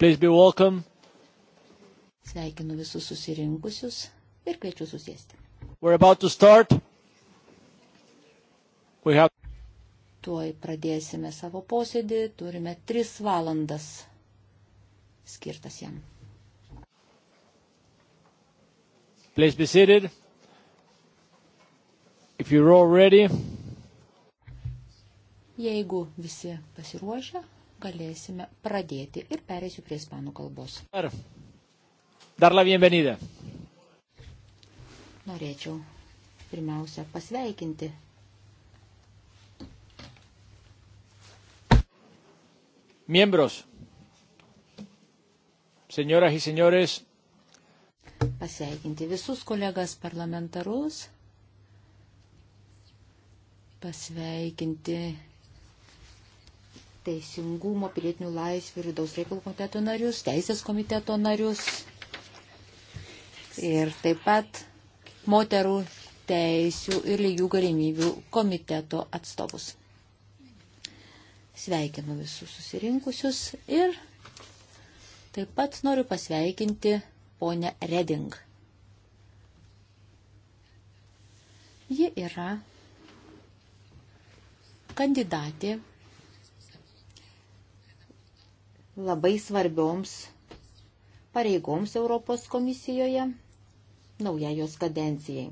Please be welcome. Sveikinu visus susirinkusius ir kviečiu susėsti. We're about to start. We have... Tuoj pradėsime savo posėdį, turime tris valandas skirtas jam. Please be seated. If you're all ready. Jeigu visi pasiruošę, galėsime pradėti ir pereisiu prie ispanų kalbos. Ar dar la bienvenida? Norėčiau pirmiausia pasveikinti. Miembros, señoras y señores. Pasveikinti visus kolegas parlamentarus. Pasveikinti teisingumo, pilietinių laisvių ir vidaus reikalų komiteto narius, teisės komiteto narius ir taip pat moterų teisių ir lygių galimybių komiteto atstovus. Sveikinu visus susirinkusius ir taip pat noriu pasveikinti ponę Reding. Ji yra kandidatė labai svarbioms pareigoms Europos komisijoje naujajos kadencijai.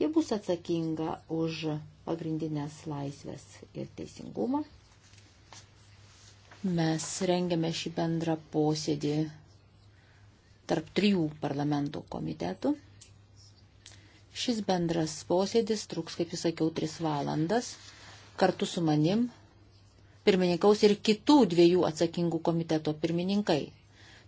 Ji bus atsakinga už pagrindinės laisvės ir teisingumą. Mes rengiame šį bendrą posėdį tarp trijų parlamentų komitetų. Šis bendras posėdis truks, kaip jūs sakiau, tris valandas. Kartu su manim pirmininkaus ir kitų dviejų atsakingų komiteto pirmininkai.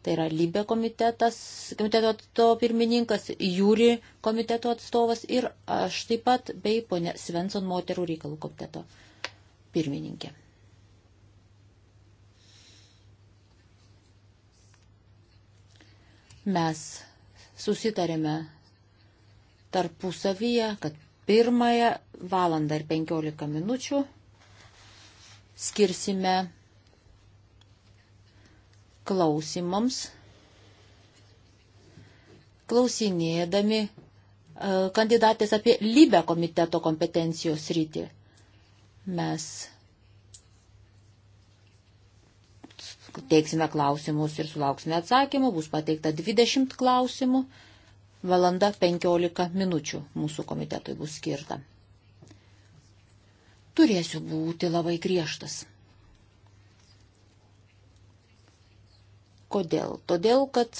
Tai yra Libė komitetas, komiteto pirmininkas, Jūri komiteto atstovas ir aš taip pat bei ponė Svensson moterų reikalų komiteto pirmininkė. Mes susitarėme tarpusavyje, kad pirmąją valandą ir penkiolika minučių skirsime klausimams, klausinėdami e, kandidatės apie Libę komiteto kompetencijos rytį. Mes teiksime klausimus ir sulauksime atsakymų, bus pateikta 20 klausimų, valanda 15 minučių mūsų komitetui bus skirta turėsiu būti labai griežtas. Kodėl? Todėl, kad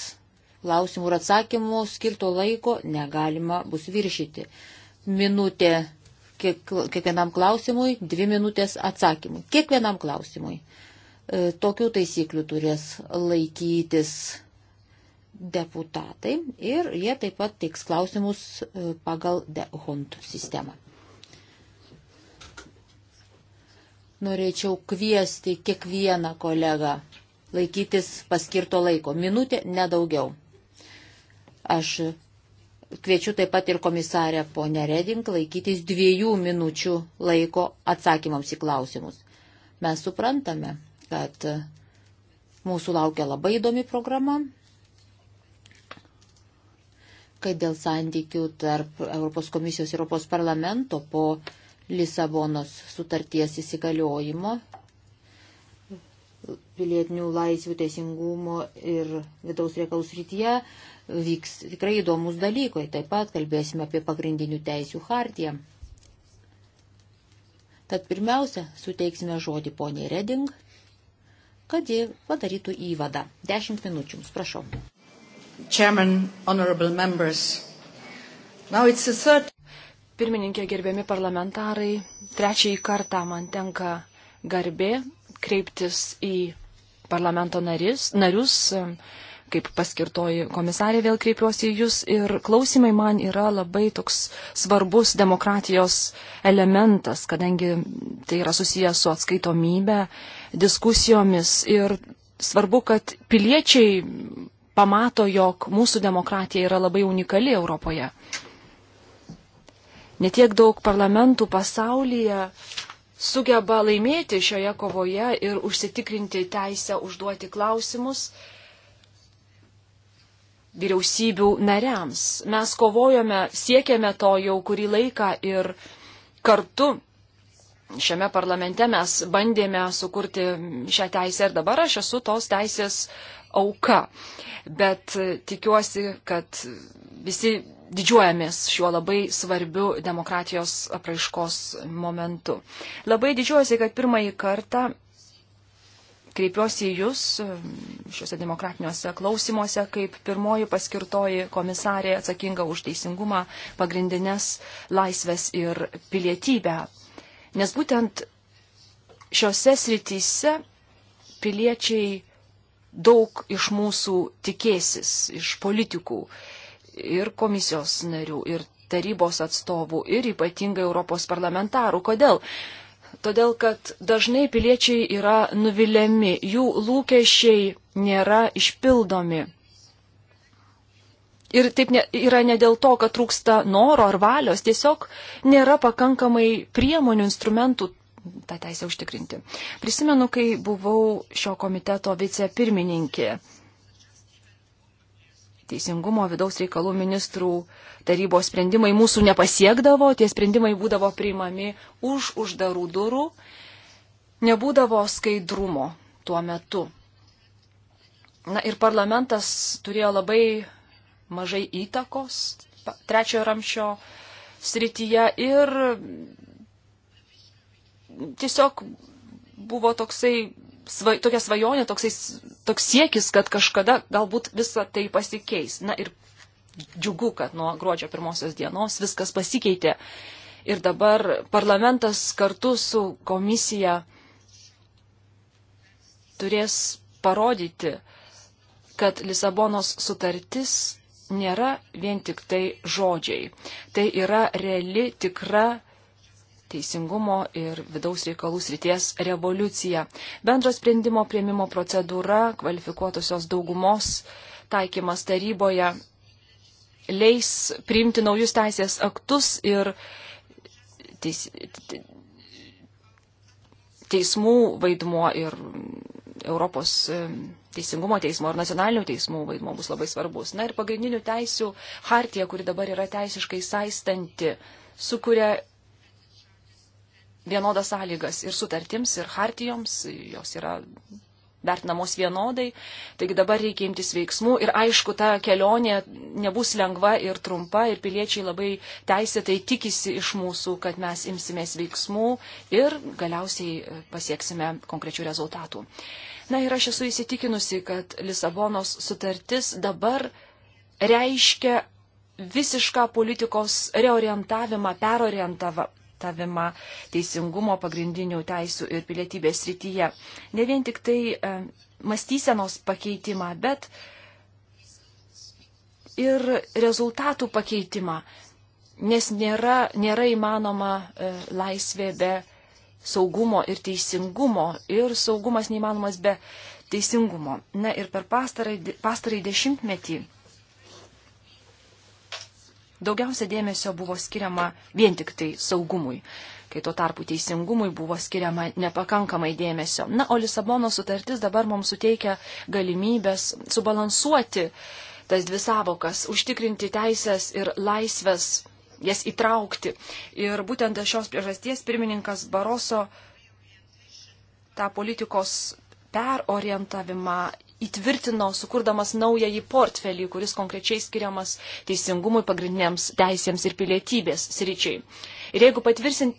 klausimų ir atsakymų skirto laiko negalima bus viršyti. Minutė kiek, kiekvienam klausimui, dvi minutės atsakymui. Kiekvienam klausimui. E, tokių taisyklių turės laikytis deputatai ir jie taip pat teiks klausimus e, pagal dehont sistemą. Norėčiau kviesti kiekvieną kolegą laikytis paskirto laiko. Minutė nedaugiau. Aš kviečiu taip pat ir komisarę ponę Reding laikytis dviejų minučių laiko atsakymams į klausimus. Mes suprantame, kad mūsų laukia labai įdomi programa, kad dėl santykių tarp Europos komisijos ir Europos parlamento po Lisabonos sutarties įsigaliojimo, pilietinių laisvių, teisingumo ir vidaus reikalų srityje vyks tikrai įdomus dalykai. Taip pat kalbėsime apie pagrindinių teisių hartiją. Tad pirmiausia, suteiksime žodį poniai Reding, kad ji padarytų įvadą. Dešimt minučių, jums prašau. Chairman, honorable members. Now it's the third pirmininkė, gerbiami parlamentarai, trečiąjį kartą man tenka garbė kreiptis į parlamento naris, narius, kaip paskirtoji komisarė vėl kreipiuosi į jūs ir klausimai man yra labai toks svarbus demokratijos elementas, kadangi tai yra susijęs su atskaitomybė, diskusijomis ir svarbu, kad piliečiai pamato, jog mūsų demokratija yra labai unikali Europoje netiek daug parlamentų pasaulyje sugeba laimėti šioje kovoje ir užsitikrinti teisę užduoti klausimus vyriausybių nariams. Mes kovojome, siekėme to jau kurį laiką ir kartu šiame parlamente mes bandėme sukurti šią teisę ir dabar aš esu tos teisės auka. Bet tikiuosi, kad visi didžiuojamės šiuo labai svarbiu demokratijos apraiškos momentu. Labai didžiuojasi, kad pirmąjį kartą kreipiuosi į Jūs um, šiuose demokratiniuose klausimuose kaip pirmoji paskirtoji komisarė atsakinga už teisingumą, pagrindinės laisvės ir pilietybę. Nes būtent šiuose srityse piliečiai daug iš mūsų tikėsis, iš politikų ir komisijos narių, ir tarybos atstovų, ir ypatingai Europos parlamentarų. Kodėl? Todėl, kad dažnai piliečiai yra nuviliami, jų lūkesčiai nėra išpildomi. Ir taip ne, yra ne dėl to, kad trūksta noro ar valios, tiesiog nėra pakankamai priemonių, instrumentų tą teisę užtikrinti. Prisimenu, kai buvau šio komiteto vicepirmininkė. pirmininkė teisingumo vidaus reikalų ministrų tarybos sprendimai mūsų nepasiekdavo, tie sprendimai būdavo priimami už uždarų durų, nebūdavo skaidrumo tuo metu. Na ir parlamentas turėjo labai mažai įtakos trečiojo ramšio srityje ir tiesiog buvo toksai sva, tokia svajonė, toksai, toks siekis, kad kažkada galbūt visa tai pasikeis. Na ir džiugu, kad nuo gruodžio pirmosios dienos viskas pasikeitė. Ir dabar parlamentas kartu su komisija turės parodyti, kad Lisabonos sutartis nėra vien tik tai žodžiai. Tai yra reali, tikra teisingumo ir vidaus reikalų srities revoliucija. Bendro sprendimo prieimimo procedūra, kvalifikuotosios daugumos taikymas taryboje leis priimti naujus teisės aktus ir teis, teismų vaidmuo ir Europos e, teisingumo teismo ir nacionalinių teismų vaidmuo bus labai svarbus. Na ir pagrindinių teisių hartija, kuri dabar yra teisiškai saistanti, sukuria vienodas sąlygas ir sutartims, ir hartijoms, jos yra vertinamos vienodai. Taigi dabar reikia imtis veiksmų ir aišku, ta kelionė nebus lengva ir trumpa ir piliečiai labai teisėtai tikisi iš mūsų, kad mes imsimės veiksmų ir galiausiai pasieksime konkrečių rezultatų. Na ir aš esu įsitikinusi, kad Lisabonos sutartis dabar reiškia visišką politikos reorientavimą, perorientavimą traktavimą teisingumo pagrindinių teisų ir pilietybės rytyje. Ne vien tik tai e, mąstysenos pakeitimą, bet ir rezultatų pakeitimą, nes nėra, nėra įmanoma e, laisvė be saugumo ir teisingumo ir saugumas neįmanomas be teisingumo. Na ir per pastarąjį dešimtmetį daugiausia dėmesio buvo skiriama vien tik tai saugumui, kai tuo tarpu teisingumui buvo skiriama nepakankamai dėmesio. Na, o Lisabono sutartis dabar mums suteikia galimybės subalansuoti tas dvi savokas, užtikrinti teisės ir laisvės, jas įtraukti. Ir būtent dėl šios priežasties pirmininkas Baroso tą politikos perorientavimą įtvirtino, sukurdamas naująjį portfelį, kuris konkrečiai skiriamas teisingumui, pagrindiniams teisėms ir pilietybės sričiai. Ir jeigu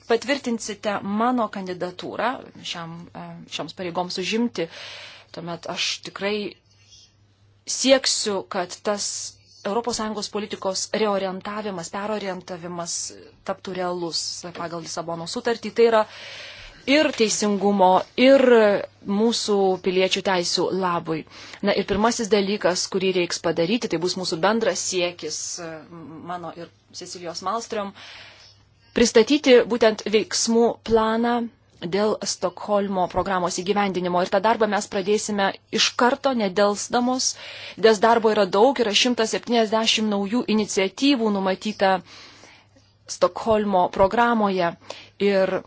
patvirtinsite mano kandidatūrą šiam, e, šioms pareigoms užimti, tuomet aš tikrai sieksiu, kad tas ES politikos reorientavimas, perorientavimas taptų realus pagal Lisabono sutartį. Tai yra ir teisingumo, ir mūsų piliečių teisų labui. Na ir pirmasis dalykas, kurį reiks padaryti, tai bus mūsų bendras siekis, e, mano ir Cecilijos Malstrom, pristatyti būtent veiksmų planą dėl Stokholmo programos įgyvendinimo. Ir tą darbą mes pradėsime iš karto, nedelsdamos, nes darbo yra daug, yra 170 naujų iniciatyvų numatyta Stokholmo programoje. Ir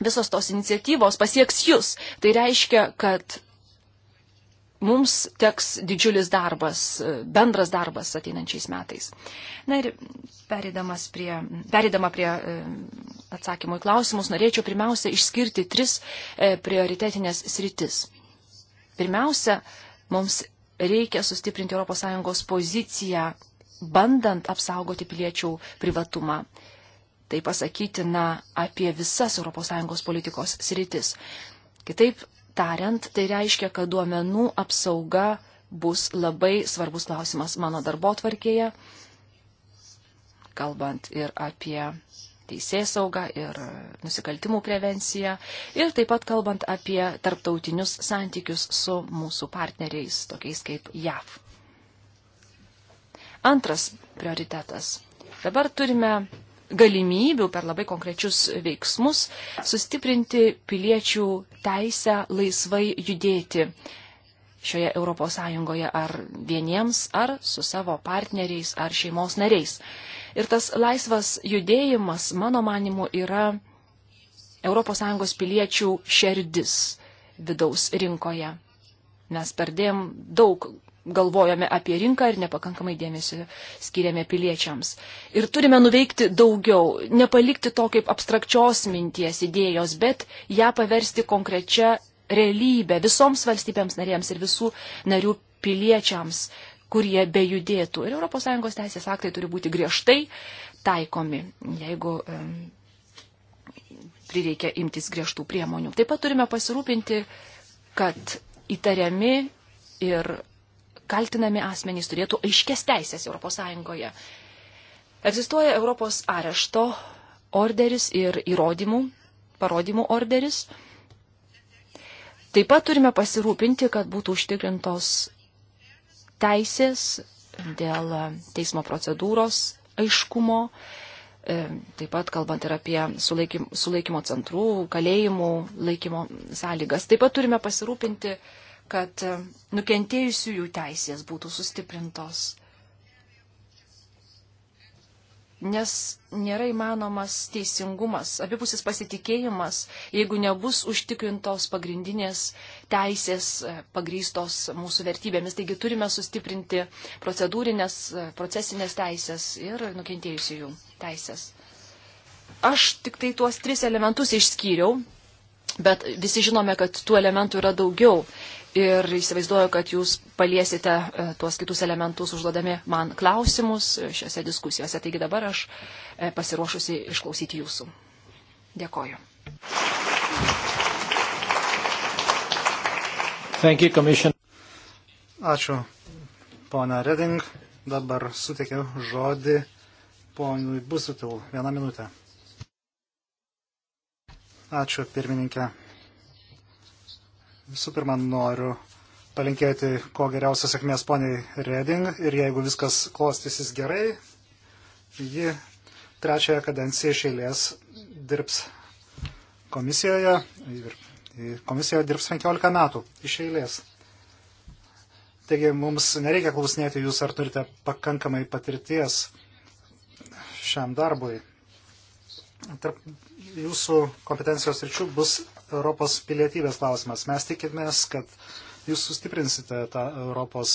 visos tos iniciatyvos pasieks jūs. Tai reiškia, kad mums teks didžiulis darbas, bendras darbas ateinančiais metais. Na ir prie, perėdama prie e, atsakymų į klausimus, norėčiau pirmiausia išskirti tris e, prioritetinės sritis. Pirmiausia, mums reikia sustiprinti ES poziciją, bandant apsaugoti piliečių privatumą. Tai pasakytina apie visas ES politikos sritis. Kitaip tariant, tai reiškia, kad duomenų apsauga bus labai svarbus klausimas mano darbo tvarkėje, kalbant ir apie teisės saugą ir nusikaltimų prevenciją ir taip pat kalbant apie tarptautinius santykius su mūsų partneriais, tokiais kaip JAV. Antras prioritetas. Dabar turime galimybių per labai konkrečius veiksmus sustiprinti piliečių teisę laisvai judėti šioje ES ar vieniems, ar su savo partneriais, ar šeimos nariais. Ir tas laisvas judėjimas, mano manimu, yra ES piliečių šerdis vidaus rinkoje. Nes perdėm daug galvojame apie rinką ir nepakankamai dėmesio skiriame piliečiams. Ir turime nuveikti daugiau, nepalikti to kaip abstrakčios minties idėjos, bet ją paversti konkrečią realybę visoms valstybėms narėms ir visų narių piliečiams, kurie bejudėtų. Ir ES teisės aktai turi būti griežtai taikomi, jeigu um, prireikia imtis griežtų priemonių. Taip pat turime pasirūpinti, kad įtariami ir kaltinami asmenys turėtų aiškės teisės ES. Egzistuoja Europos arešto orderis ir įrodymų, parodymų orderis. Taip pat turime pasirūpinti, kad būtų užtikrintos teisės dėl teismo procedūros aiškumo, e, taip pat kalbant ir apie sulaikymo centrų, kalėjimų laikymo sąlygas. Taip pat turime pasirūpinti, kad kad nukentėjusiųjų teisės būtų sustiprintos. Nes nėra įmanomas teisingumas, abipusis pasitikėjimas, jeigu nebus užtikrintos pagrindinės teisės e, pagrystos mūsų vertybėmis. Taigi turime sustiprinti procedūrinės, e, procesinės teisės ir nukentėjusiųjų teisės. Aš tik tai tuos tris elementus išskyriau, bet visi žinome, kad tų elementų yra daugiau ir įsivaizduoju, kad jūs paliesite e, tuos kitus elementus užduodami man klausimus e, šiose diskusijose. Taigi dabar aš e, pasiruošusi išklausyti jūsų. Dėkoju. Thank you, commission. Ačiū, pona Reding. Dabar suteikiu žodį ponui Busutil. Vieną minutę. Ačiū, pirmininkė. Visų pirma, noriu palinkėti ko geriausios sėkmės poniai Reding ir jeigu viskas klostysis gerai, ji trečiąją kadenciją iš eilės dirbs komisijoje ir komisijoje dirbs 15 metų iš eilės. Taigi mums nereikia klausinėti jūs, ar turite pakankamai patirties šiam darbui. Tarp jūsų kompetencijos ryčių bus Europos pilietybės klausimas. Mes tikimės, kad jūs sustiprinsite tą Europos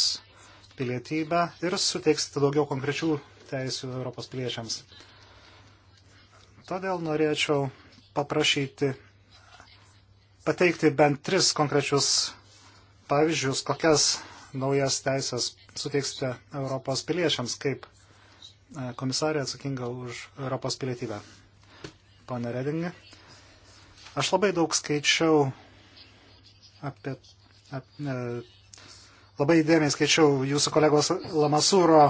pilietybę ir suteiksite daugiau konkrečių teisių Europos piliečiams. Todėl norėčiau paprašyti pateikti bent tris konkrečius pavyzdžius, kokias naujas teisės suteiksite Europos piliečiams kaip e, komisarė atsakinga už Europos pilietybę. Pone Redingi. Aš labai daug skaičiau apie, apie labai įdėmiai skaičiau jūsų kolegos Lamasūro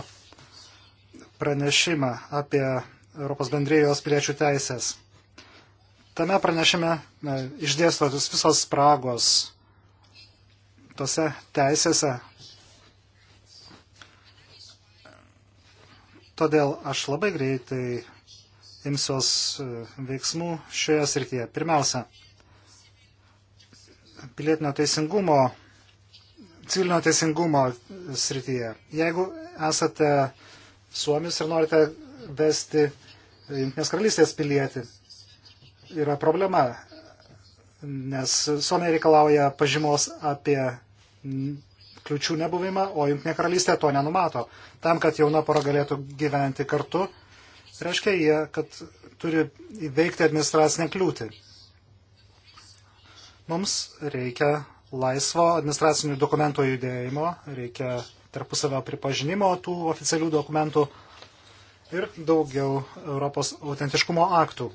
pranešimą apie Europos bendrėjos piliečių teisės. Tame pranešime išdėstotis visos spragos tose teisėse. Todėl aš labai greitai imsios e, veiksmų šioje srityje. Pirmiausia, pilietinio teisingumo, civilinio teisingumo srityje. Jeigu esate Suomis ir norite vesti Junktinės karalystės pilietį, yra problema, nes Suomija reikalauja pažymos apie kliučių nebuvimą, o Junktinė karalystė to nenumato. Tam, kad jauna pora galėtų gyventi kartu, reiškia jie, kad turi įveikti administracinę kliūtį. Mums reikia laisvo administracinių dokumentų judėjimo, reikia tarpusavio pripažinimo tų oficialių dokumentų ir daugiau Europos autentiškumo aktų.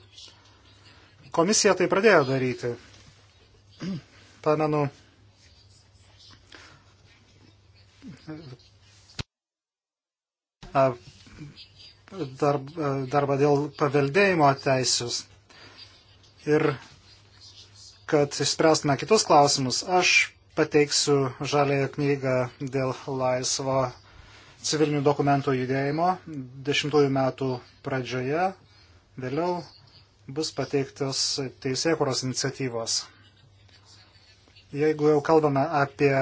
Komisija tai pradėjo daryti. Pamenu, darbą dėl paveldėjimo teisius. Ir kad išspręstume kitus klausimus, aš pateiksiu žalėją knygą dėl laisvo civilinių dokumentų judėjimo dešimtųjų metų pradžioje, vėliau bus pateiktos teisėkuros iniciatyvos. Jeigu jau kalbame apie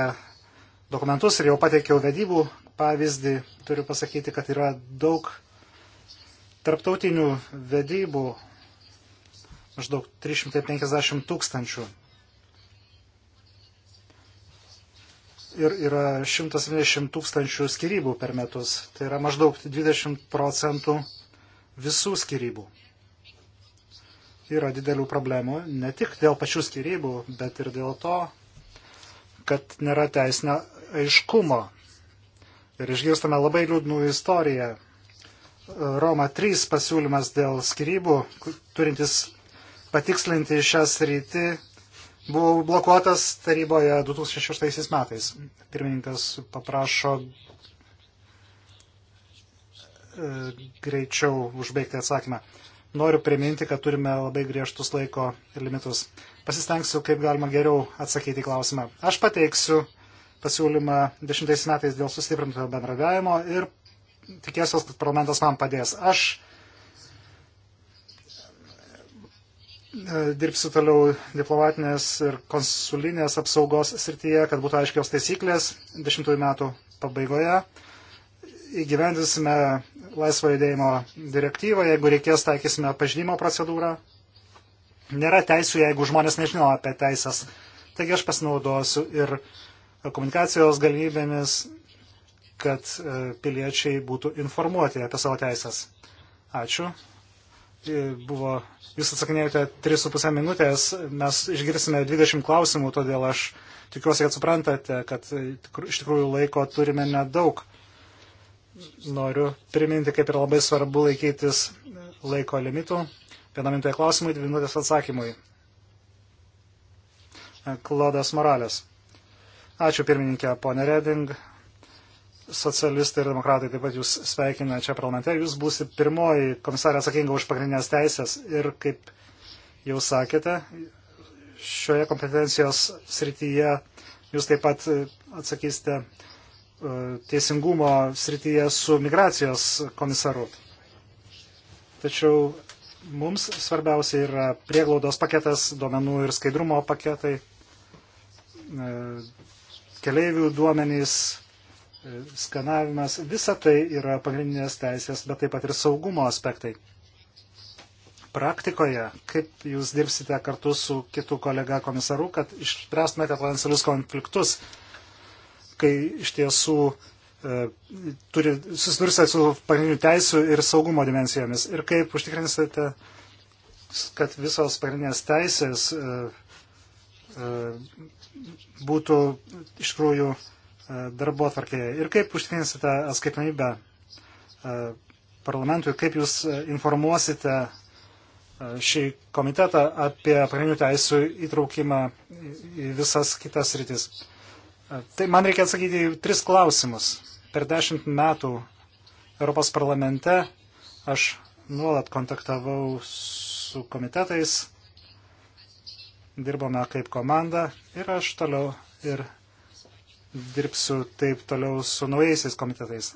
dokumentus ir jau pateikiau vedybų pavyzdį, turiu pasakyti, kad yra daug Tarptautinių vedybų maždaug 350 tūkstančių. Ir yra 120 tūkstančių skirybų per metus. Tai yra maždaug 20 procentų visų skirybų. Yra didelių problemų ne tik dėl pačių skirybų, bet ir dėl to, kad nėra teisinio aiškumo. Ir išgirstame labai liūdnų istoriją Roma 3 pasiūlymas dėl skirybų, turintis patikslinti šią sritį, buvo blokuotas taryboje 2006 metais. Pirmininkas paprašo e, greičiau užbaigti atsakymą. Noriu priminti, kad turime labai griežtus laiko limitus. Pasistengsiu, kaip galima geriau atsakyti į klausimą. Aš pateiksiu pasiūlymą 10 metais dėl sustiprinto bendradavimo ir tikėsiuos, kad parlamentas man padės. Aš e, dirbsiu toliau diplomatinės ir konsulinės apsaugos srityje, kad būtų aiškios taisyklės dešimtųjų metų pabaigoje. Įgyvendysime laisvo judėjimo direktyvą, jeigu reikės taikysime pažinimo procedūrą. Nėra teisų, jeigu žmonės nežino apie teisės. Taigi aš pasinaudosiu ir komunikacijos galimybėmis kad e, piliečiai būtų informuoti apie savo teisės. Ačiū. E, buvo, jūs atsakinėjote 3,5 minutės, mes išgirsime 20 klausimų, todėl aš tikiuosi, kad suprantate, kad e, iš tikrųjų laiko turime nedaug. Noriu priminti, kaip yra labai svarbu laikytis laiko limitų. Vieną minutę klausimui, dvi minutės atsakymui. Klodas Moralės. Ačiū pirmininkė, ponė Reding, socialistai ir demokratai taip pat jūs sveikina čia parlamente. Jūs būsite pirmoji komisarė atsakinga už pagrindinės teisės ir, kaip jau sakėte, šioje kompetencijos srityje jūs taip pat e, atsakysite e, teisingumo srityje su migracijos komisaru. Tačiau mums svarbiausia yra prieglaudos paketas, duomenų ir skaidrumo paketai, e, keleivių duomenys, skanavimas, visa tai yra pagrindinės teisės, bet taip pat ir saugumo aspektai. Praktikoje, kaip jūs dirbsite kartu su kitu kolega komisaru, kad išspręstumėte potencialius konfliktus, kai iš tiesų e, turi, susidursite su pagrindinių teisų ir saugumo dimensijomis ir kaip užtikrinsite, kad visos pagrindinės teisės e, e, būtų iš tikrųjų E, darbo atvarkėje. Ir kaip užtikrinsite atskaitomybę e, e, parlamentui, kaip jūs informuosite šį komitetą apie pagrindinių teisų įtraukimą į visas kitas rytis. Tai man reikia atsakyti į tris klausimus. Per dešimt metų Europos parlamente aš nuolat kontaktavau su komitetais, dirbome kaip komanda ir aš toliau ir dirbsiu taip toliau su naujaisiais komitetais.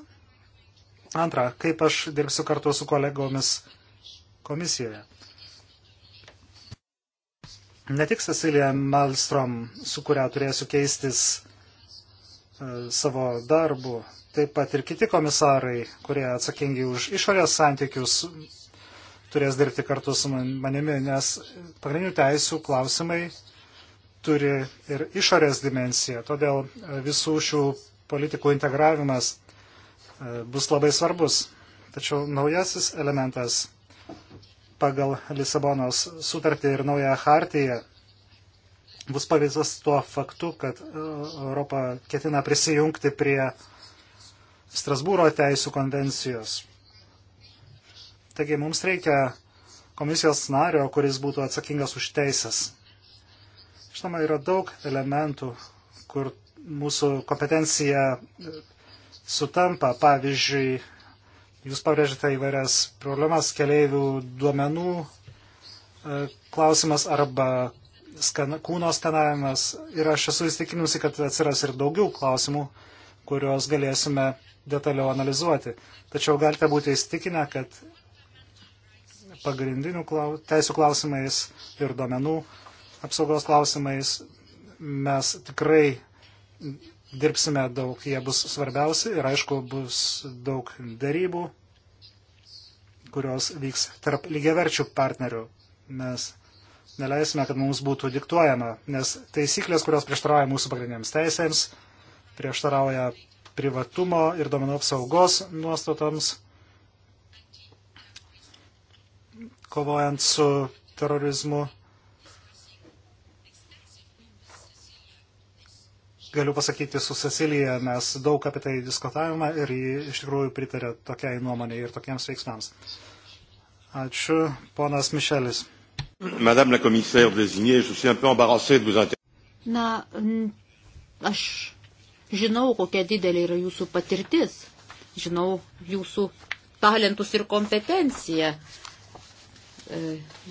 Antra, kaip aš dirbsiu kartu su kolegomis komisijoje. Ne tik Cecilija Malstrom, su kuria turėsiu keistis e, savo darbu, taip pat ir kiti komisarai, kurie atsakingi už išorės santykius, turės dirbti kartu su manimi, nes pagrindinių teisų klausimai turi ir išorės dimensiją. Todėl e, visų šių politikų integravimas e, bus labai svarbus. Tačiau naujasis elementas pagal Lisabonos sutartį ir naują hartiją bus pavyzdas tuo faktu, kad e, Europa ketina prisijungti prie Strasbūro teisų konvencijos. Taigi mums reikia komisijos nario, kuris būtų atsakingas už teisės. Žinoma, yra daug elementų, kur mūsų kompetencija e, sutampa. Pavyzdžiui, jūs pabrėžite įvairias problemas keleivių duomenų e, klausimas arba skan, kūno skanavimas. Ir aš esu įstikinusi, kad atsiras ir daugiau klausimų, kuriuos galėsime detaliau analizuoti. Tačiau galite būti įstikinę, kad pagrindinių klau, teisų klausimais ir duomenų apsaugos klausimais mes tikrai dirbsime daug, jie bus svarbiausi ir aišku bus daug darybų, kurios vyks tarp lygiaverčių partnerių. Mes neleisime, kad mums būtų diktuojama, nes taisyklės, kurios prieštarauja mūsų pagrindiniams teisėms, prieštarauja privatumo ir domenų apsaugos nuostatoms, kovojant su terorizmu galiu pasakyti, su Cecilija mes daug apie tai diskutavome ir ji iš tikrųjų pritarė tokiai nuomonė ir tokiems veiksmams. Ačiū, ponas Mišelis. Madame la commissaire désignée, je suis un peu embarrassé de vous interroger. Na, aš žinau, kokia didelė yra jūsų patirtis, žinau jūsų talentus ir kompetenciją, e,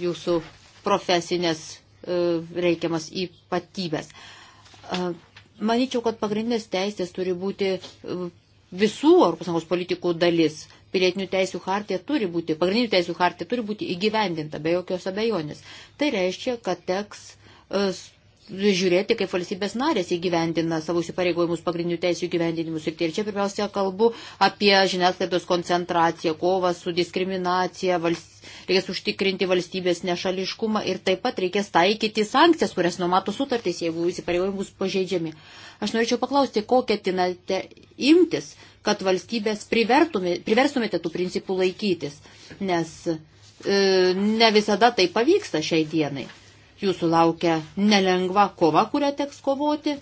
jūsų profesinės e, reikiamas ypatybės. E, Maničiau, kad pagrindinės teisės turi būti e, visų ES politikų dalis. Pilietinių teisų hartija turi būti, pagrindinių teisų hartija turi būti įgyvendinta be jokios abejonės. Tai reiškia, kad teks e, žiūrėti, kaip valstybės narės įgyvendina savo įsipareigojimus pagrindinių teisų įgyvendinimus. Ir čia pirmiausia kalbu apie žiniasklaidos koncentraciją, kovą su diskriminacija, valst... reikės užtikrinti valstybės nešališkumą ir taip pat reikės taikyti sankcijas, kurias numato sutartys, jeigu įsipareigojimus pažeidžiami. Aš norėčiau paklausti, kokią tinate imtis, kad valstybės priverstumėte tų principų laikytis, nes e, ne visada tai pavyksta šiai dienai. Jūsų laukia nelengva kova, kurią teks kovoti.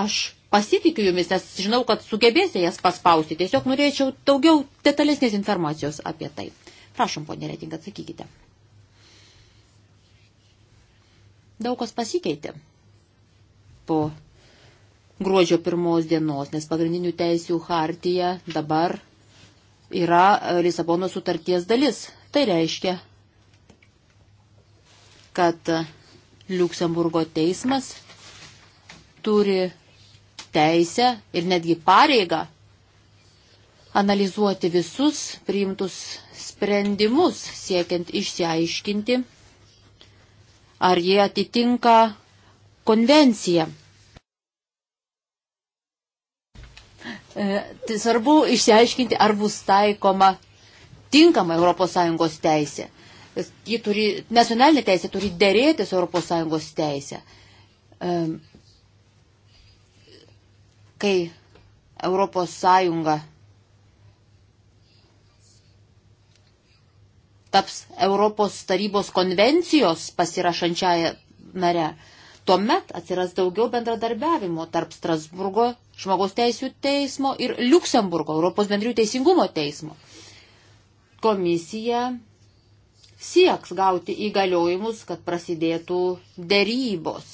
Aš pasitikiu jumis, nes žinau, kad sugebėsite jas paspausti. Tiesiog norėčiau daugiau detalesnės informacijos apie tai. Prašom, ponė Reding, atsakykite. Daug kas pasikeitė po gruodžio pirmos dienos, nes pagrindinių teisių hartija dabar yra Lisabono sutarties dalis. Tai reiškia, kad Liuksemburgo teismas turi teisę ir netgi pareigą analizuoti visus priimtus sprendimus, siekiant išsiaiškinti, ar jie atitinka konvenciją. E, tai svarbu išsiaiškinti, ar bus taikoma tinkama ES teisė turi, nacionalinė teisė turi dėrėti su ES teisė. Kai ES taps Europos tarybos konvencijos pasirašančiaja nare, tuomet atsiras daugiau bendradarbiavimo tarp Strasburgo žmogaus teisų teismo ir Luksemburgo Europos bendrių teisingumo teismo. Komisija sieks gauti įgaliojimus, kad prasidėtų dėrybos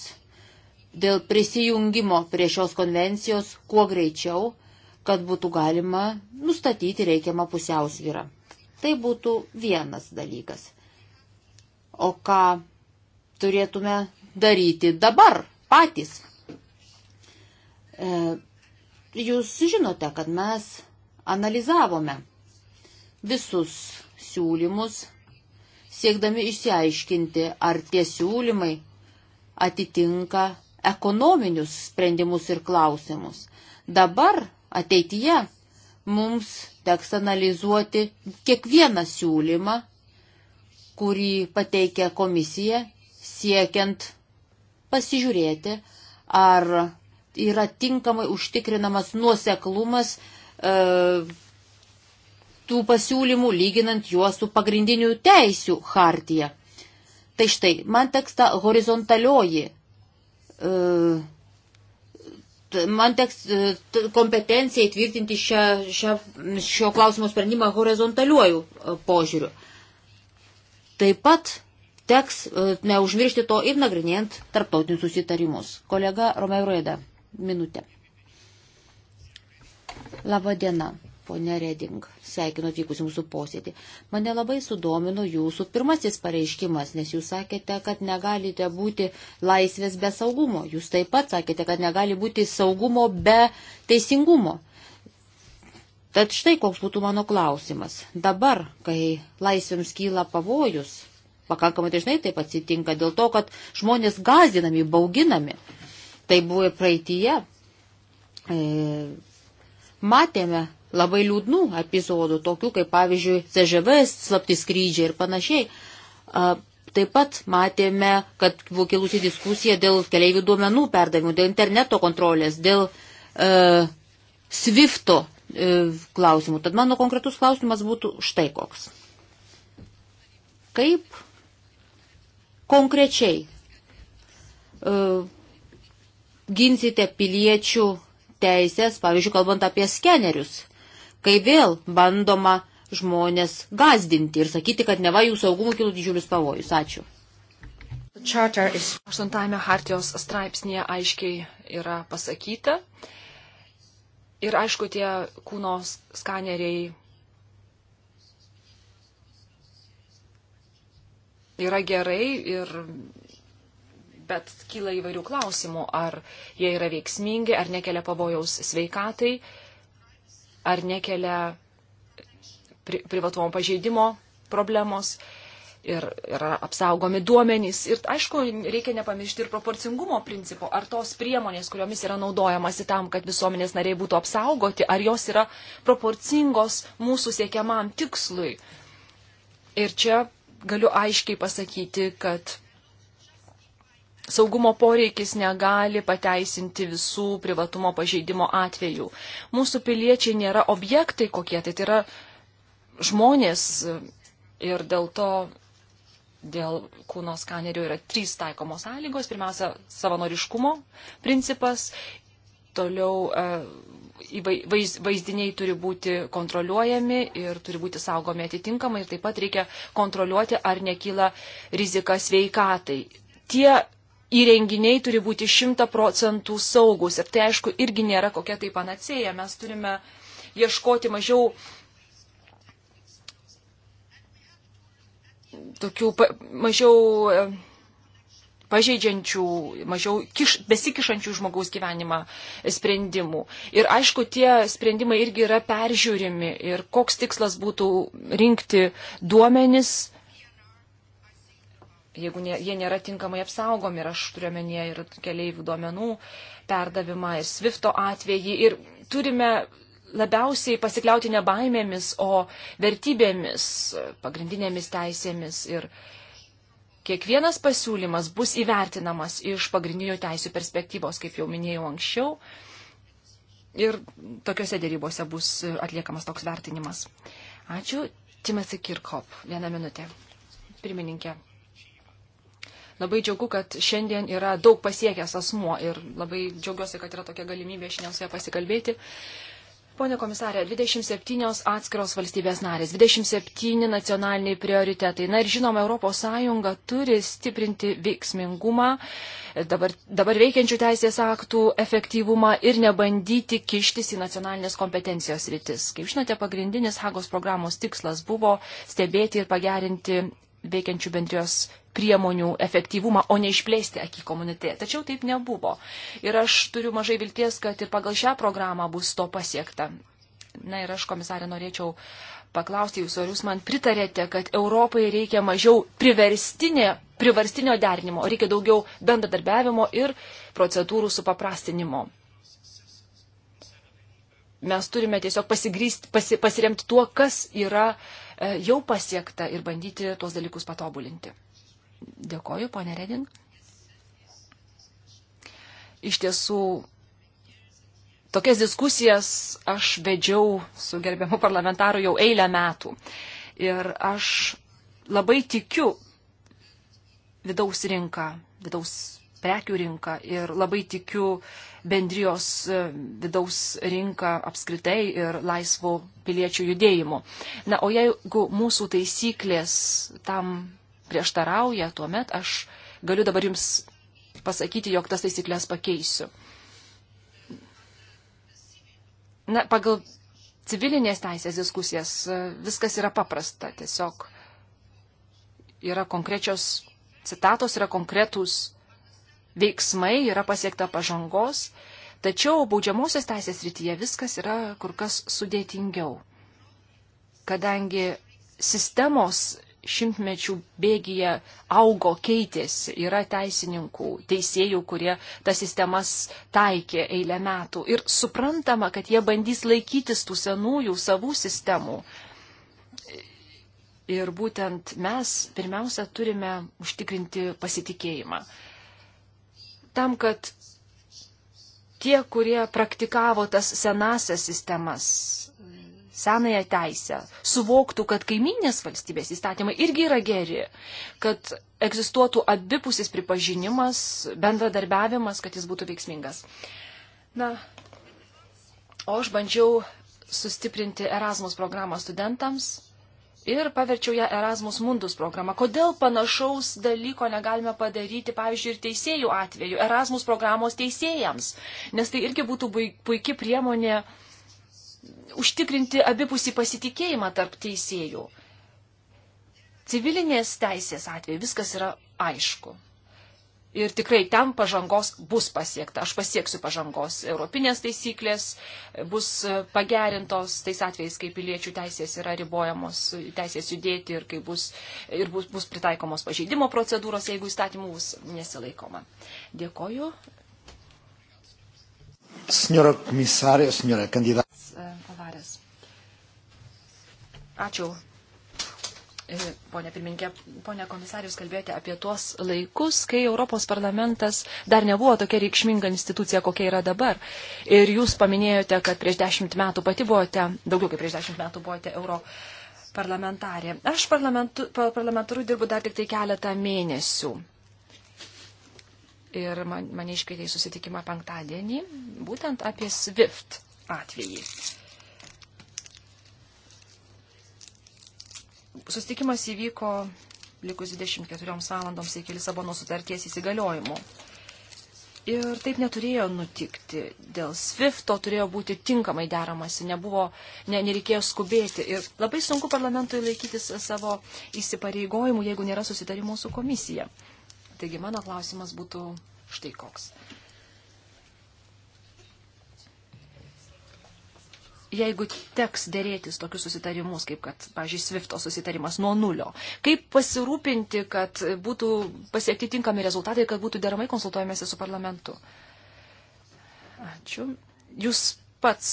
dėl prisijungimo prie šios konvencijos kuo greičiau, kad būtų galima nustatyti reikiamą pusiausvyrą. Tai būtų vienas dalykas. O ką turėtume daryti dabar patys? E, jūs žinote, kad mes analizavome visus siūlymus siekdami išsiaiškinti, ar tie siūlymai atitinka ekonominius sprendimus ir klausimus. Dabar ateityje mums teks analizuoti kiekvieną siūlymą, kurį pateikia komisija, siekiant pasižiūrėti, ar yra tinkamai užtikrinamas nuoseklumas e, tų pasiūlymų, lyginant juos su pagrindinių teisių hartija. Tai štai, man teksta horizontalioji. E, man teks e, kompetencija įtvirtinti šią, šią, šio klausimo sprendimą horizontaliuoju e, požiūriu. Taip pat teks neužmiršti to ir nagrinėjant tarptautinius susitarimus. Kolega Romeo Rueda, minutė. Labą dieną. Pone Reding, sveikinu atvykus mūsų posėdį. Mane labai sudomino jūsų pirmasis pareiškimas, nes jūs sakėte, kad negalite būti laisvės be saugumo. Jūs taip pat sakėte, kad negali būti saugumo be teisingumo. Tad štai koks būtų mano klausimas. Dabar, kai laisvėms kyla pavojus, pakankamai dažnai taip atsitinka dėl to, kad žmonės gazdinami, bauginami. Tai buvo ir praeitie. E, matėme, labai liūdnų epizodų, tokių kaip pavyzdžiui CŽV slapti skrydžiai ir panašiai. Taip pat matėme, kad buvo kilusi diskusija dėl keliaivių duomenų perdavimų, dėl interneto kontrolės, dėl e, SWIFTO e, klausimų. Tad mano konkretus klausimas būtų štai koks. Kaip konkrečiai e, ginsite piliečių teisės, pavyzdžiui, kalbant apie skenerius kai vėl bandoma žmonės gazdinti ir sakyti, kad neva jų saugumų kilų didžiulis pavojus. Ačiū. Aštuntame Hartijos straipsnėje aiškiai yra pasakyta. Ir aišku, tie kūno skaneriai yra gerai ir bet kyla įvairių klausimų, ar jie yra veiksmingi, ar nekelia pavojaus sveikatai ar nekelia pri, privatumo pažeidimo problemos ir yra apsaugomi duomenys. Ir aišku, reikia nepamiršti ir proporcingumo principo, ar tos priemonės, kuriomis yra naudojamasi tam, kad visuomenės nariai būtų apsaugoti, ar jos yra proporcingos mūsų siekiamam tikslui. Ir čia galiu aiškiai pasakyti, kad saugumo poreikis negali pateisinti visų privatumo pažeidimo atvejų. Mūsų piliečiai nėra objektai kokie, tai, tai yra žmonės ir dėl to dėl kūno skanerio yra trys taikomos sąlygos. Pirmiausia, savanoriškumo principas, toliau e, vaizdiniai turi būti kontroliuojami ir turi būti saugomi atitinkamai ir taip pat reikia kontroliuoti, ar nekyla rizika sveikatai. Tie įrenginiai turi būti 100 procentų saugus. Ir tai aišku irgi nėra kokia tai panacėja. Mes turime ieškoti mažiau tokių pa, mažiau e, pažeidžiančių, mažiau kiš, besikišančių žmogaus gyvenimą sprendimų. Ir aišku, tie sprendimai irgi yra peržiūrimi ir koks tikslas būtų rinkti duomenis, jeigu ne, jie nėra tinkamai apsaugomi, ir aš turiuomenėje ir keliaivių duomenų perdavimą, ir Swifto atvejį, ir turime labiausiai pasikliauti ne baimėmis, o vertybėmis, pagrindinėmis teisėmis. Ir kiekvienas pasiūlymas bus įvertinamas iš pagrindinių teisų perspektyvos, kaip jau minėjau anksčiau. Ir tokiuose dėrybose bus atliekamas toks vertinimas. Ačiū. Timasi Kirkop. Vieną minutę. Pirmininkė. Labai džiaugu, kad šiandien yra daug pasiekęs asmuo ir labai džiaugiuosi, kad yra tokia galimybė šiandien su ja pasikalbėti. Pone komisarė, 27 atskiros valstybės narės, 27 nacionaliniai prioritetai. Na ir žinoma, ES turi stiprinti veiksmingumą, dabar, dabar veikiančių teisės aktų efektyvumą ir nebandyti kištis į nacionalinės kompetencijos rytis. Kaip žinote, pagrindinis Hagos programos tikslas buvo stebėti ir pagerinti veikiančių bendrijos priemonių efektyvumą, o ne išplėsti akį komunitė. Tačiau taip nebuvo. Ir aš turiu mažai vilties, kad ir pagal šią programą bus to pasiekta. Na ir aš, komisarė, norėčiau paklausti jūsų, ar jūs man pritarėte, kad Europai reikia mažiau priverstinio derinimo, reikia daugiau bendradarbiavimo ir procedūrų supaprastinimo. Mes turime tiesiog pasi, pasiremti tuo, kas yra uh, E, jau pasiekta ir bandyti tuos dalykus patobulinti. Dėkoju, ponė Redin. Iš tiesų, tokias diskusijas aš vedžiau su gerbiamu parlamentaru jau eilę metų. Ir aš labai tikiu vidaus rinką, vidaus prekių rinką ir labai tikiu bendrijos e, vidaus rinką apskritai ir laisvų piliečių judėjimu. Na, o jeigu mūsų taisyklės tam prieštarauja, tuomet aš galiu dabar jums pasakyti, jog tas taisyklės pakeisiu. Na, pagal civilinės teisės diskusijas e, viskas yra paprasta. Tiesiog yra konkrečios citatos, yra konkretūs veiksmai, yra pasiekta pažangos, tačiau baudžiamosios teisės rytyje viskas yra kur kas sudėtingiau, kadangi sistemos šimtmečių bėgyje augo, keitėsi, yra teisininkų, teisėjų, kurie tas sistemas taikė eilę metų. Ir suprantama, kad jie bandys laikytis tų senųjų savų sistemų. Ir būtent mes pirmiausia turime užtikrinti pasitikėjimą tam, kad tie, kurie praktikavo tas senasias sistemas, senąją teisę, suvoktų, kad kaiminės valstybės įstatymai irgi yra geri, kad egzistuotų abipusis pripažinimas, bendradarbiavimas, kad jis būtų veiksmingas. Na, o aš bandžiau sustiprinti Erasmus programą studentams ir paverčiau ją Erasmus Mundus programą. Kodėl panašaus dalyko negalime padaryti, pavyzdžiui, ir teisėjų atveju, Erasmus programos teisėjams? Nes tai irgi būtų puikia priemonė užtikrinti abipusį pasitikėjimą tarp teisėjų. Civilinės teisės atveju viskas yra aišku. Ir tikrai ten pažangos bus pasiekta. Aš pasieksiu pažangos. Europinės taisyklės bus e, pagerintos tais atvejais, kai piliečių teisės yra ribojamos, teisės judėti ir kai bus, ir bus, bus pritaikomos pažeidimo procedūros, jeigu įstatymų bus nesilaikoma. Dėkoju. Senora komisarė, senora kandidatas. Pavarės. Ačiū, E, pone pirmininkė, pone komisarius, kalbėjote apie tuos laikus, kai Europos parlamentas dar nebuvo tokia reikšminga institucija, kokia yra dabar. Ir jūs paminėjote, kad prieš dešimt metų pati buvote, daugiau kaip prieš dešimt metų buvote euro parlamentarė. Aš parlamentaru dirbu dar tik tai keletą mėnesių. Ir man, mane iškvietė į susitikimą penktadienį, būtent apie SWIFT atvejį. Sustikimas įvyko likus 24 valandoms iki Lisabono sutarties įsigaliojimo. Ir taip neturėjo nutikti. Dėl SWIFTO turėjo būti tinkamai deramasi, nebuvo, ne, nereikėjo skubėti. Ir labai sunku parlamentui laikytis savo įsipareigojimų, jeigu nėra susitarimo su komisija. Taigi mano klausimas būtų štai koks. jeigu teks dėrėtis tokius susitarimus, kaip kad, pažiūrėjau, Svifto susitarimas nuo nulio? Kaip pasirūpinti, kad būtų pasiekti tinkami rezultatai, kad būtų deramai konsultuojamėsi su parlamentu? Ačiū. Jūs pats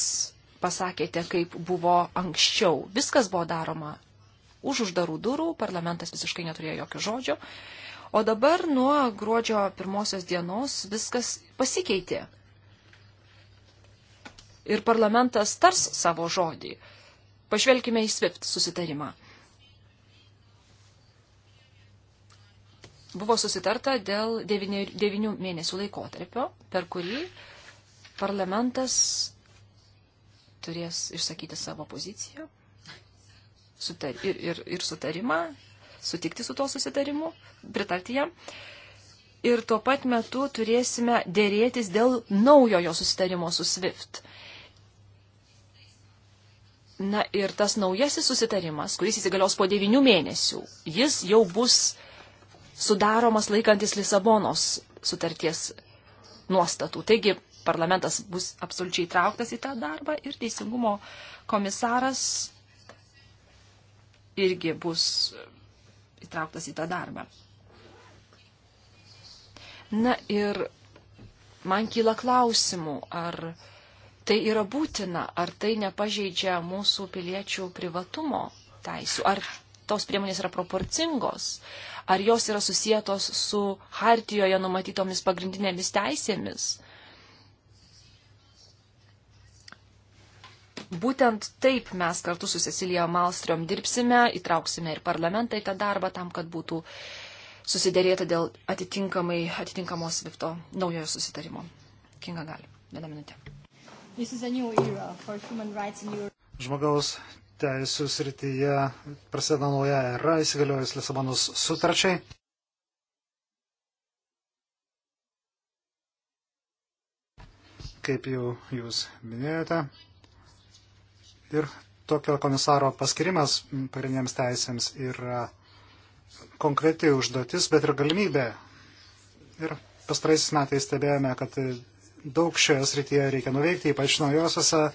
pasakėte, kaip buvo anksčiau. Viskas buvo daroma už uždarų durų, parlamentas visiškai neturėjo jokio žodžio. O dabar nuo gruodžio pirmosios dienos viskas pasikeitė ir parlamentas tars savo žodį. Pažvelkime į SWIFT susitarimą. Buvo susitarta dėl devini, devinių mėnesių laikotarpio, per kurį parlamentas turės išsakyti savo poziciją sutar, ir, ir, ir sutarimą, sutikti su to susitarimu, pritarti jam. Ir tuo pat metu turėsime dėrėtis dėl naujojo susitarimo su SWIFT. Na ir tas naujasis susitarimas, kuris įsigalios po devinių mėnesių, jis jau bus sudaromas laikantis Lisabonos sutarties nuostatų. Taigi parlamentas bus absoliučiai trauktas į tą darbą ir teisingumo komisaras irgi bus įtrauktas į tą darbą. Na ir man kyla klausimų, ar tai yra būtina, ar tai nepažeidžia mūsų piliečių privatumo teisų, ar tos priemonės yra proporcingos, ar jos yra susijėtos su hartijoje numatytomis pagrindinėmis teisėmis. Būtent taip mes kartu su Cecilija Malstrom dirbsime, įtrauksime ir parlamentą į tą darbą tam, kad būtų susidėrėta dėl atitinkamos Vifto naujojo susitarimo. Kinga gali. Vieną minutę. Žmogaus teisų srityje prasideda nauja era įsigaliojus Lisabonos sutarčiai. Kaip jau jūs minėjote. Ir tokio komisaro paskirimas pagrindiniams teisėms yra konkreti užduotis, bet ir galimybė. Ir pastaraisiais metais stebėjome, kad daug šioje srityje reikia nuveikti, ypač naujosiose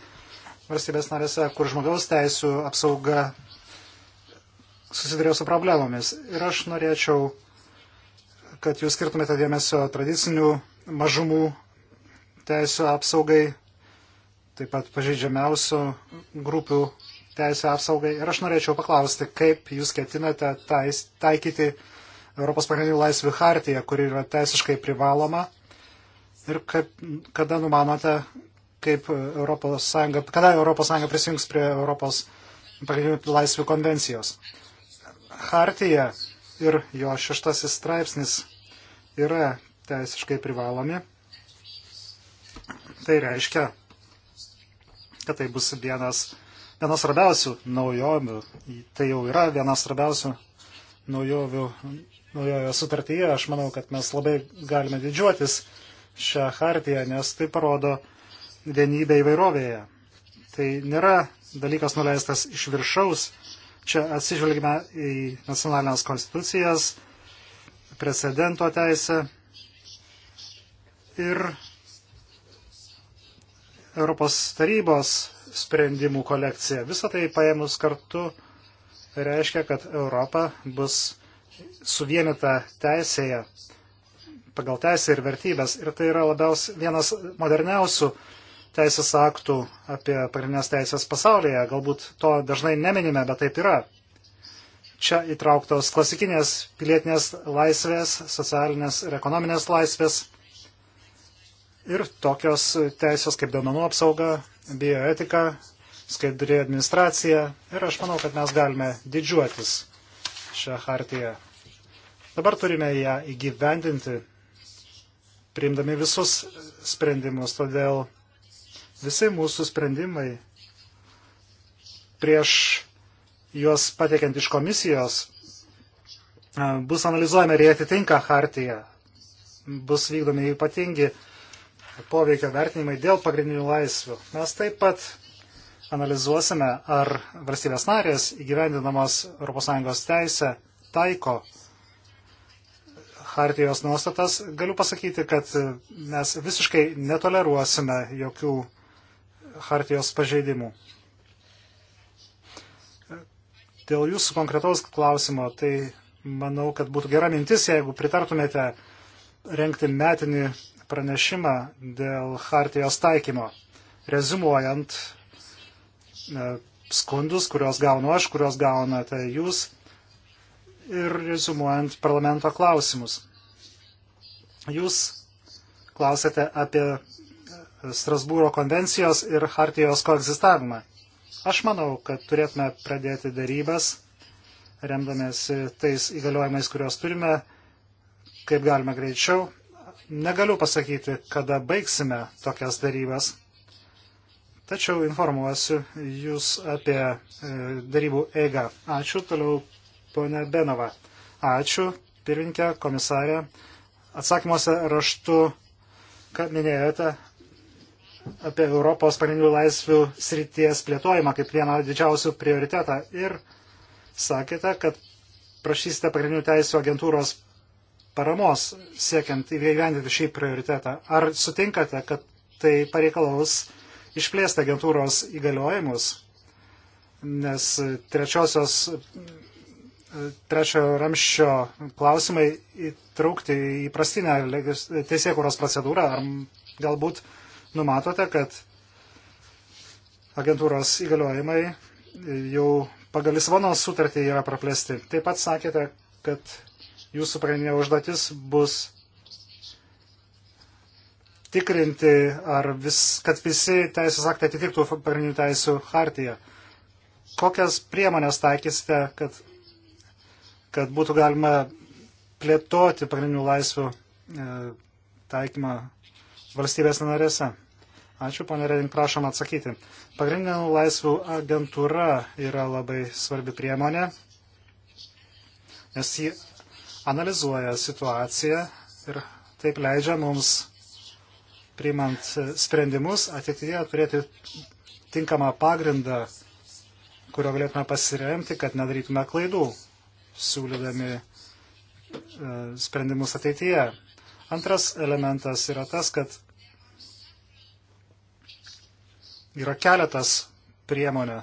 valstybės narėse, kur žmogaus teisų apsauga susidurėjo su problemomis. Ir aš norėčiau, kad jūs skirtumėte dėmesio tradicinių mažumų teisų apsaugai, taip pat pažeidžiamiausių grupių teisų apsaugai. Ir aš norėčiau paklausti, kaip jūs ketinate tais, taikyti Europos pagrindinių laisvių hartiją, kuri yra teisiškai privaloma Ir kaip, kada numanote, kaip ES, kada ES prisijungs prie Europos pagrindinių laisvių konvencijos? Hartija ir jo šeštasis straipsnis yra teisiškai privalomi. Tai reiškia, kad tai bus vienas, vienas svarbiausių naujovių. Tai jau yra vienas svarbiausių naujovių naujojo sutartyje. Aš manau, kad mes labai galime didžiuotis šią hartiją, nes tai parodo vienybę įvairovėje. Tai nėra dalykas nuleistas iš viršaus. Čia atsižvelgime į nacionalinės konstitucijas, precedento teisę ir Europos tarybos sprendimų kolekcija. Visą tai paėmus kartu reiškia, kad Europa bus suvienita teisėje pagal teisę ir vertybės. Ir tai yra labiaus vienas moderniausių teisės aktų apie pagrindinės teisės pasaulyje. Galbūt to dažnai neminime, bet taip yra. Čia įtrauktos klasikinės pilietinės laisvės, socialinės ir ekonominės laisvės ir tokios teisės kaip duomenų apsauga, bioetika, skaidri administracija ir aš manau, kad mes galime didžiuotis šią hartiją. Dabar turime ją įgyvendinti priimdami visus sprendimus. Todėl visi mūsų sprendimai prieš juos patiekiant iš komisijos bus analizuojami ir jie atitinka hartiją. Bus vykdomi ypatingi poveikio vertinimai dėl pagrindinių laisvių. Mes taip pat analizuosime, ar valstybės narės įgyvendinamos ES teisę taiko hartijos nuostatas, galiu pasakyti, kad mes visiškai netoleruosime jokių hartijos pažeidimų. Dėl jūsų konkretaus klausimo, tai manau, kad būtų gera mintis, jeigu pritartumėte renkti metinį pranešimą dėl hartijos taikymo. Rezumuojant e, skundus, kuriuos gaunu aš, kuriuos gaunate jūs, ir rezumuojant parlamento klausimus. Jūs klausėte apie Strasbūro konvencijos ir Hartijos koegzistavimą. Aš manau, kad turėtume pradėti darybas, remdamėsi tais įgaliojimais, kuriuos turime, kaip galima greičiau. Negaliu pasakyti, kada baigsime tokias darybas, tačiau informuosiu jūs apie e, darybų eigą. Ačiū, toliau Pone Benova, ačiū, pirminkė, komisarė. Atsakymuose raštu, ką minėjote, apie Europos pagrindinių laisvių srities plėtojimą kaip vieną didžiausių prioritetą ir sakėte, kad prašysite pagrindinių teisų agentūros paramos siekiant įgyvendinti šį prioritetą. Ar sutinkate, kad tai pareikalaus išplėsti agentūros įgaliojimus, nes trečiosios trečiojo ramščio klausimai įtraukti į prastinę teisėkūros procedūrą? Ar galbūt numatote, kad agentūros įgaliojimai jau pagal Lisvono sutartį yra praplėsti? Taip pat sakėte, kad jūsų pagrindinė užduotis bus tikrinti, ar vis, kad visi teisės aktai atitiktų pagrindinių teisų hartiją. Kokias priemonės taikysite, kad kad būtų galima plėtoti pagrindinių laisvių e, taikymą valstybės narėse. Ačiū, ponė Reding, prašom atsakyti. Pagrindinių laisvių agentūra yra labai svarbi priemonė, nes ji analizuoja situaciją ir taip leidžia mums, priimant sprendimus, ateityje turėti tinkamą pagrindą, kurio galėtume pasiremti, kad nedarytume klaidų siūlydami e, sprendimus ateityje. Antras elementas yra tas, kad yra keletas priemonių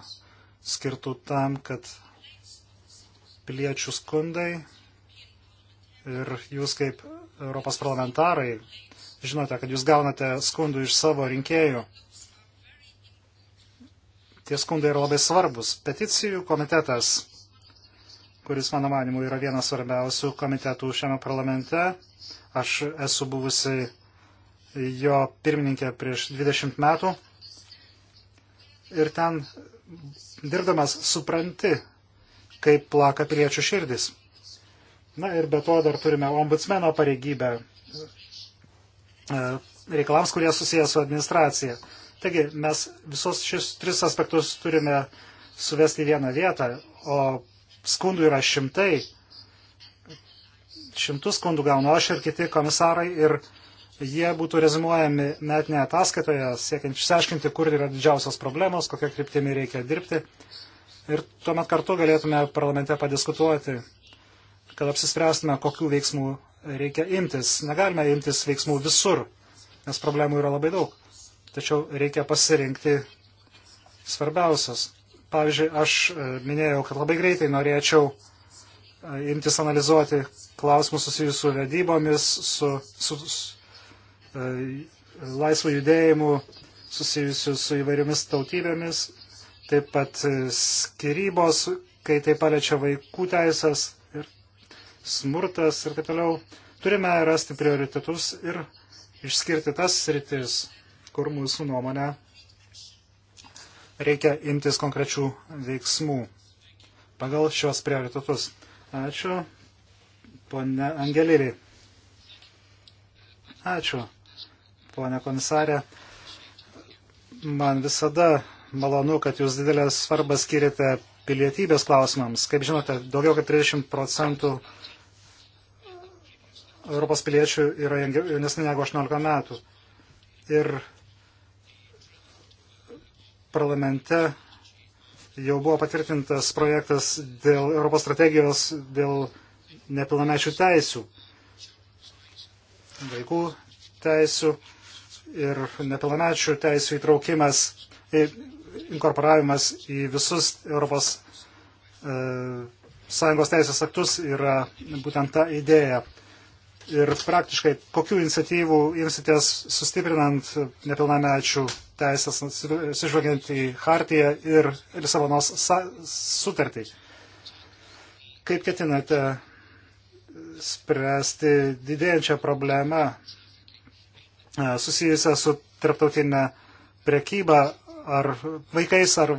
skirtų tam, kad piliečių skundai ir jūs kaip Europos parlamentarai žinote, kad jūs gaunate skundų iš savo rinkėjų. Tie skundai yra labai svarbus. Peticijų komitetas kuris, mano manimu, yra vienas svarbiausių komitetų šiame parlamente. Aš esu buvusi jo pirmininkė prieš 20 metų. Ir ten dirbdamas supranti, kaip plaka piliečių širdis. Na ir be to dar turime ombudsmeno pareigybę e, reikalams, kurie susijęs su administracija. Taigi mes visos šis tris aspektus turime suvesti į vieną vietą, o skundų yra šimtai. Šimtus skundų gaunu aš ir kiti komisarai ir jie būtų rezimuojami metinėje ataskaitoje, siekiant išsiaiškinti, kur yra didžiausios problemos, kokia kryptimi reikia dirbti. Ir tuomet kartu galėtume parlamente padiskutuoti, kad apsispręstume, kokių veiksmų reikia imtis. Negalime imtis veiksmų visur, nes problemų yra labai daug. Tačiau reikia pasirinkti svarbiausias. Pavyzdžiui, aš e, minėjau, kad labai greitai norėčiau e, imtis analizuoti klausimus susijusius su vedybomis, su, su, su e, laisvu judėjimu, susijusius su įvairiomis tautybėmis, taip pat skirybos, kai tai paliečia vaikų teisės ir smurtas ir taip toliau. Turime rasti prioritetus ir išskirti tas sritis, kur mūsų nuomonė reikia imtis konkrečių veiksmų pagal šios prioritetus. Ačiū, ponė Angelėlė. Ačiū, ponė komisarė. Man visada malonu, kad jūs didelę svarbą skiriate pilietybės klausimams. Kaip žinote, daugiau kaip 30 procentų Europos piliečių yra jaunesni negu 18 metų. Ir parlamente jau buvo patvirtintas projektas dėl Europos strategijos dėl nepilnamečių teisių, vaikų teisių ir nepilnamečių teisių įtraukimas, inkorporavimas į visus Europos e, Sąjungos teisės aktus yra būtent ta idėja ir praktiškai kokių iniciatyvų imsitės sustiprinant nepilnamečių teisės, atsižvelgiant į Hartiją ir Lisabonos sutartį. Kaip ketinate spręsti didėjančią problemą e, susijusią su tarptautinė prekyba ar vaikais ar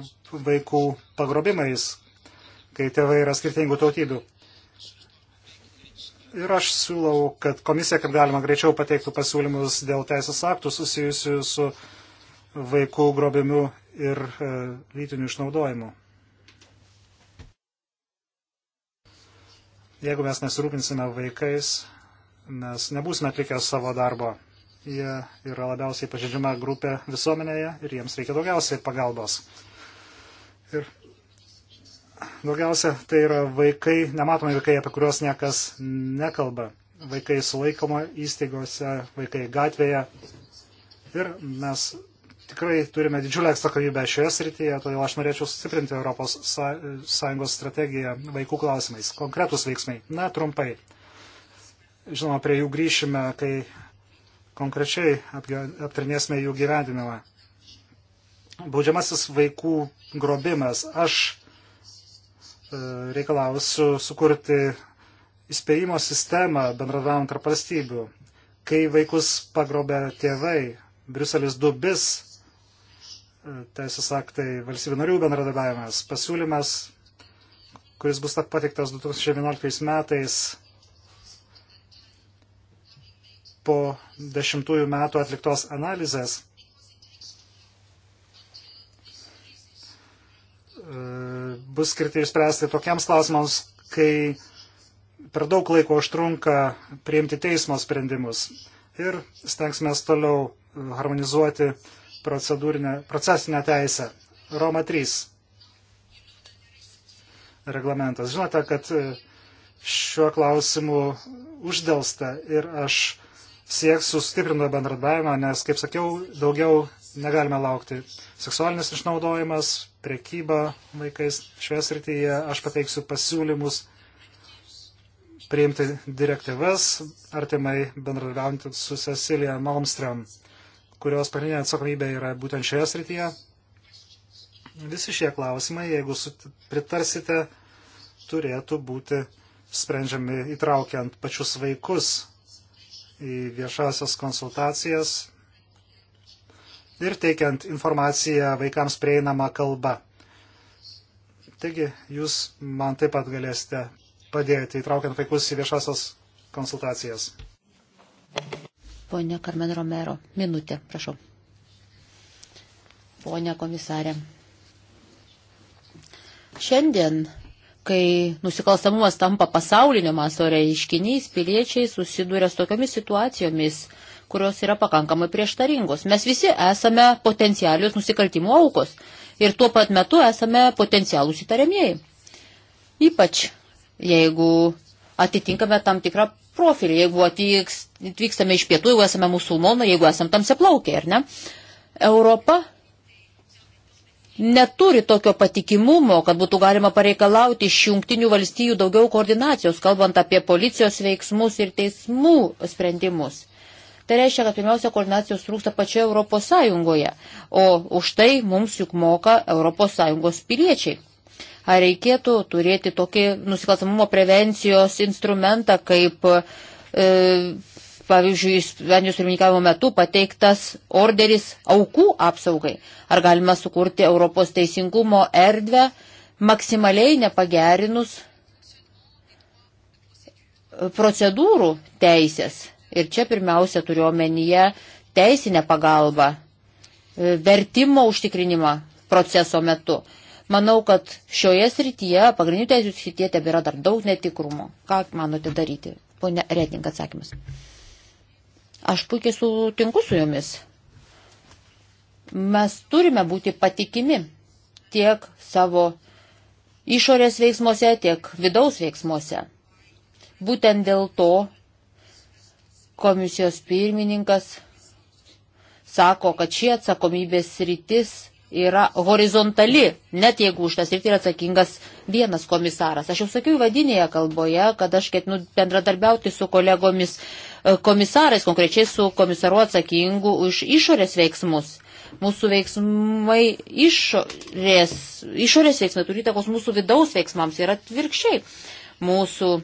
vaikų pagrobimais, kai tėvai yra skirtingų tautybių? Ir aš siūlau, kad komisija, kaip galima greičiau, pateiktų pasiūlymus dėl teisės aktų susijusių su vaikų grobimu ir e, lytiniu išnaudojimu. Jeigu mes nesirūpinsime vaikais, mes nebūsime atlikę savo darbo. Jie yra labiausiai pažeidžiama grupė visuomenėje ir jiems reikia daugiausiai pagalbos. Ir Daugiausia tai yra vaikai, nematomi vaikai, apie kuriuos niekas nekalba. Vaikai sulaikoma įstaigose, vaikai gatvėje. Ir mes tikrai turime didžiulę atsakomybę šioje srityje, todėl aš norėčiau sustiprinti Europos Sąjungos strategiją vaikų klausimais. Konkretus veiksmai. Na, trumpai. Žinoma, prie jų grįšime, kai konkrečiai aptarnėsime jų gyvendinimą. Baudžiamasis vaikų grobimas. Aš E, reikalaus su, sukurti įspėjimo sistemą bendradavant tarp valstybių. Kai vaikus pagrobė tėvai, Briuselis dubis, e, teisės aktai valstybių narių bendradavimas, pasiūlymas, kuris bus pateiktas 2011 metais po dešimtųjų metų atliktos analizės, bus skirti išspręsti tokiems klausimams, kai per daug laiko užtrunka priimti teismo sprendimus. Ir stengsime toliau harmonizuoti procesinę teisę. Roma 3 reglamentas. Žinote, kad e, šiuo klausimu uždėlsta ir aš sieksiu stiprino bendradavimą, nes, kaip sakiau, daugiau negalime laukti. Seksualinis išnaudojimas, prekyba vaikais šioje srityje. Aš pateiksiu pasiūlymus priimti direktyvas artimai bendradarbiaujant su Cecilija Malmström, kurios pagrindinė atsakomybė yra būtent šioje srityje. Visi šie klausimai, jeigu pritarsite, turėtų būti sprendžiami įtraukiant pačius vaikus į viešasias konsultacijas ir teikiant informaciją vaikams prieinamą kalbą. Taigi, jūs man taip pat galėsite padėti, įtraukiant vaikus į viešasias konsultacijas. Pone Carmen Romero, minutė, prašau. Pone komisarė. Šiandien, kai nusikalstamumas tampa pasaulinio masto reiškinys, piliečiai susiduria su tokiamis situacijomis, kurios yra pakankamai prieštaringos. Mes visi esame potencialios nusikaltimų aukos ir tuo pat metu esame potencialūs įtariamieji. Ypač jeigu atitinkame tam tikrą profilį, jeigu atvyks, atvykstame iš pietų, jeigu esame musulmonai, jeigu esame tamsiaplaukiai, ar ne? Europa neturi tokio patikimumo, kad būtų galima pareikalauti iš jungtinių valstybių daugiau koordinacijos, kalbant apie policijos veiksmus ir teismų sprendimus. Tai reiškia, kad pirmiausia, koordinacijos trūksta pačioje Europos Sąjungoje, o už tai mums juk moka Europos Sąjungos piliečiai. Ar reikėtų turėti tokį nusikalstamumo prevencijos instrumentą, kaip, e, pavyzdžiui, Ispanijos pirmininkavimo metu pateiktas orderis aukų apsaugai? Ar galima sukurti Europos teisingumo erdvę maksimaliai nepagerinus procedūrų teisės? Ir čia pirmiausia turiu omenyje teisinę pagalbą, e, vertimo užtikrinimą proceso metu. Manau, kad šioje srityje, pagrindinių teisų srityje, tebėra dar daug netikrumo. Ką manote daryti? Pone Reding atsakymas. Aš puikiai sutinku su jumis. Mes turime būti patikimi tiek savo išorės veiksmuose, tiek vidaus veiksmuose. Būtent dėl to Komisijos pirmininkas sako, kad šie atsakomybės rytis yra horizontali, net jeigu už tas rytį yra atsakingas vienas komisaras. Aš jau sakiau vadinėje kalboje, kad aš ketinu bendradarbiauti su kolegomis e, komisarais, konkrečiai su komisaru atsakingu už išorės veiksmus. Mūsų veiksmai išorės, išorės veiksmai turi įtakos mūsų vidaus veiksmams ir atvirkščiai. Mūsų e,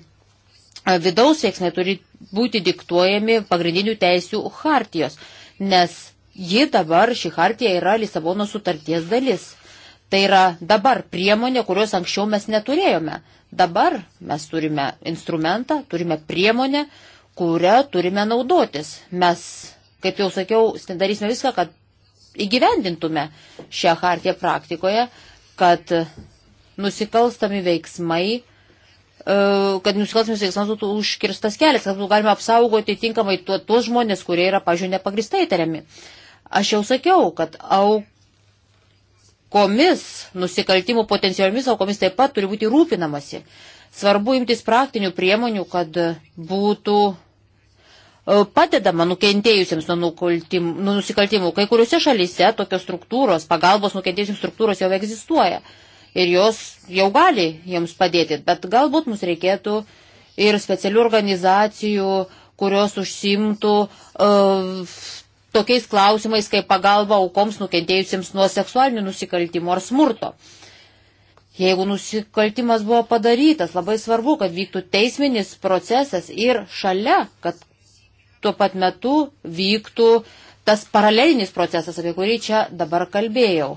vidaus veiksmai turi būti diktuojami pagrindinių teisių hartijos, nes ji dabar, ši hartija yra Lisabono sutarties dalis. Tai yra dabar priemonė, kurios anksčiau mes neturėjome. Dabar mes turime instrumentą, turime priemonę, kurią turime naudotis. Mes, kaip jau sakiau, darysime viską, kad įgyvendintume šią hartiją praktikoje, kad nusikalstami veiksmai E, kad nusikalstamas veiksmas būtų užkirstas kelias, kad būtų galima apsaugoti tinkamai tuos žmonės, kurie yra, pažiūrėjau, nepagristai įtariami. Aš jau sakiau, kad aukomis, nusikaltimų potencialiomis aukomis taip pat turi būti rūpinamasi. Svarbu imtis praktinių priemonių, kad būtų e, padedama nukentėjusiems nuo nusikaltimų. Kai kuriuose šalyse tokios struktūros, pagalbos nukentėjusiems struktūros jau egzistuoja. Uh, ir jos jau gali jums padėti, bet galbūt mums reikėtų ir specialių organizacijų, kurios užsimtų uh, tokiais klausimais kaip pagalba aukoms nukentėjusiems nuo seksualinių nusikaltimų ar smurto. Jeigu nusikaltimas buvo padarytas, labai svarbu, kad vyktų teisminis procesas ir šalia, kad tuo pat metu vyktų tas paralelinis procesas, apie kurį čia dabar kalbėjau.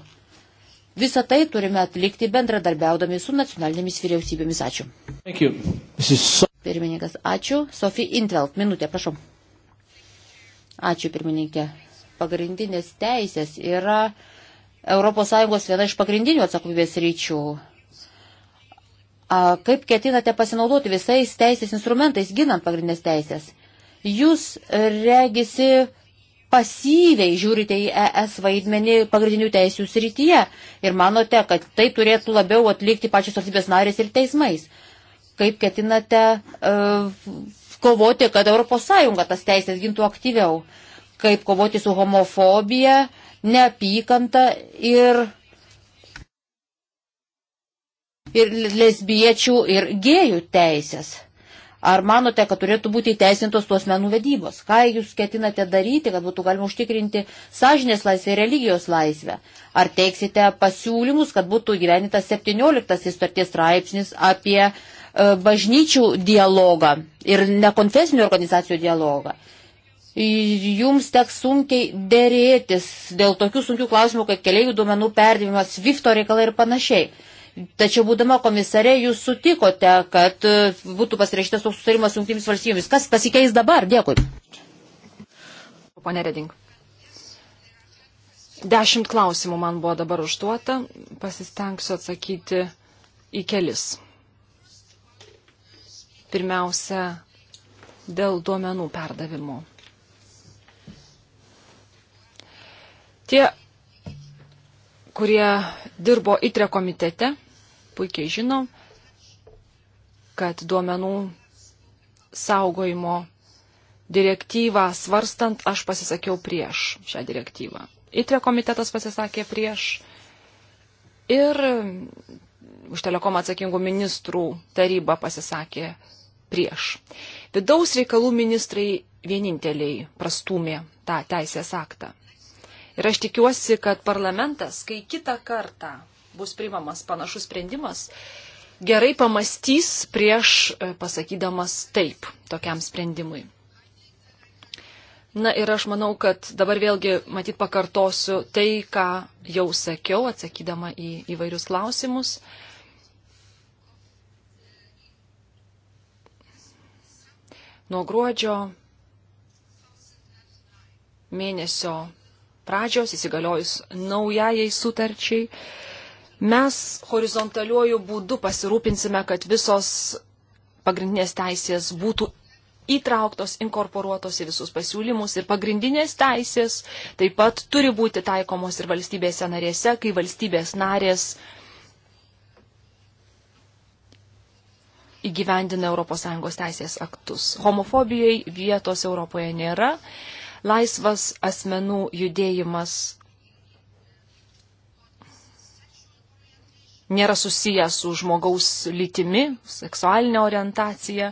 Visą tai turime atlikti bendradarbiaudami su nacionalinėmis vyriausybėmis. Ačiū. So Pirmininkas, ačiū. Sofija Intvelt, minutė, prašau. Ačiū, pirmininkė. Pagrindinės teisės yra ES viena iš pagrindinių atsakomybės ryčių. A, kaip ketinate pasinaudoti visais teisės instrumentais, ginant pagrindinės teisės? Jūs e, regisi pasyviai žiūrite į ES vaidmenį pagrindinių teisių srityje ir manote, kad tai turėtų labiau atlikti pačios valstybės narės ir teismais. Kaip ketinate uh, kovoti, kad ES tas teisės gintų aktyviau? Kaip kovoti su homofobija, neapykanta ir, ir lesbiečių ir gėjų teisės? Ar manote, kad turėtų būti įteisintos tuos menų vedybos? Ką jūs ketinate daryti, kad būtų galima užtikrinti sąžinės laisvę ir religijos laisvę? Ar teiksite pasiūlymus, kad būtų gyvenitas 17 įstarties straipsnis apie e, bažnyčių dialogą ir nekonfesinių organizacijų dialogą? Jums teks sunkiai dėrėtis dėl tokių sunkių klausimų, kaip keliaivių duomenų perdavimas, SWIFT reikalai ir panašiai. Tačiau būdama komisare, jūs sutikote, kad e, būtų pasirašytas toks sutarimas su jungtimis valstybėmis. Kas pasikeis dabar? Dėkui. Pone Reding. Dešimt klausimų man buvo dabar užduota. Pasistengsiu atsakyti į kelis. Pirmiausia, dėl duomenų perdavimo. Tie, kurie dirbo ITRE komitete, puikiai žino, kad duomenų saugojimo direktyvą svarstant aš pasisakiau prieš šią direktyvą. ITRE komitetas pasisakė prieš ir už telekomą atsakingų ministrų taryba pasisakė prieš. Vidaus reikalų ministrai vieninteliai prastumė tą teisės aktą. Ir aš tikiuosi, kad parlamentas, kai kitą kartą bus primamas panašus sprendimas, gerai pamastys prieš e, pasakydamas taip tokiam sprendimui. Na ir aš manau, kad dabar vėlgi matyt pakartosiu tai, ką jau sakiau, atsakydama į įvairius klausimus. Nuo gruodžio mėnesio pradžios įsigaliojus naujajai sutarčiai Mes horizontaliuoju būdu pasirūpinsime, kad visos pagrindinės teisės būtų įtrauktos, inkorporuotos į visus pasiūlymus ir pagrindinės teisės taip pat turi būti taikomos ir valstybėse narėse, kai valstybės narės įgyvendina ES teisės aktus. Homofobijai vietos Europoje nėra. Laisvas asmenų judėjimas nėra susijęs su žmogaus lytimi, seksualinė orientacija.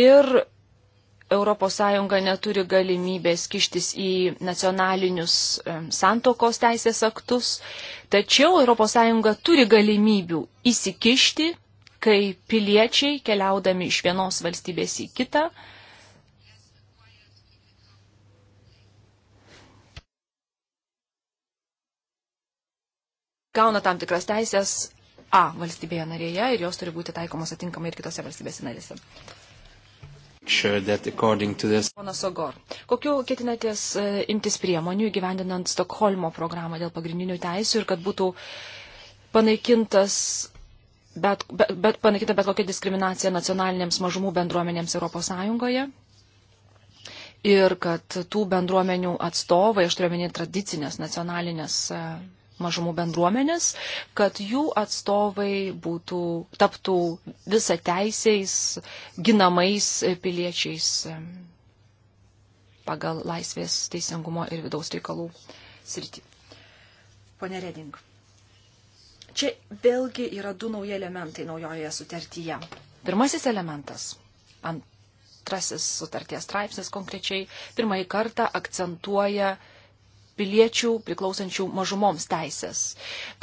Ir ES neturi galimybės kištis į nacionalinius e, santokos teisės aktus, tačiau ES turi galimybių įsikišti, kai piliečiai keliaudami iš vienos valstybės į kitą gauna tam tikras teisės A valstybėje narėje ir jos turi būti taikomos atinkamai ir kitose valstybėse narėse. Ponas Sogor, kokiu ketinatės e, imtis priemonių gyvendinant Stokholmo programą dėl pagrindinių teisų ir kad būtų panaikintas bet, bet, bet panaikinta bet kokia diskriminacija nacionalinėms mažumų bendruomenėms ES ir kad tų bendruomenių atstovai, aš turiu omeny tradicinės nacionalinės e, mažumų bendruomenės, kad jų atstovai būtų, taptų visą teisiais, ginamais piliečiais pagal laisvės teisingumo ir vidaus reikalų sritį. Pone Reding. Čia vėlgi yra du nauji elementai naujoje sutartyje. Pirmasis elementas, antrasis sutarties straipsnis konkrečiai, pirmąjį kartą akcentuoja piliečių priklausančių mažumoms teisės.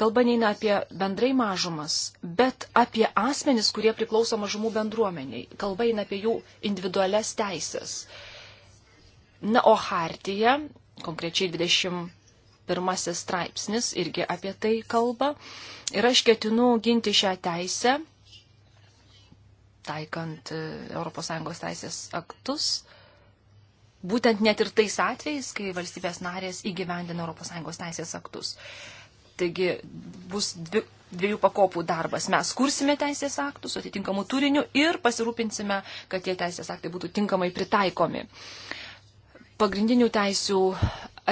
Kalba neina apie bendrai mažumas, bet apie asmenis, kurie priklauso mažumų bendruomeniai. Kalba eina apie jų individualias teisės. Na, o Hartija, konkrečiai 21 straipsnis, irgi apie tai kalba. Ir aš ketinu ginti šią teisę, taikant ES teisės aktus būtent net ir tais atvejais, kai valstybės narės įgyvendina ES teisės aktus. Taigi bus dvi, dviejų pakopų darbas. Mes kursime teisės aktus su atitinkamu turiniu ir pasirūpinsime, kad tie teisės aktai būtų tinkamai pritaikomi. Pagrindinių teisių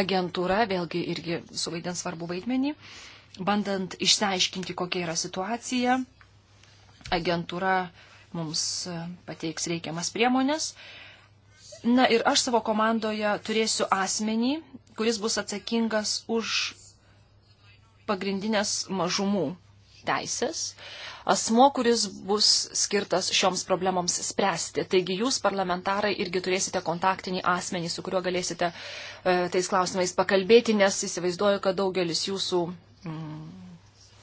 agentūra vėlgi irgi suvaidins svarbu vaidmenį, bandant išsiaiškinti, kokia yra situacija. Agentūra mums pateiks reikiamas priemonės. Uh, Na ir aš savo komandoje turėsiu asmenį, kuris bus atsakingas už pagrindinės mažumų teisės, asmo, kuris bus skirtas šioms problemoms spręsti. Taigi jūs, parlamentarai, irgi turėsite kontaktinį asmenį, su kuriuo galėsite e, tais klausimais pakalbėti, nes įsivaizduoju, kad daugelis jūsų mm,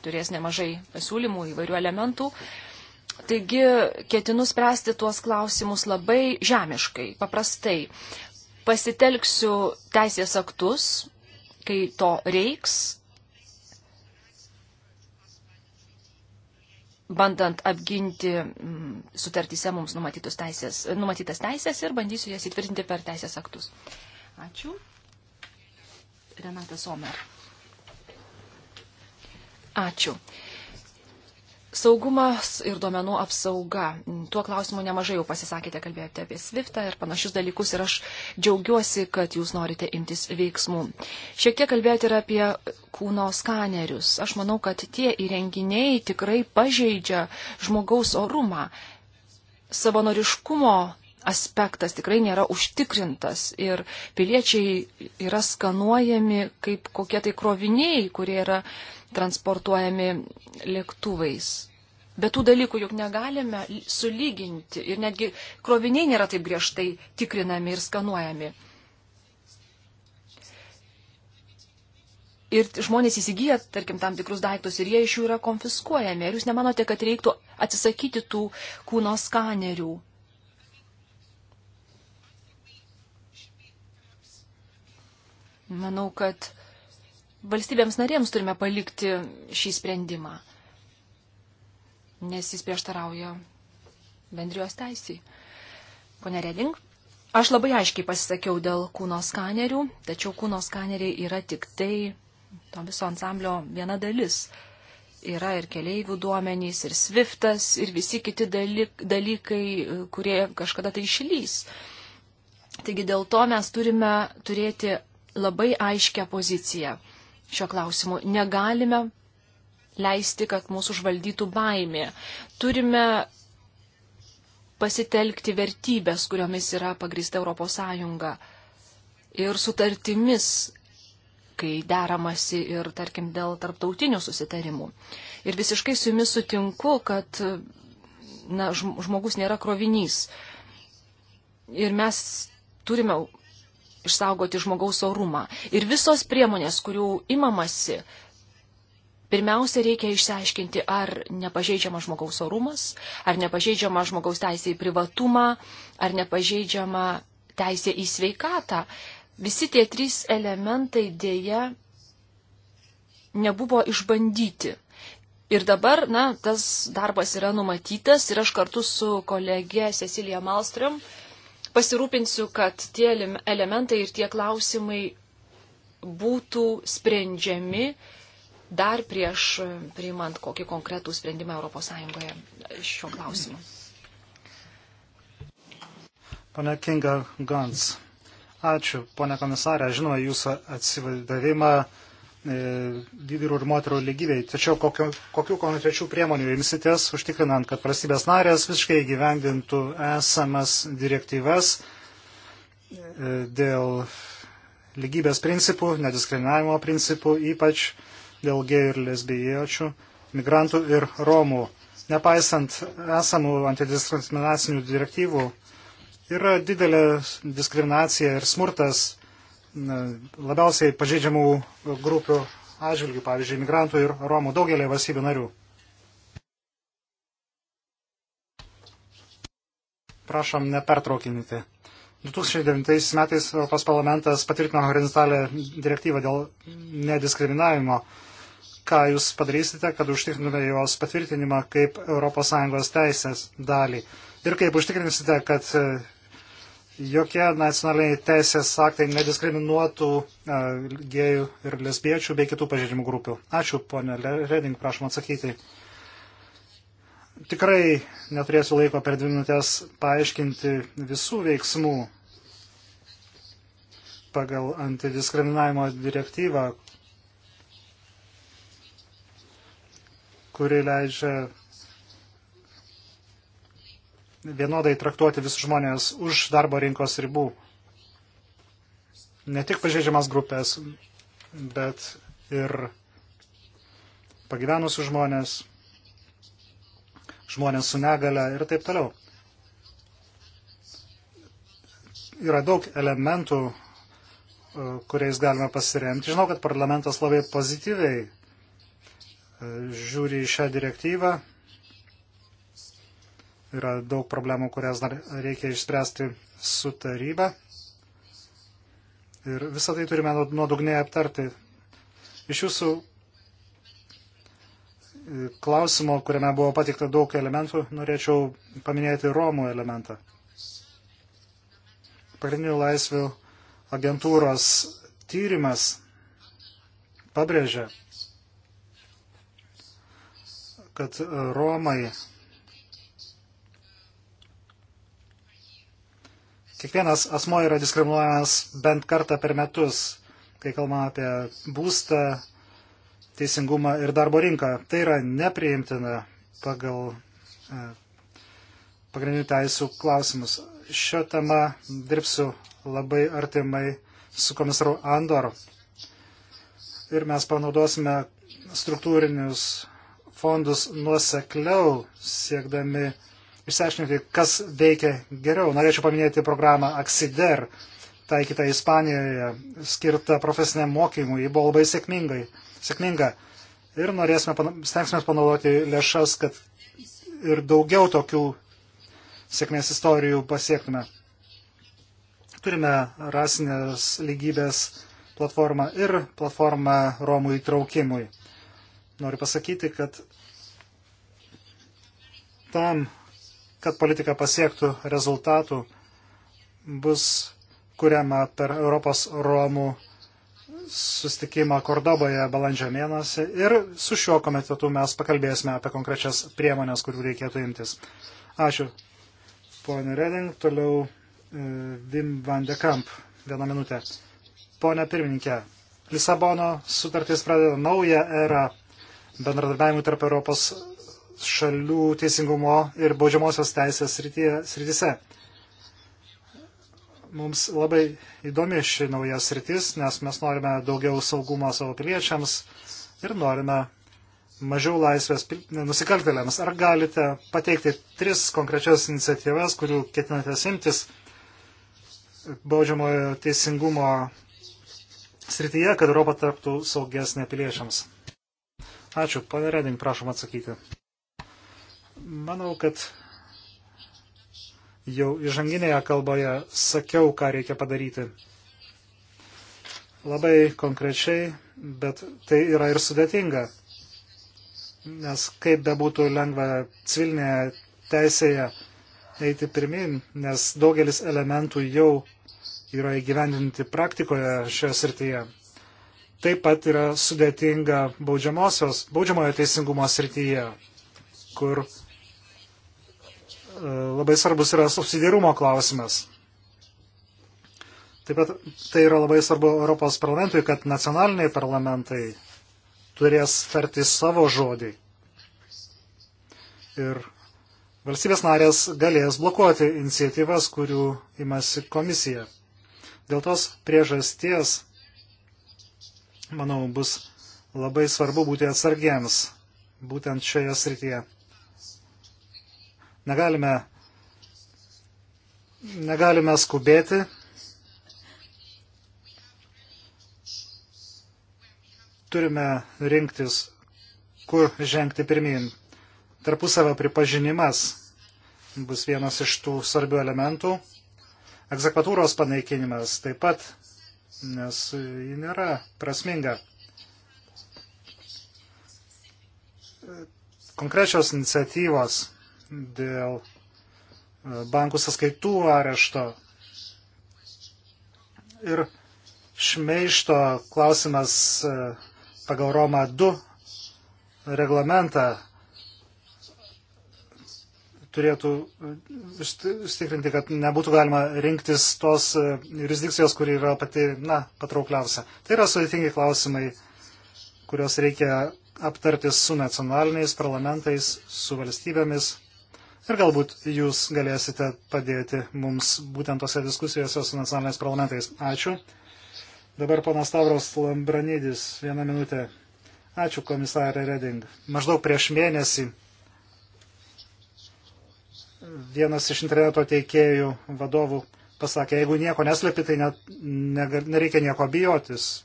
turės nemažai pasiūlymų įvairių elementų. E, Taigi ketinu spręsti tuos klausimus labai žemiškai, paprastai. Pasitelksiu teisės aktus, kai to reiks, bandant apginti mm, sutartyse mums teisės, numatytas teisės ir bandysiu jas įtvirtinti per teisės aktus. Ačiū. Renata Somer. Ačiū. Saugumas ir duomenų apsauga. Tuo klausimu nemažai jau pasisakėte, kalbėjote apie SWIFTą ir panašius dalykus ir aš džiaugiuosi, kad jūs norite imtis veiksmų. Šiek tiek kalbėjote ir apie kūno skanerius. Aš manau, kad tie įrenginiai tikrai pažeidžia žmogaus orumą. Savanoriškumo aspektas tikrai nėra užtikrintas ir piliečiai yra skanuojami kaip kokie tai kroviniai, kurie yra transportuojami lėktuvais. Bet tų dalykų juk negalime sulyginti ir netgi kroviniai nėra taip griežtai tikrinami ir skanuojami. ir žmonės įsigyja, tarkim, tam tikrus daiktus ir jie iš jų yra konfiskuojami. Ar jūs nemanote, kad reiktų atsisakyti tų kūno skanerių? Manau, kad valstybėms narėms turime palikti šį sprendimą, nes jis prieštarauja bendrijos teisiai. Pone Reding, aš labai aiškiai pasisakiau dėl kūno skanerių, tačiau kūno skaneriai yra tik tai to viso ansamblio viena dalis. Yra ir keleivių duomenys, ir sviftas, ir visi kiti dalyk, dalykai, kurie kažkada tai išlys. Taigi dėl to mes turime turėti labai aiškę poziciją šiuo klausimu. Negalime leisti, kad mūsų užvaldytų baimė. Turime pasitelkti vertybės, kuriomis yra pagrįsta Europos Sąjunga ir sutartimis, kai deramasi ir, tarkim, dėl tarptautinių susitarimų. Ir visiškai su jumis sutinku, kad na, žmogus nėra krovinys. Ir mes turime išsaugoti žmogaus orumą. Ir visos priemonės, kurių imamasi, pirmiausia reikia išsiaiškinti, ar nepažeidžiama žmogaus orumas, ar nepažeidžiama žmogaus teisė į privatumą, ar nepažeidžiama teisė į sveikatą. Visi tie trys elementai dėja nebuvo išbandyti. Ir dabar, na, tas darbas yra numatytas ir aš kartu su kolegė Cecilija Malstrom pasirūpinsiu, kad tie elementai ir tie klausimai būtų sprendžiami dar prieš priimant kokį konkretų sprendimą ES šiuo klausimu. Pane Kinga Gans, ačiū, pone komisarė, žinoma, jūsų atsivadavimą vyrų e, ir moterų lygybei. Tačiau kokio, kokių konkrečių priemonių imsitės, užtikrinant, kad prasybės narės visiškai gyvendintų esamas direktyvas e, dėl lygybės principų, nediskriminavimo principų, ypač dėl gėjų ir lesbijiečių, migrantų ir romų. Nepaisant esamų antidiskriminacinių direktyvų, yra didelė diskriminacija ir smurtas labiausiai pažeidžiamų grupių atžvilgių, pavyzdžiui, migrantų ir romų daugelį valstybių narių. Prašom nepertraukinti. 2009 metais Europos parlamentas patvirtino horizontalę direktyvą dėl nediskriminavimo. Ką jūs padarysite, kad užtikrintume jos patvirtinimą kaip ES teisės dalį? Ir kaip užtikrinsite, kad jokie nacionaliniai teisės aktai nediskriminuotų e, gėjų ir lesbiečių bei kitų pažeidimų grupių. Ačiū, ponė Reding, prašom atsakyti. Tikrai neturėsiu laiko per dvi minutės paaiškinti visų veiksmų pagal antidiskriminavimo direktyvą, kuri leidžia vienodai traktuoti visus žmonės už darbo rinkos ribų. Ne tik pažeidžiamas grupės, bet ir pagyvenusių žmonės, žmonės su negale ir taip toliau. Yra daug elementų, kuriais galime pasiremti. Žinau, kad parlamentas labai pozityviai e, žiūri į šią direktyvą Yra daug problemų, kurias dar reikia išspręsti su taryba. Ir visą tai turime nuodugniai aptarti. Iš jūsų e, klausimo, kuriame buvo patikta daug elementų, norėčiau paminėti Romų elementą. Pagrindinių laisvių agentūros tyrimas pabrėžia, kad Romai kiekvienas asmo yra diskriminuojamas bent kartą per metus, kai kalbame apie būstą, teisingumą ir darbo rinką. Tai yra nepriimtina pagal e, pagrindinių teisų klausimus. Šią temą dirbsiu labai artimai su komisaru Andor. Ir mes panaudosime struktūrinius fondus nuosekliau siekdami išsiaiškinti, kas veikia geriau. Norėčiau paminėti programą Axider, taikytą Ispanijoje, skirtą profesiniam mokymui. Ji buvo labai sėkmingai, sėkminga. Ir norėsime, stengsime panaudoti lėšas, kad ir daugiau tokių sėkmės istorijų pasiektume. Turime rasinės lygybės platformą ir platformą Romų įtraukimui. Noriu pasakyti, kad tam kad politika pasiektų rezultatų, bus kuriama per Europos Romų sustikimą Kordoboje balandžio mėnesį ir su šiuo komitetu mes pakalbėsime apie konkrečias priemonės, kurių reikėtų imtis. Ačiū. Pone Reding, toliau Vim e, van de Kamp. Vieną minutę. Pone pirmininkė, Lisabono sutartis pradeda naują erą bendradarbiavimui tarp Europos šalių teisingumo ir baudžiamosios teisės srityse. Mums labai įdomi ši nauja sritis, nes mes norime daugiau saugumo savo piliečiams ir norime mažiau laisvės nusikaltėliams. Ar galite pateikti tris konkrečias iniciatyvas, kurių ketinate simtis baudžiamojo teisingumo srityje, kad Europa taptų saugesnė piliečiams? Ačiū. Pane Reding, prašom atsakyti. Manau, kad jau įžanginėje kalboje sakiau, ką reikia padaryti. Labai konkrečiai, bet tai yra ir sudėtinga. Nes kaip bebūtų lengva civilinėje teisėje eiti pirmin, nes daugelis elementų jau yra įgyvendinti praktikoje šioje srityje. Taip pat yra sudėtinga baudžiamosios, baudžiamojo teisingumo srityje, kur E, labai svarbus yra subsidiarumo klausimas. Taip pat tai yra labai svarbu Europos parlamentui, kad nacionaliniai parlamentai turės tarti savo žodį. Ir valstybės narės galės blokuoti iniciatyvas, kurių imasi komisija. Dėl tos priežasties, manau, bus labai svarbu būti atsargiems būtent šioje srityje. Negalime, negalime skubėti. Turime rinktis, kur žengti pirmin. Tarpusavio pripažinimas bus vienas iš tų svarbių elementų. Egzekvatūros panaikinimas taip pat, nes ji nėra prasminga. Konkrečios iniciatyvos dėl e, bankų sąskaitų arešto. Ir šmeišto klausimas e, pagal Roma 2 reglamentą turėtų e, užtikrinti, kad nebūtų galima rinktis tos jurisdikcijos, kuri yra pati, na, patraukliausia. Tai yra sudėtingi klausimai, kuriuos reikia aptarti su nacionaliniais parlamentais, su valstybėmis ir galbūt jūs galėsite padėti mums būtent tose diskusijose su nacionaliniais parlamentais. Ačiū. Dabar ponas Tavros Lambranidis, vieną minutę. Ačiū komisarė Reding. Maždaug prieš mėnesį vienas iš interneto teikėjų vadovų pasakė, jeigu nieko neslepi, tai ne, ne, nereikia nieko bijotis.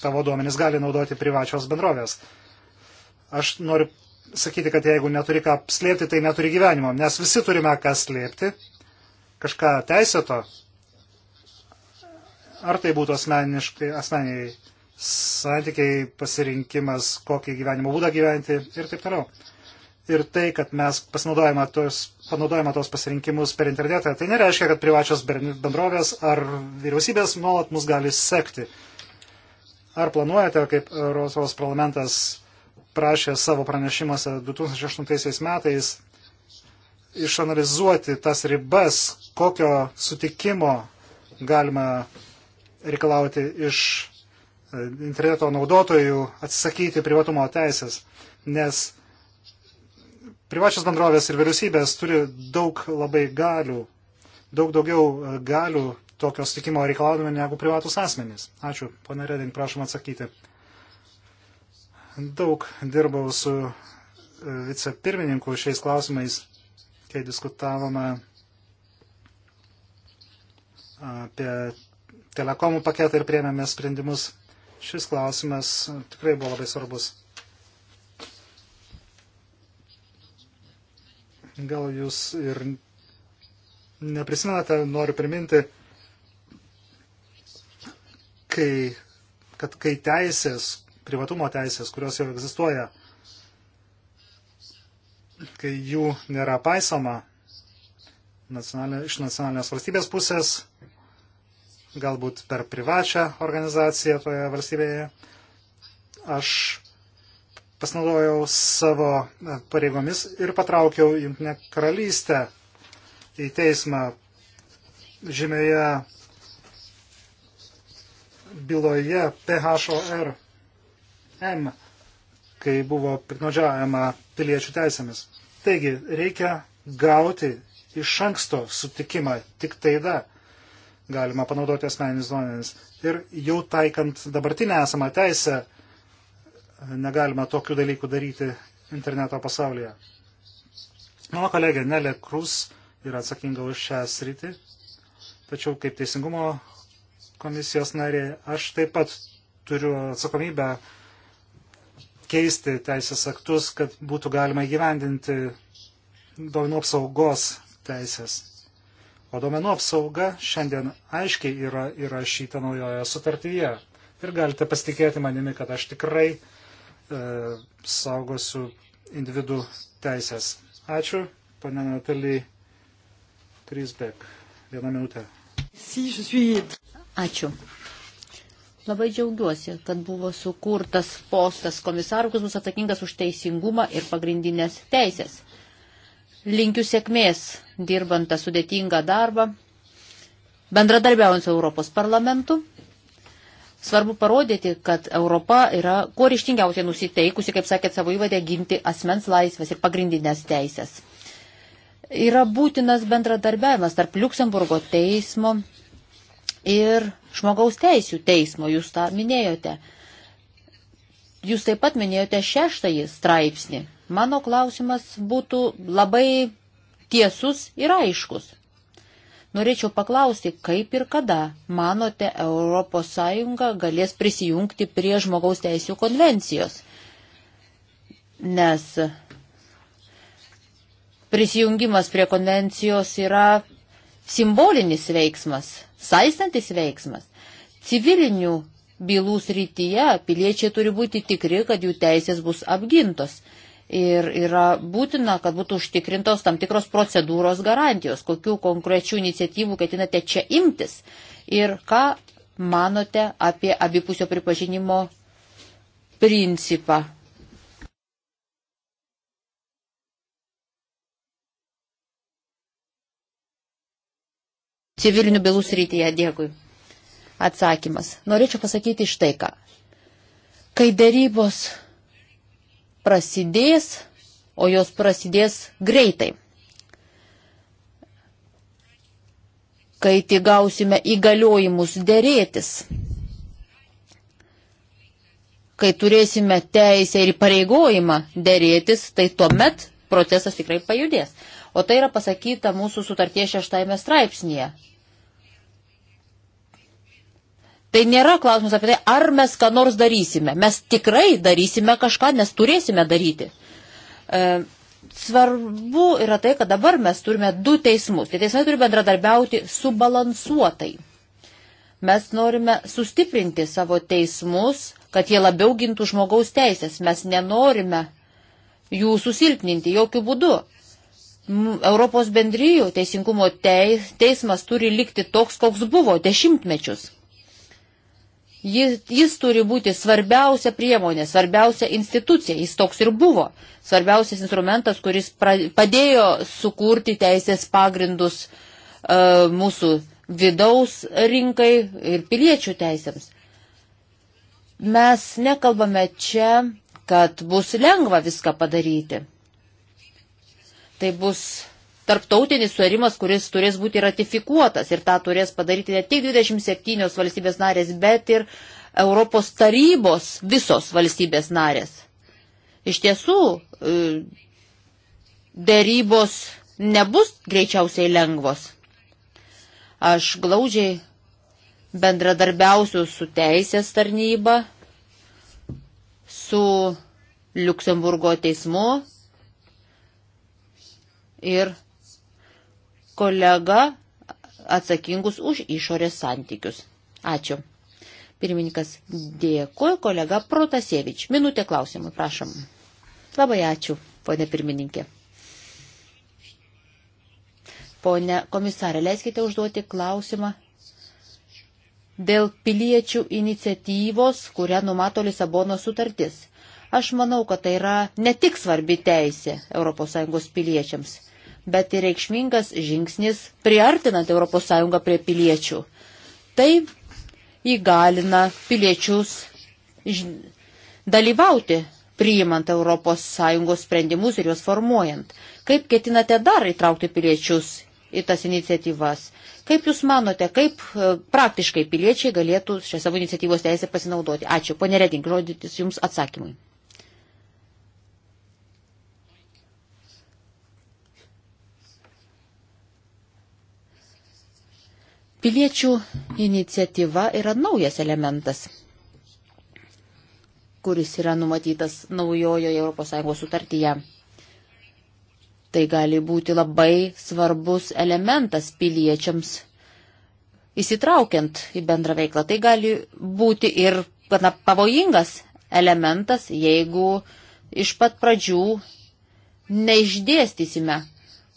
Tavo duomenys gali naudoti privačios bendrovės. Aš noriu sakyti, kad jeigu neturi ką slėpti, tai neturi gyvenimo, nes visi turime ką slėpti, kažką teisėto, ar tai būtų asmeniškai, asmeniai santykiai, pasirinkimas, kokį gyvenimo būdą gyventi ir taip toliau. Ir tai, kad mes pasinaudojame tos, panaudojame tos pasirinkimus per internetą, tai nereiškia, kad privačios bendrovės ar vyriausybės nuolat mus gali sekti. Ar planuojate, kaip Europos parlamentas prašė savo pranešimuose 2008 metais išanalizuoti tas ribas, kokio sutikimo galima reikalauti iš e, interneto naudotojų atsisakyti privatumo teisės, nes privačios bendrovės ir vyriausybės turi daug labai galių, daug daugiau e, galių tokio sutikimo reikalaudami negu privatus asmenys. Ačiū, ponė Redin, prašom atsakyti daug dirbau su e, vicepirmininku šiais klausimais, kai diskutavome apie telekomų paketą ir priemėme sprendimus. Šis klausimas tikrai buvo labai svarbus. Gal jūs ir neprisimenate, noriu priminti, kai, kad kai teisės, privatumo teisės, kurios jau egzistuoja. Kai jų nėra paisoma nacionalinė, iš nacionalinės valstybės pusės, galbūt per privačią organizaciją toje valstybėje, aš pasinaudojau savo pareigomis ir patraukiau Junktinę karalystę į teismą žymėje byloje PHOR M, kai buvo piknaudžiavama piliečių teisėmis. Taigi, reikia gauti iš anksto sutikimą, tik tada galima panaudoti asmeninis duomenis. Ir jau taikant dabartinę esamą teisę, negalima tokių dalykų daryti interneto pasaulyje. Mano kolegė Nelė Krus yra atsakinga už šią sritį, tačiau kaip teisingumo komisijos narė aš taip pat turiu atsakomybę keisti teisės aktus, kad būtų galima įgyvendinti duomenų apsaugos teisės. O duomenų apsauga šiandien aiškiai yra įrašyta naujoje sutartyje. Ir galite pasitikėti manimi, kad aš tikrai e, saugosiu individų teisės. Ačiū, pane Natalija Krisbek. Vieną minutę. Ačiū. Labai džiaugiuosi, kad buvo sukurtas postas komisarų, kuris bus atsakingas už teisingumą ir pagrindinės teisės. Linkiu sėkmės dirbant tą sudėtingą darbą, bendradarbiaujant su Europos parlamentu. Svarbu parodyti, kad Europa yra kuo ryštingiausiai nusiteikusi, kaip sakėt savo įvadę, ginti asmens laisvės ir pagrindinės teisės. Yra būtinas bendradarbiavimas tarp Luksemburgo teismo ir žmogaus teisų teismo, jūs tą minėjote. Jūs taip pat minėjote šeštąjį straipsnį. Mano klausimas būtų labai tiesus ir aiškus. Norėčiau paklausti, kaip ir kada, manote, ES galės prisijungti prie žmogaus teisų konvencijos? Nes prisijungimas prie konvencijos yra simbolinis veiksmas saistantis veiksmas. Civilinių bylų srityje piliečiai turi būti tikri, kad jų teisės bus apgintos. Ir yra būtina, kad būtų užtikrintos tam tikros procedūros garantijos, kokių konkrečių iniciatyvų ketinate čia imtis ir ką manote apie abipusio pripažinimo principą civilinių bylų srityje. Dėkui. Atsakymas. Norėčiau pasakyti štai ką. Kai dėrybos prasidės, o jos prasidės greitai. Kai tik gausime įgaliojimus dėrėtis, kai turėsime teisę ir pareigojimą dėrėtis, tai tuomet procesas tikrai pajudės. O tai yra pasakyta mūsų sutarties šeštame straipsnėje. Tai nėra klausimas apie tai, ar mes ką nors darysime. Mes tikrai darysime kažką, nes turėsime daryti. E, svarbu yra tai, kad dabar mes turime du teismus. Tie teismai turi bendradarbiauti subalansuotai. Mes norime sustiprinti savo teismus, kad jie labiau gintų žmogaus teisės. Mes nenorime jų susilpninti jokių būdų. Europos bendryjų teisingumo teismas turi likti toks, koks buvo dešimtmečius. Jis, jis turi būti svarbiausia priemonė, svarbiausia institucija, jis toks ir buvo, svarbiausias instrumentas, kuris pra, padėjo sukurti teisės pagrindus uh, mūsų vidaus rinkai ir piliečių teisėms. Mes nekalbame čia, kad bus lengva viską padaryti. Tai bus tarptautinis suarimas, kuris turės būti ratifikuotas ir tą turės padaryti ne tik 27 valstybės narės, bet ir Europos tarybos visos valstybės narės. Iš tiesų, e, dėrybos nebus greičiausiai lengvos. Aš glaudžiai bendradarbiausiu su teisės tarnyba, su Luksemburgo teismu ir kolega atsakingus už išorės santykius. Ačiū. Pirmininkas dėkoju, kolega Protasievič. Minutė klausimų, prašom. Labai ačiū, ponė pirmininkė. Pone komisarė, leiskite užduoti klausimą dėl piliečių iniciatyvos, kurią numato Lisabono sutartis. Aš manau, kad tai yra ne tik svarbi teisė ES piliečiams, bet ir reikšmingas žingsnis priartinant ES prie piliečių. Tai įgalina piliečius dalyvauti priimant ES sprendimus ir juos formuojant. Kaip ketinate dar įtraukti piliečius į tas iniciatyvas? Kaip Jūs manote, kaip e, praktiškai piliečiai galėtų šią savo iniciatyvos teisę pasinaudoti? Ačiū, ponė Redink, žodis Jums atsakymui. Piliečių iniciatyva yra naujas elementas, kuris yra numatytas naujojoje ES sutartyje. Tai gali būti labai svarbus elementas piliečiams įsitraukiant į bendrą veiklą. Tai gali būti ir gana pavojingas elementas, jeigu iš pat pradžių neišdėstysime,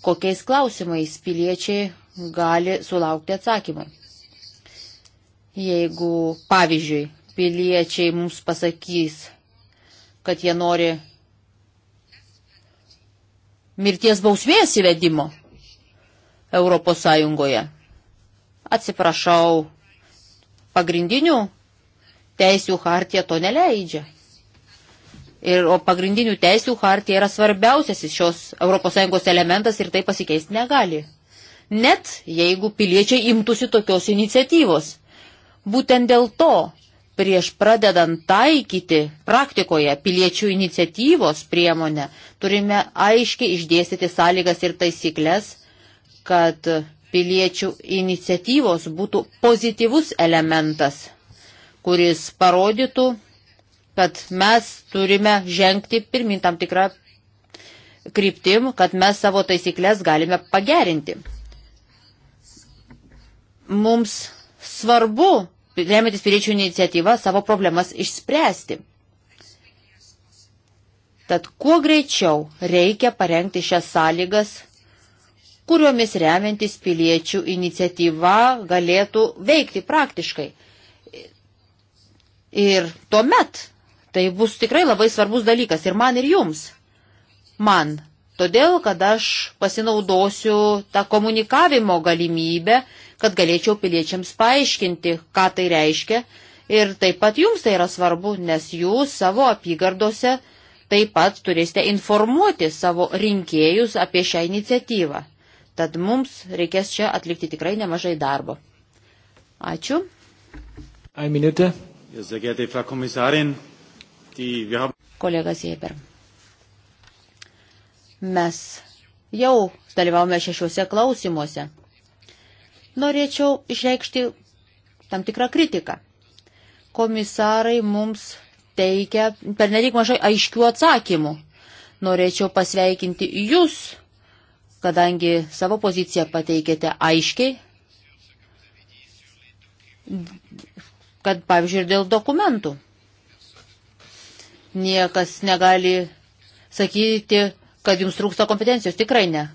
kokiais klausimais piliečiai gali sulaukti atsakymai. Jeigu, pavyzdžiui, piliečiai mums pasakys, kad jie nori mirties bausmės įvedimo Europos Sąjungoje. Atsiprašau, pagrindinių teisių hartija to neleidžia. Ir, o pagrindinių teisių hartija yra svarbiausiasis šios ES elementas ir tai pasikeisti negali net jeigu piliečiai imtųsi tokios iniciatyvos. Būtent dėl to prieš pradedant taikyti praktikoje piliečių iniciatyvos priemonę, turime aiškiai išdėstyti sąlygas ir taisyklės, kad piliečių iniciatyvos būtų pozityvus elementas, kuris parodytų, kad mes turime žengti pirmin tam tikrą kryptim, kad mes savo taisyklės galime pagerinti mums svarbu, remiantis piliečių iniciatyvą, savo problemas išspręsti. Tad kuo greičiau reikia parengti šias sąlygas, kuriomis remiantis piliečių iniciatyva galėtų veikti praktiškai. Ir tuomet tai bus tikrai labai svarbus dalykas ir man ir jums. Man. Todėl, kad aš pasinaudosiu tą komunikavimo galimybę kad galėčiau piliečiams paaiškinti, ką tai reiškia. Ir taip pat jums tai yra svarbu, nes jūs savo apygardose taip pat turėsite informuoti savo rinkėjus apie šią iniciatyvą. Tad mums reikės čia atlikti tikrai nemažai darbo. Ačiū. Ein minutė. Sehr geehrte Frau Kommissarin, die wir haben. Kolega Sieber. Mes jau dalyvavome šešiuose klausimuose norėčiau išreikšti tam tikrą kritiką. Komisarai mums teikia pernelyg mažai aiškių atsakymų. Norėčiau pasveikinti jūs, kadangi savo poziciją pateikėte aiškiai, kad pavyzdžiui ir dėl dokumentų. Niekas negali sakyti, kad jums trūksta kompetencijos, tikrai ne.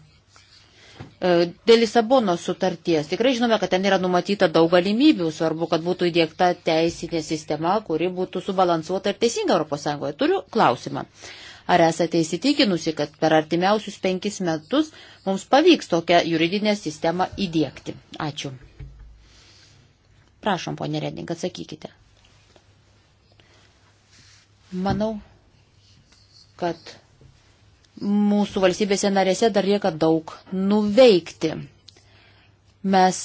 E, dėl Lisabono sutarties tikrai žinome, kad ten yra numatyta daug galimybių, svarbu, kad būtų įdėkta teisinė sistema, kuri būtų subalansuota ir teisinga ES. Turiu klausimą. Ar esate įsitikinusi, kad per artimiausius penkis metus mums pavyks tokią juridinę sistemą įdėkti? Ačiū. Prašom, ponė Redink, atsakykite. Manau, kad mūsų valstybėse narėse dar lieka daug nuveikti. Mes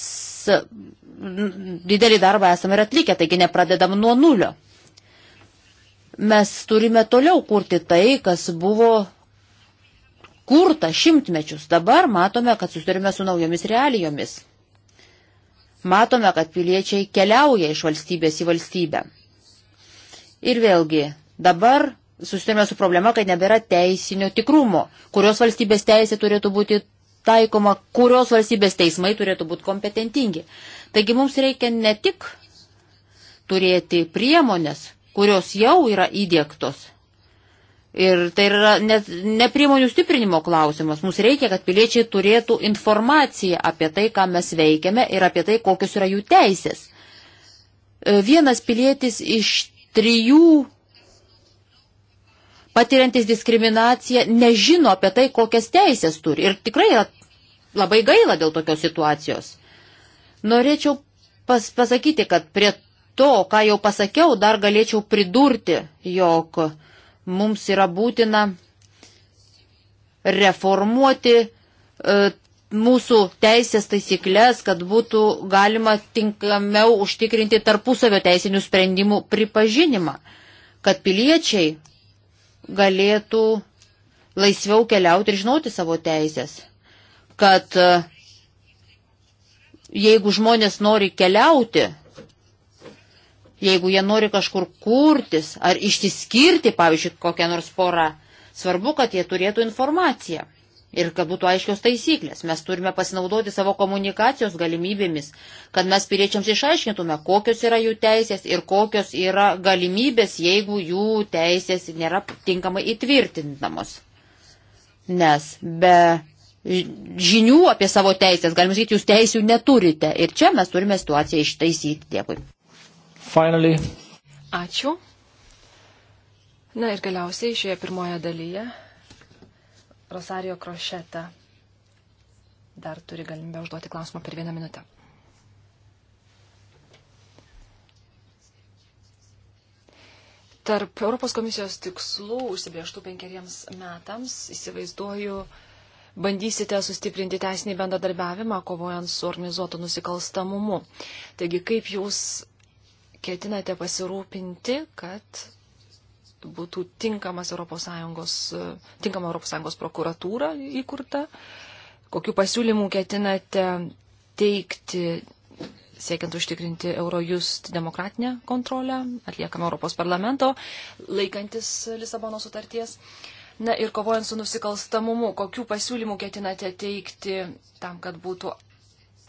didelį darbą esame ir atlikę, taigi nepradedam nuo nulio. Mes turime toliau kurti tai, kas buvo kurta šimtmečius. Dabar matome, kad susidurime su naujomis realijomis. Matome, kad piliečiai keliauja iš valstybės į valstybę. Ir vėlgi, dabar susitarėme su problema, kad nebėra teisinio tikrumo, kurios valstybės teisė turėtų būti taikoma, kurios valstybės teismai turėtų būti kompetentingi. Taigi mums reikia ne tik turėti priemonės, kurios jau yra įdėktos. Ir tai yra net ne priemonių stiprinimo klausimas. Mums reikia, kad piliečiai turėtų informaciją apie tai, ką mes veikiame ir apie tai, kokios yra jų teisės. E, vienas pilietis iš trijų patiriantis diskriminaciją nežino apie tai, kokias teisės turi. Ir tikrai yra labai gaila dėl tokios situacijos. Norėčiau pas, pasakyti, kad prie to, ką jau pasakiau, dar galėčiau pridurti, jog mums yra būtina reformuoti e, mūsų teisės taisyklės, kad būtų galima tinkamiau užtikrinti tarpusavio teisinių sprendimų pripažinimą, kad piliečiai galėtų laisviau keliauti ir žinoti savo teisės. Kad e, jeigu žmonės nori keliauti, jeigu jie nori kažkur kurtis ar išsiskirti, pavyzdžiui, kokią nors porą, svarbu, kad jie turėtų informaciją ir kad būtų aiškios taisyklės. Mes turime pasinaudoti savo komunikacijos galimybėmis, kad mes piriečiams išaiškintume, kokios yra jų teisės ir kokios yra galimybės, jeigu jų teisės nėra tinkamai įtvirtinamos. Nes be žinių apie savo teisės, galima sakyti, jūs teisių neturite. Ir čia mes turime situaciją ištaisyti. Dėkui. Finally. Ačiū. Na ir galiausiai šioje pirmoje dalyje Rosario Krošeta dar turi galimybę užduoti klausimą per vieną minutę. Tarp Europos komisijos tikslų užsibrieštų penkeriems metams, įsivaizduoju, bandysite sustiprinti teisinį bendradarbiavimą, kovojant su organizuotu nusikalstamumu. Taigi, kaip jūs ketinate pasirūpinti, kad būtų tinkamas ES, e, tinkama ES prokuratūra įkurta, kokiu pasiūlymu ketinate teikti, siekiant užtikrinti Eurojust demokratinę kontrolę, atliekamą Europos parlamento, laikantis Lisabono sutarties. Na ir kovojant su nusikalstamumu, kokiu pasiūlymu ketinate teikti tam, kad būtų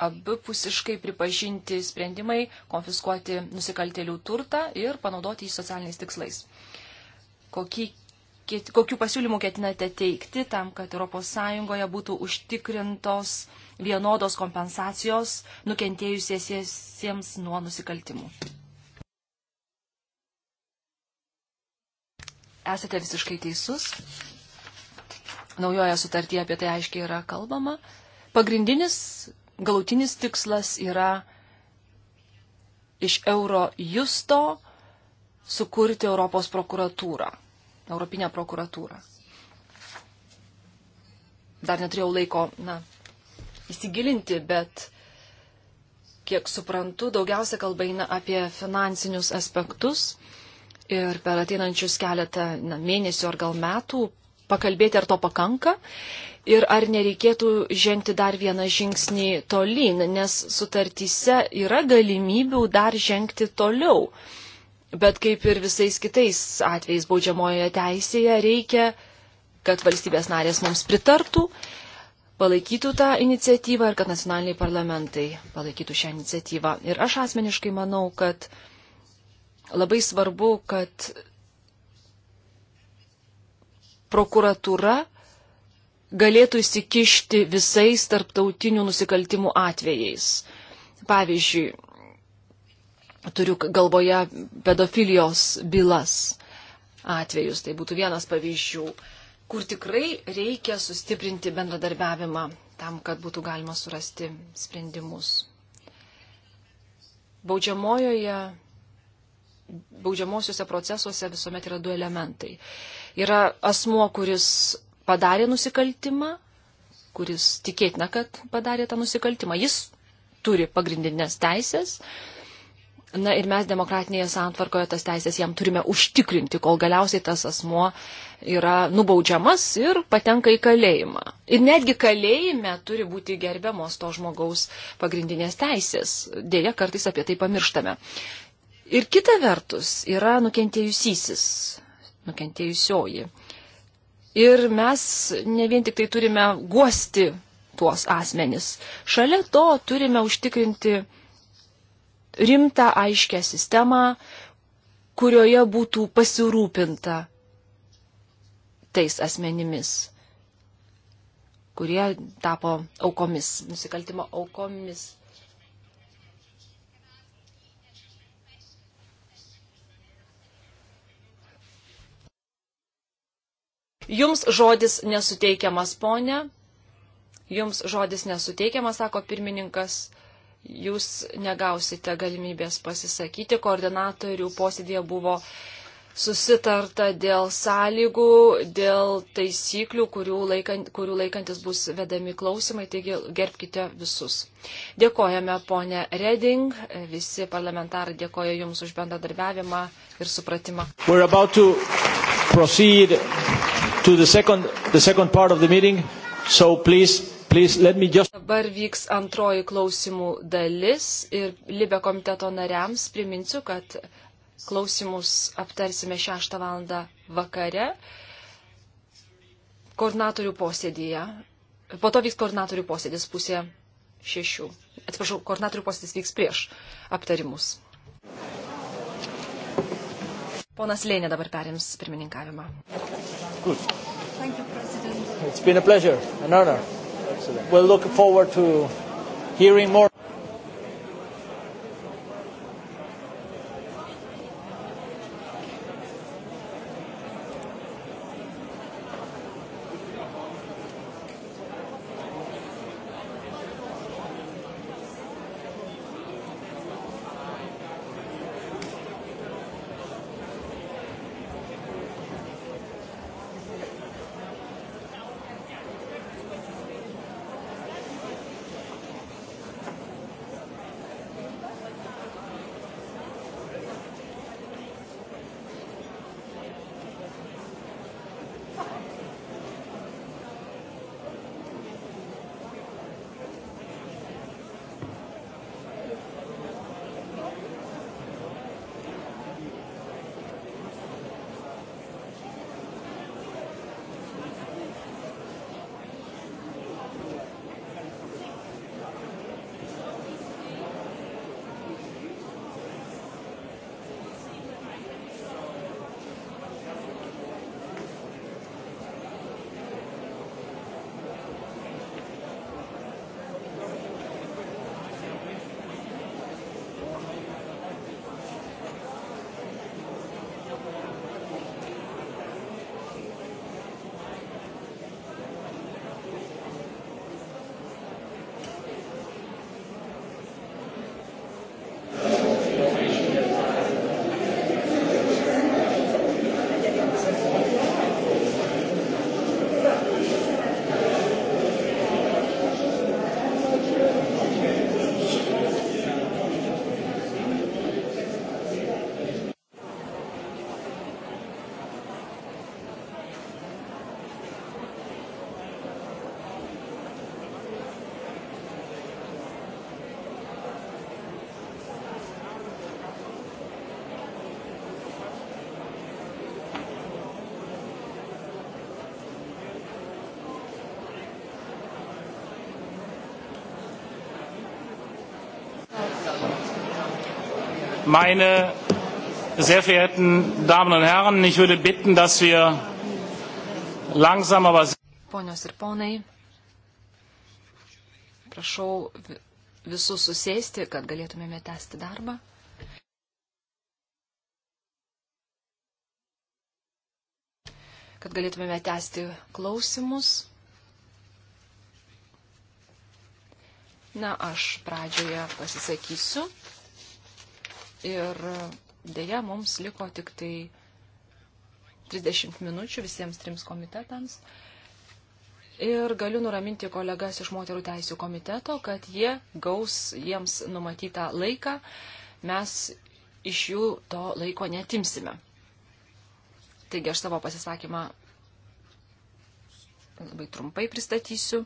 abipusiškai pripažinti sprendimai, konfiskuoti nusikaltėlių turtą ir panaudoti jį socialiniais tikslais kokį, kokių pasiūlymų ketinate teikti tam, kad ES būtų užtikrintos vienodos kompensacijos nukentėjusiesiems nuo nusikaltimų. Esate visiškai teisus. Naujoje sutartyje apie tai aiškiai yra kalbama. Pagrindinis galutinis tikslas yra iš Euro justo sukurti Europos prokuratūrą. Europinę prokuratūrą. Dar neturėjau laiko, na, įsigilinti, bet kiek suprantu, daugiausia kalba eina apie finansinius aspektus ir per ateinančius keletą na, mėnesių ar gal metų pakalbėti, ar to pakanka ir ar nereikėtų žengti dar vieną žingsnį tolyn, nes sutartyse yra galimybių dar žengti toliau. Uh, Bet kaip ir visais kitais atvejais baudžiamojoje teisėje reikia, kad valstybės narės mums pritartų, palaikytų tą iniciatyvą ir kad nacionaliniai parlamentai palaikytų šią iniciatyvą. Ir aš asmeniškai manau, kad labai svarbu, kad prokuratūra galėtų įsikišti visais tarptautinių nusikaltimų atvejais. Pavyzdžiui, Turiu galvoje pedofilijos bylas atvejus. Tai būtų vienas pavyzdžių, kur tikrai reikia sustiprinti bendradarbiavimą tam, kad būtų galima surasti sprendimus. Baudžiamojoje, baudžiamosiuose procesuose visuomet yra du elementai. Yra asmuo, kuris padarė nusikaltimą, kuris tikėtina, kad padarė tą nusikaltimą. Jis turi pagrindinės teisės, Na ir mes demokratinėje santvarkoje tas teisės jam turime užtikrinti, kol galiausiai tas asmuo yra nubaudžiamas ir patenka į kalėjimą. Ir netgi kalėjime turi būti gerbiamos to žmogaus pagrindinės teisės. Dėja, kartais apie tai pamirštame. Ir kita vertus yra nukentėjusysis, nukentėjusioji. Ir mes ne vien tik tai turime guosti tuos asmenis. Šalia to turime užtikrinti rimtą, aiškę sistemą, kurioje būtų pasirūpinta tais asmenimis, kurie tapo aukomis, nusikaltimo aukomis. Jums žodis nesuteikiamas, ponė. Jums žodis nesuteikiamas, sako pirmininkas jūs negausite galimybės pasisakyti. Koordinatorių posėdėje buvo susitarta dėl sąlygų, dėl taisyklių, kurių, laikant, kurių laikantis bus vedami klausimai, taigi gerbkite visus. Dėkojame ponė Reding, visi parlamentarai dėkoja Jums už bendradarbiavimą ir supratimą. To the second, the second part of the meeting, so please Just... Dabar vyks antroji klausimų dalis ir Libe komiteto nariams priminsiu, kad klausimus aptarsime 6 val. vakare koordinatorių posėdėje. Po to vyks koordinatorių posėdis pusė šešių. Atsiprašau, koordinatorių posėdis vyks prieš aptarimus. Ponas Lėnė dabar perims pirmininkavimą. Good. Thank you, President. It's been a pleasure, an honor. Excellent. We're looking forward to hearing more. Meine sehr verehrten Damen und Herren, ich würde bitten, dass wir langsam aber Ponios ir ponai, prašau visus susėsti, kad galėtumėme tęsti darbą. Kad galėtumėme tęsti klausimus. Na, aš pradžioje pasisakysiu. Ir dėja, mums liko tik tai 30 minučių visiems trims komitetams. Ir galiu nuraminti kolegas iš moterų teisų komiteto, kad jie gaus jiems numatytą laiką. Mes iš jų to laiko netimsime. Taigi aš savo pasisakymą labai trumpai pristatysiu.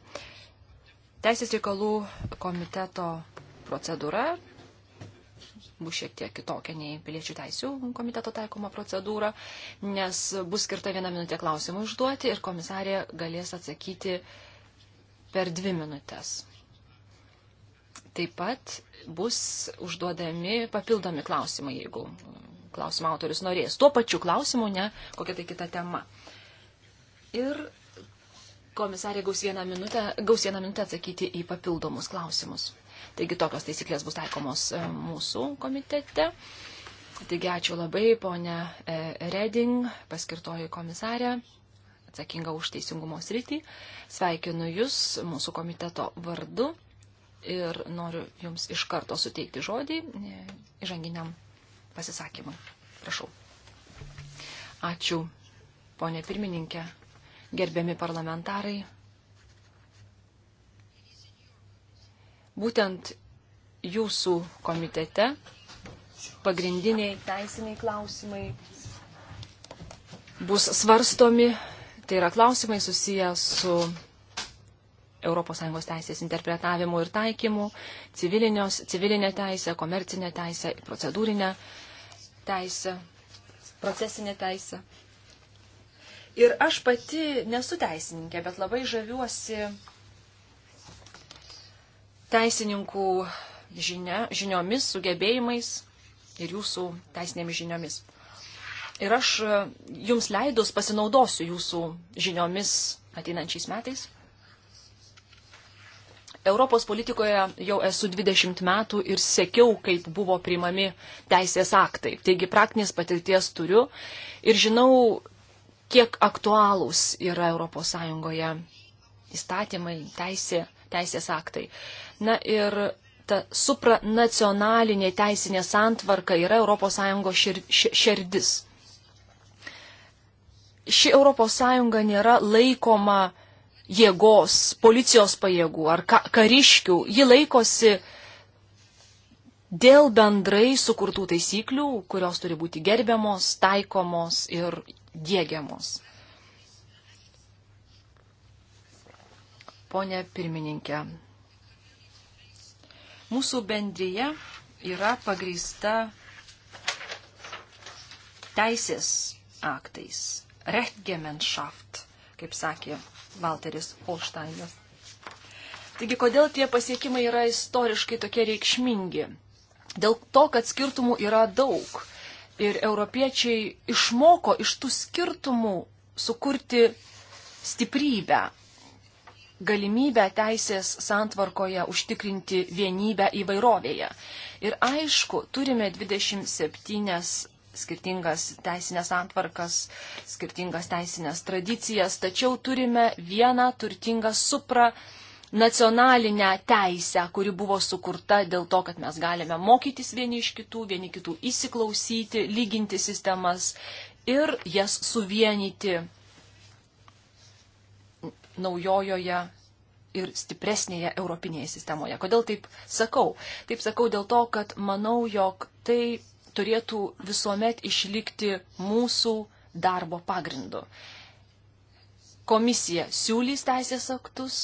Teisės reikalų komiteto procedūra bus šiek tiek kitokia nei piliečių teisų komiteto taikoma procedūra, nes bus skirta viena minutė klausimų užduoti ir komisarė galės atsakyti per dvi minutės. Taip pat bus užduodami papildomi klausimai, jeigu klausimo autorius norės. Tuo pačiu klausimu, ne kokia tai kita tema. Ir komisarė gaus vieną minutę, gaus vieną minutę atsakyti į papildomus klausimus. Taigi tokios taisyklės bus taikomos e, mūsų komitete. Taigi ačiū labai, ponė e, Reding, paskirtoji komisarė, atsakinga už teisingumo sritį. Sveikinu Jūs mūsų komiteto vardu ir noriu Jums iš karto suteikti žodį e, įžanginiam pasisakymui. Prašau. Ačiū, ponė pirmininkė, gerbiami parlamentarai, būtent jūsų komitete pagrindiniai teisiniai klausimai bus svarstomi. Tai yra klausimai susiję su ES teisės interpretavimu ir taikymu, civilinė teisė, komercinė teisė, procedūrinė teisė, procesinė teisė. Ir aš pati nesu teisininkė, bet labai žaviuosi teisininkų žinia, žiniomis, sugebėjimais ir jūsų teisinėmis žiniomis. Ir aš e, jums leidus pasinaudosiu jūsų žiniomis ateinančiais metais. Europos politikoje jau esu 20 metų ir sekiau, kaip buvo priimami teisės aktai. Taigi praktinės patirties turiu ir žinau, kiek aktualūs yra ES įstatymai, teisė teisės aktai. Na ir ta supranacionalinė teisinė santvarka yra ES šir, širdis. Ši ES nėra laikoma jėgos, policijos pajėgų ar ka kariškių. Ji laikosi dėl bendrai sukurtų taisyklių, kurios turi būti gerbiamos, taikomos ir dėgiamos. Pone pirmininkė, mūsų bendryje yra pagrįsta teisės aktais. Rechtgemenschaft, kaip sakė Walteris Holsteinas. Taigi, kodėl tie pasiekimai yra istoriškai tokie reikšmingi? Dėl to, kad skirtumų yra daug. Ir europiečiai išmoko iš tų skirtumų sukurti stiprybę galimybę teisės santvarkoje užtikrinti vienybę įvairovėje. Ir aišku, turime 27 skirtingas teisinės santvarkas, skirtingas teisinės tradicijas, tačiau turime vieną turtingą supra nacionalinę teisę, kuri buvo sukurta dėl to, kad mes galime mokytis vieni iš kitų, vieni kitų įsiklausyti, lyginti sistemas ir jas suvienyti naujojoje ir stipresnėje europinėje sistemoje. Kodėl taip sakau? Taip sakau dėl to, kad manau, jog tai turėtų visuomet išlikti mūsų darbo pagrindu. Komisija siūlys teisės aktus,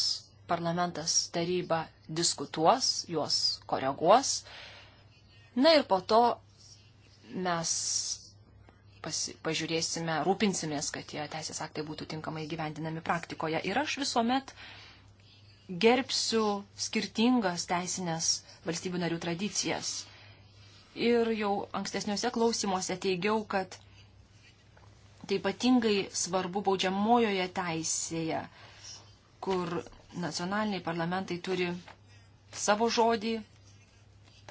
parlamentas taryba diskutuos, juos koreguos. Na ir po to mes pasi, pažiūrėsime, rūpinsimės, kad tie teisės aktai būtų tinkamai gyvendinami praktikoje. Ir aš visuomet gerbsiu skirtingas teisinės valstybių narių tradicijas. Ir jau ankstesniuose klausimuose teigiau, kad tai ypatingai svarbu baudžiamojoje teisėje, kur nacionaliniai parlamentai turi savo žodį,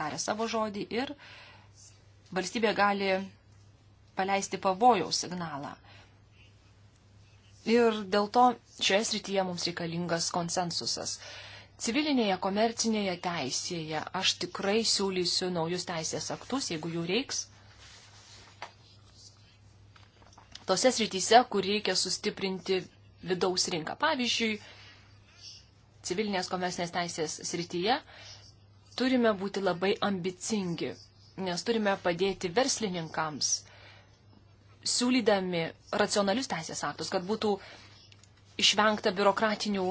taria savo žodį ir valstybė gali paleisti pavojaus signalą. Ir dėl to šioje srityje mums reikalingas konsensusas. Civilinėje komercinėje teisėje aš tikrai siūlysiu naujus teisės aktus, jeigu jų reiks. Tose srityse, kur reikia sustiprinti vidaus rinką. Pavyzdžiui, civilinės komercinės teisės srityje turime būti labai ambicingi, nes turime padėti verslininkams siūlydami racionalius teisės aktus, kad būtų išvengta biurokratinių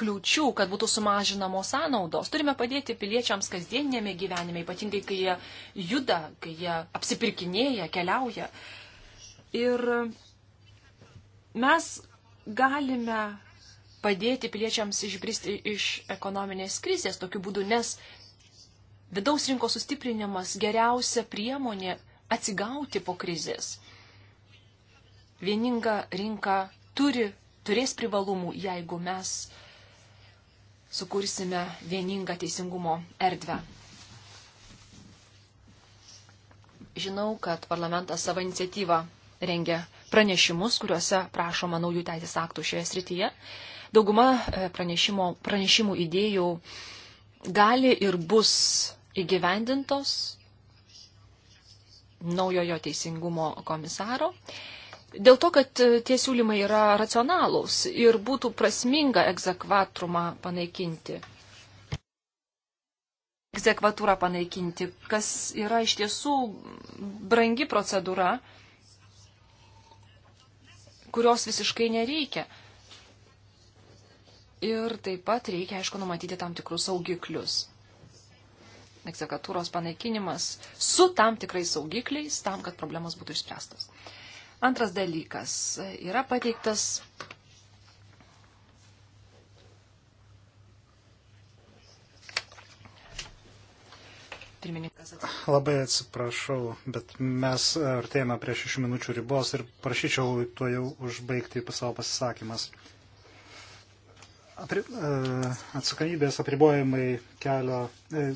kliūčių, kad būtų sumažinamos sąnaudos. Turime padėti piliečiams kasdieninėme gyvenime, ypatingai kai jie juda, kai jie apsipirkinėja, keliauja. Ir mes galime padėti piliečiams išbristi iš ekonominės krizės tokiu būdu, nes vidaus rinkos sustiprinimas geriausia priemonė atsigauti po krizės. Vieninga rinka turi, turės privalumų, jeigu mes sukursime vieningą teisingumo erdvę. Žinau, kad parlamentas savo iniciatyvą rengia pranešimus, kuriuose prašoma naujų teisės aktų šioje srityje. Dauguma e, pranešimų idėjų gali ir bus įgyvendintos, naujojo teisingumo komisaro. Dėl to, kad e, tie siūlymai yra racionalūs ir būtų prasminga egzekvatrumą panaikinti. Egzekvatūrą panaikinti, kas yra iš tiesų brangi procedūra, kurios visiškai nereikia. Ir taip pat reikia, aišku, numatyti tam tikrus saugiklius eksekatūros panaikinimas su tam tikrais saugikliais, tam, kad problemas būtų išspręstas. Antras dalykas yra pateiktas. Pirmininkas. Labai atsiprašau, bet mes artėjame prie šešių minučių ribos ir prašyčiau tuo jau užbaigti savo pasisakymas. Apri, e, atsakomybės apribojimai kelio e,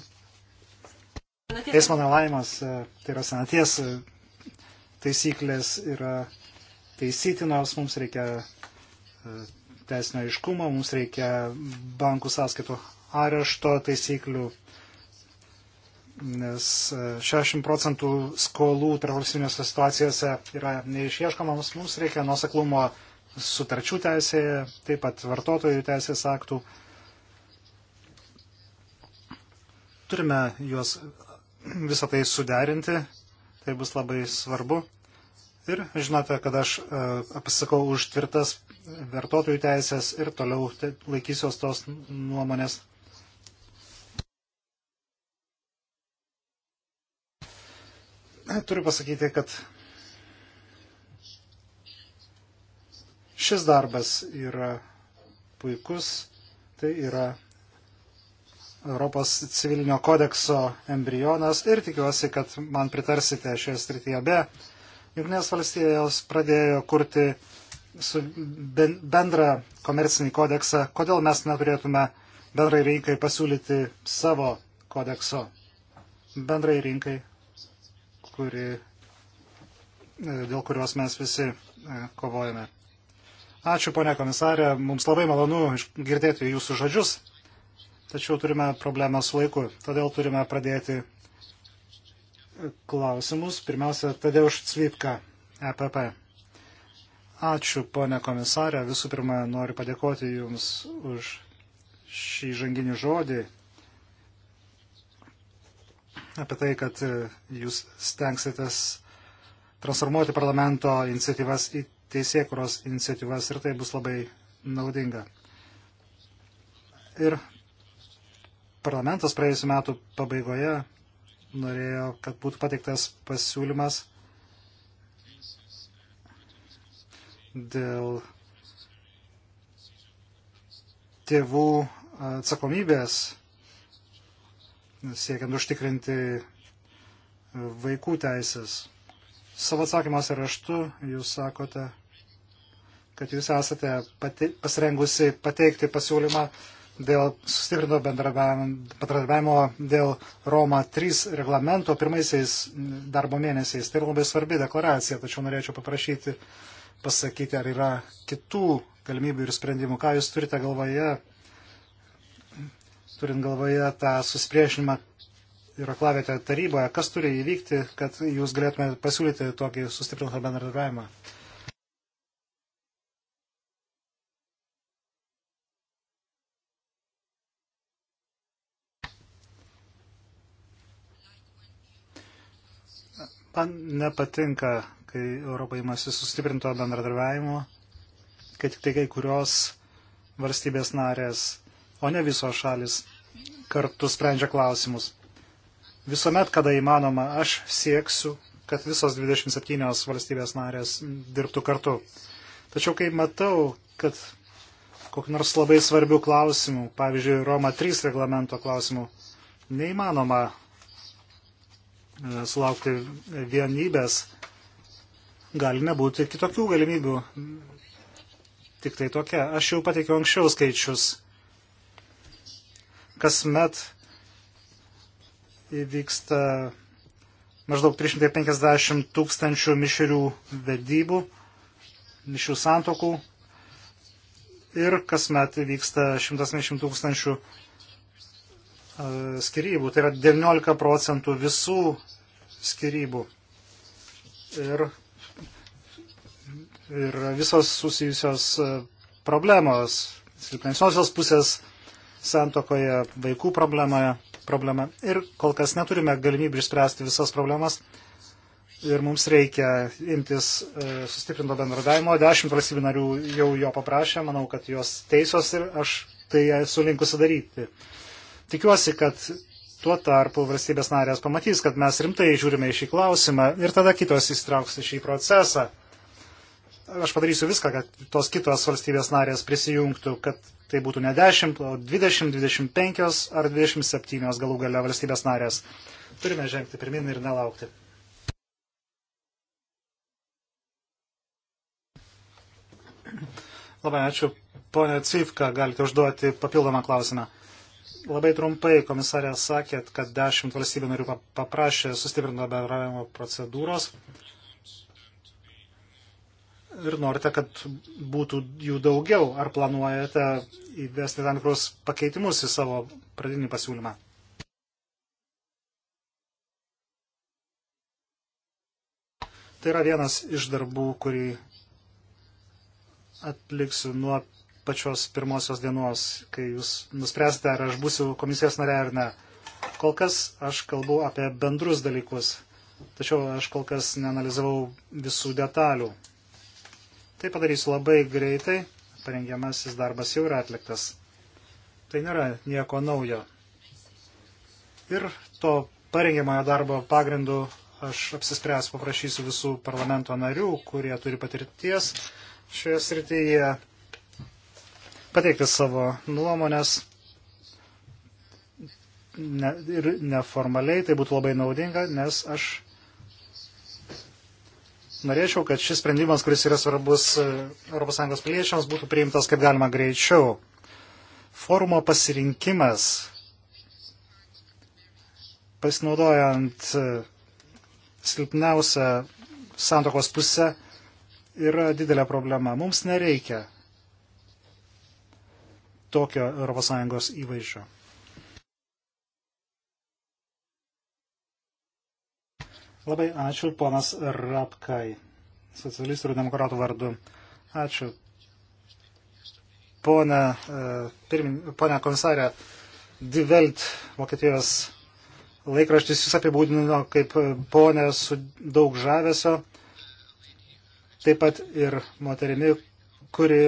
Eismo nelaimas, e, tai yra senaties e, taisyklės yra taisytinos, mums reikia e, teisinio aiškumo, mums reikia bankų sąskaitų arešto taisyklių, nes 60 procentų skolų tarpvalstybinėse situacijose yra neišieškomams, mums reikia nuoseklumo sutarčių teisėje, taip pat vartotojų teisės aktų. Turime juos visą tai suderinti, tai bus labai svarbu. Ir žinote, kad aš e, apsisakau už tvirtas vartotojų teisės ir toliau laikysiuos tos nuomonės. Turiu pasakyti, kad šis darbas yra puikus, tai yra Europos civilinio kodekso embrionas ir tikiuosi, kad man pritarsite šioje srityje. Be, Junknės valstijos pradėjo kurti su ben, bendrą komercinį kodeksą. Kodėl mes neturėtume bendrai rinkai pasiūlyti savo kodekso? Bendrai rinkai, kuri, e, dėl kurios mes visi e, kovojame. Ačiū, ponia komisarė, mums labai malonu girdėti jūsų žodžius tačiau turime problemą su laiku. Todėl turime pradėti klausimus. Pirmiausia, Tadeuš Cvipka, EPP. Ačiū, ponė komisarė. Visų pirma, noriu padėkoti Jums už šį žanginį žodį apie tai, kad Jūs stengsitės transformuoti parlamento iniciatyvas į teisėkuros iniciatyvas ir tai bus labai naudinga. Ir parlamentas praėjusiu metu pabaigoje norėjo, kad būtų pateiktas pasiūlymas dėl tėvų atsakomybės siekiant užtikrinti vaikų teisės. Savo atsakymuose raštu jūs sakote, kad jūs esate pati, pasirengusi pateikti pasiūlymą dėl sustiprinto bendradarbiavimo dėl Roma 3 reglamento pirmaisiais darbo mėnesiais. Tai yra labai svarbi deklaracija, tačiau norėčiau paprašyti pasakyti, ar yra kitų galimybių ir sprendimų. Ką jūs turite galvoje, turint galvoje tą susipriešinimą ir aklavietę taryboje, kas turi įvykti, kad jūs galėtumėte pasiūlyti tokį sustiprintą bendradarbiavimą? Man nepatinka, kai Europai masi sustiprinto bendradarbiavimo, kai tik tai kai kurios valstybės narės, o ne visos šalis, kartu sprendžia klausimus. Visuomet, kada įmanoma, aš sieksiu, kad visos 27 valstybės narės dirbtų kartu. Tačiau kai matau, kad kokiu nors labai svarbių klausimų, pavyzdžiui, Roma 3 reglamento klausimų, neįmanoma sulaukti vienybės, gali nebūti kitokių galimybių. Tik tai tokia. Aš jau pateikiau anksčiau skaičius. Kasmet įvyksta maždaug 350 tūkstančių mišrių vedybų, mišrių santokų ir kasmet vyksta 120 tūkstančių E, skirybų. Tai yra 19 procentų visų skirybų. Ir, ir visos susijusios e, problemos, silpnesniosios pusės santokoje, vaikų problemoje, problema. Ir kol kas neturime galimybių išspręsti visas problemas. Ir mums reikia imtis e, sustiprinto bendradavimo. Dešimt valstybių narių jau jo paprašė, manau, kad jos teisos ir aš tai esu linkusi daryti. Tikiuosi, kad tuo tarpu valstybės narės pamatys, kad mes rimtai žiūrime į šį klausimą ir tada kitos įsitrauks į šį procesą. Aš padarysiu viską, kad tos kitos valstybės narės prisijungtų, kad tai būtų ne 10, o 20, 25 ar 27 galų gale valstybės narės. Turime žengti pirmin ir nelaukti. Labai ačiū. Pone Cifka, galite užduoti papildomą klausimą. Labai trumpai komisarė sakėt, kad dešimt valstybių narių paprašė sustiprinto bendravimo procedūros ir norite, kad būtų jų daugiau. Ar planuojate įvesti tam tikrus pakeitimus į savo pradinį pasiūlymą? Tai yra vienas iš darbų, kurį atliksiu nuo pačios pirmosios dienos, kai jūs nuspręsite, ar aš būsiu komisijos nare ar ne. Kol kas aš kalbu apie bendrus dalykus, tačiau aš kol kas neanalizavau visų detalių. Tai padarysiu labai greitai, parengiamasis darbas jau yra atliktas. Tai nėra nieko naujo. Ir to parengiamojo darbo pagrindu aš apsispręs paprašysiu visų parlamento narių, kurie turi patirties šioje srityje pateikti savo nuomonės ne, ir neformaliai, tai būtų labai naudinga, nes aš norėčiau, kad šis sprendimas, kuris yra svarbus e, ES piliečiams, būtų priimtas kaip galima greičiau. Forumo pasirinkimas pasinaudojant e, silpniausią santokos pusę yra didelė problema. Mums nereikia tokio ES įvaizdžio. Labai ačiū, ponas Rapkai, socialistų ir demokratų vardu. Ačiū. Pone, e, pirmin, pone komisarė, Divelt, Vokietijos laikraštis jūs apibūdino kaip ponę su daug žavesio, taip pat ir moterimi, kuri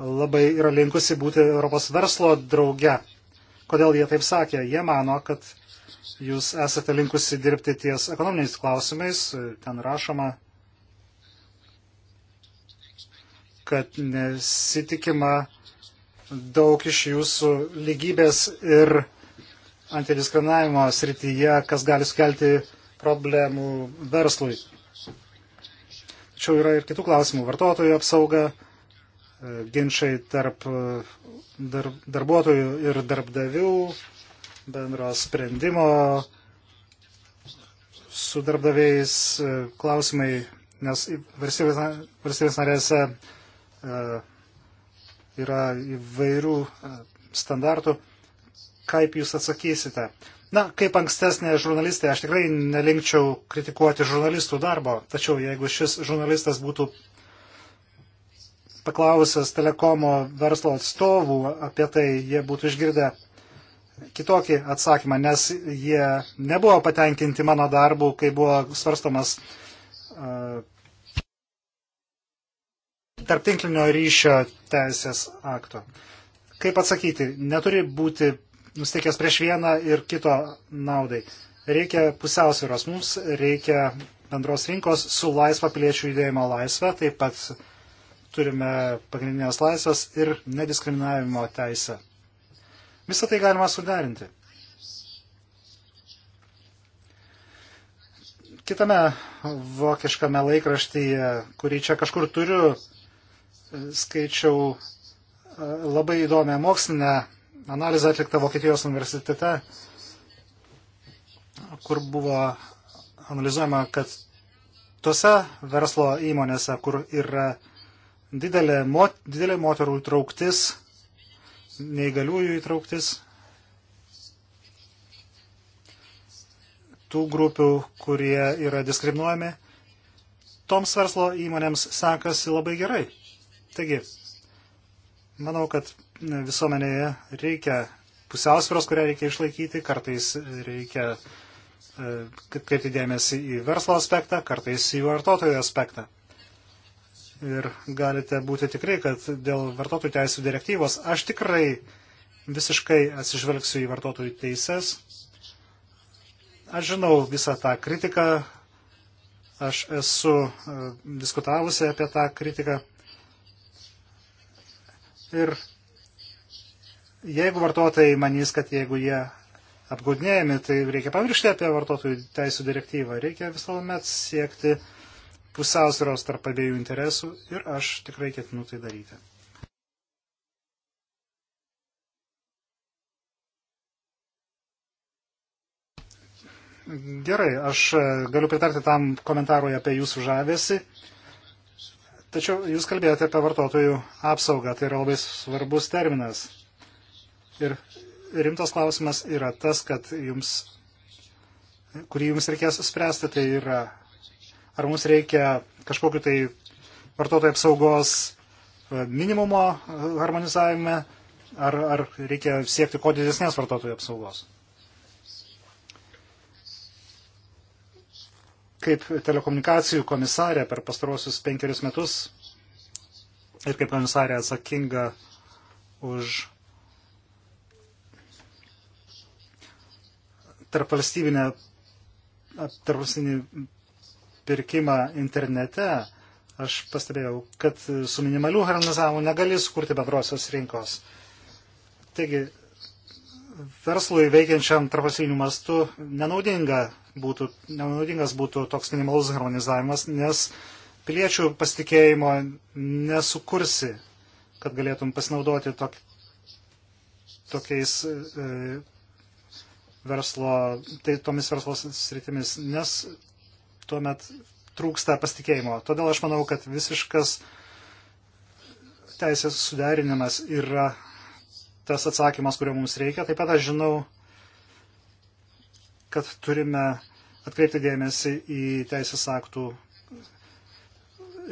labai yra linkusi būti Europos verslo drauge. Kodėl jie taip sakė? Jie mano, kad jūs esate linkusi dirbti ties ekonominiais klausimais, ten rašoma, kad nesitikima daug iš jūsų lygybės ir antidiskriminavimo srityje, kas gali sukelti problemų verslui. Tačiau yra ir kitų klausimų - vartotojų apsauga, ginčiai tarp e, dar, darbuotojų ir darbdavių, bendro sprendimo su darbdaviais e, klausimai, nes valstybės narėse e, yra įvairių standartų. Kaip jūs atsakysite? Na, kaip ankstesnė žurnalistė, aš tikrai nelinkčiau kritikuoti žurnalistų darbo, tačiau jeigu šis žurnalistas būtų paklausęs telekomo verslo atstovų apie tai, jie būtų išgirdę kitokį atsakymą, nes jie nebuvo patenkinti mano darbu, kai buvo svarstomas uh, tarptinklinio ryšio teisės akto. Kaip atsakyti, neturi būti nusteikęs prieš vieną ir kito naudai. Reikia pusiausvėros, mums reikia bendros rinkos su laisva piliečių judėjimo laisve, taip pat turime pagrindinės laisvės ir nediskriminavimo teisę. Visą tai galima suderinti. Kitame vokiškame laikraštyje, kurį čia kažkur turiu, skaičiau e, labai įdomią mokslinę analizę atliktą Vokietijos universitete, kur buvo analizuojama, kad tose verslo įmonėse, kur yra didelė, mot, didelė moterų įtrauktis, neįgaliųjų įtrauktis, tų grupių, kurie yra diskriminuojami, toms verslo įmonėms sekasi labai gerai. Taigi, manau, kad visuomenėje reikia pusiausvėros, kurią reikia išlaikyti, kartais reikia e, kaip dėmesį į verslo aspektą, kartais į vartotojų aspektą ir galite būti tikrai, kad dėl vartotojų teisų direktyvos aš tikrai visiškai atsižvelgsiu į vartotojų teises. Aš žinau visą tą kritiką, aš esu e, diskutavusi apie tą kritiką. Ir jeigu vartotojai manys, kad jeigu jie apgaudinėjami, tai reikia pamiršti apie vartotojų teisų direktyvą. Reikia visuomet siekti uh, pusiausvėros tarp abiejų interesų ir aš tikrai ketinu tai daryti. Gerai, aš e, galiu pritarti tam komentarui apie jūsų žavesi. Tačiau jūs kalbėjote apie vartotojų apsaugą, tai yra labai svarbus terminas. Ir rimtas klausimas yra tas, kad jums, kurį jums reikės spręsti, tai yra ar mums reikia kažkokiu tai vartotojų apsaugos e, minimumo e, harmonizavime, ar, ar reikia siekti kuo didesnės vartotojų apsaugos. Kaip telekomunikacijų komisarė per pastarosius penkerius metus ir kaip komisarė atsakinga už tarp valstybinę tarpvalstybinį pirkimą internete, aš pastebėjau, kad su minimaliu harmonizavimu negali sukurti bendrosios rinkos. Taigi, verslui veikiančiam tarpasiniu mastu nenaudinga būtų, nenaudingas būtų toks minimalus harmonizavimas, nes piliečių pasitikėjimo nesukursi, kad galėtum pasinaudoti tok, tokiais e, verslo, tai tomis verslo sritimis, nes tuomet trūksta pasitikėjimo. Todėl aš manau, kad visiškas teisės suderinimas yra tas atsakymas, kurio mums reikia. Taip pat aš žinau, kad turime atkreipti dėmesį į teisės aktų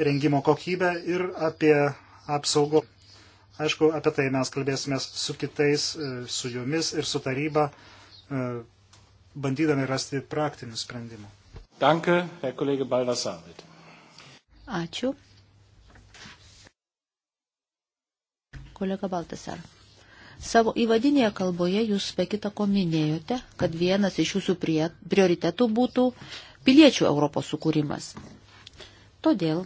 rengimo kokybę ir apie apsaugą. Aišku, apie tai mes kalbėsime su kitais, e, su jumis ir su taryba, e, bandydami rasti praktinių sprendimų. Danke, Herr Kollege Baldassar, bitte. Ačiū. Kolega Baltasar. Savo įvadinėje kalboje jūs be kita ko minėjote, kad vienas iš jūsų prioritetų būtų piliečių Europos sukūrimas. Todėl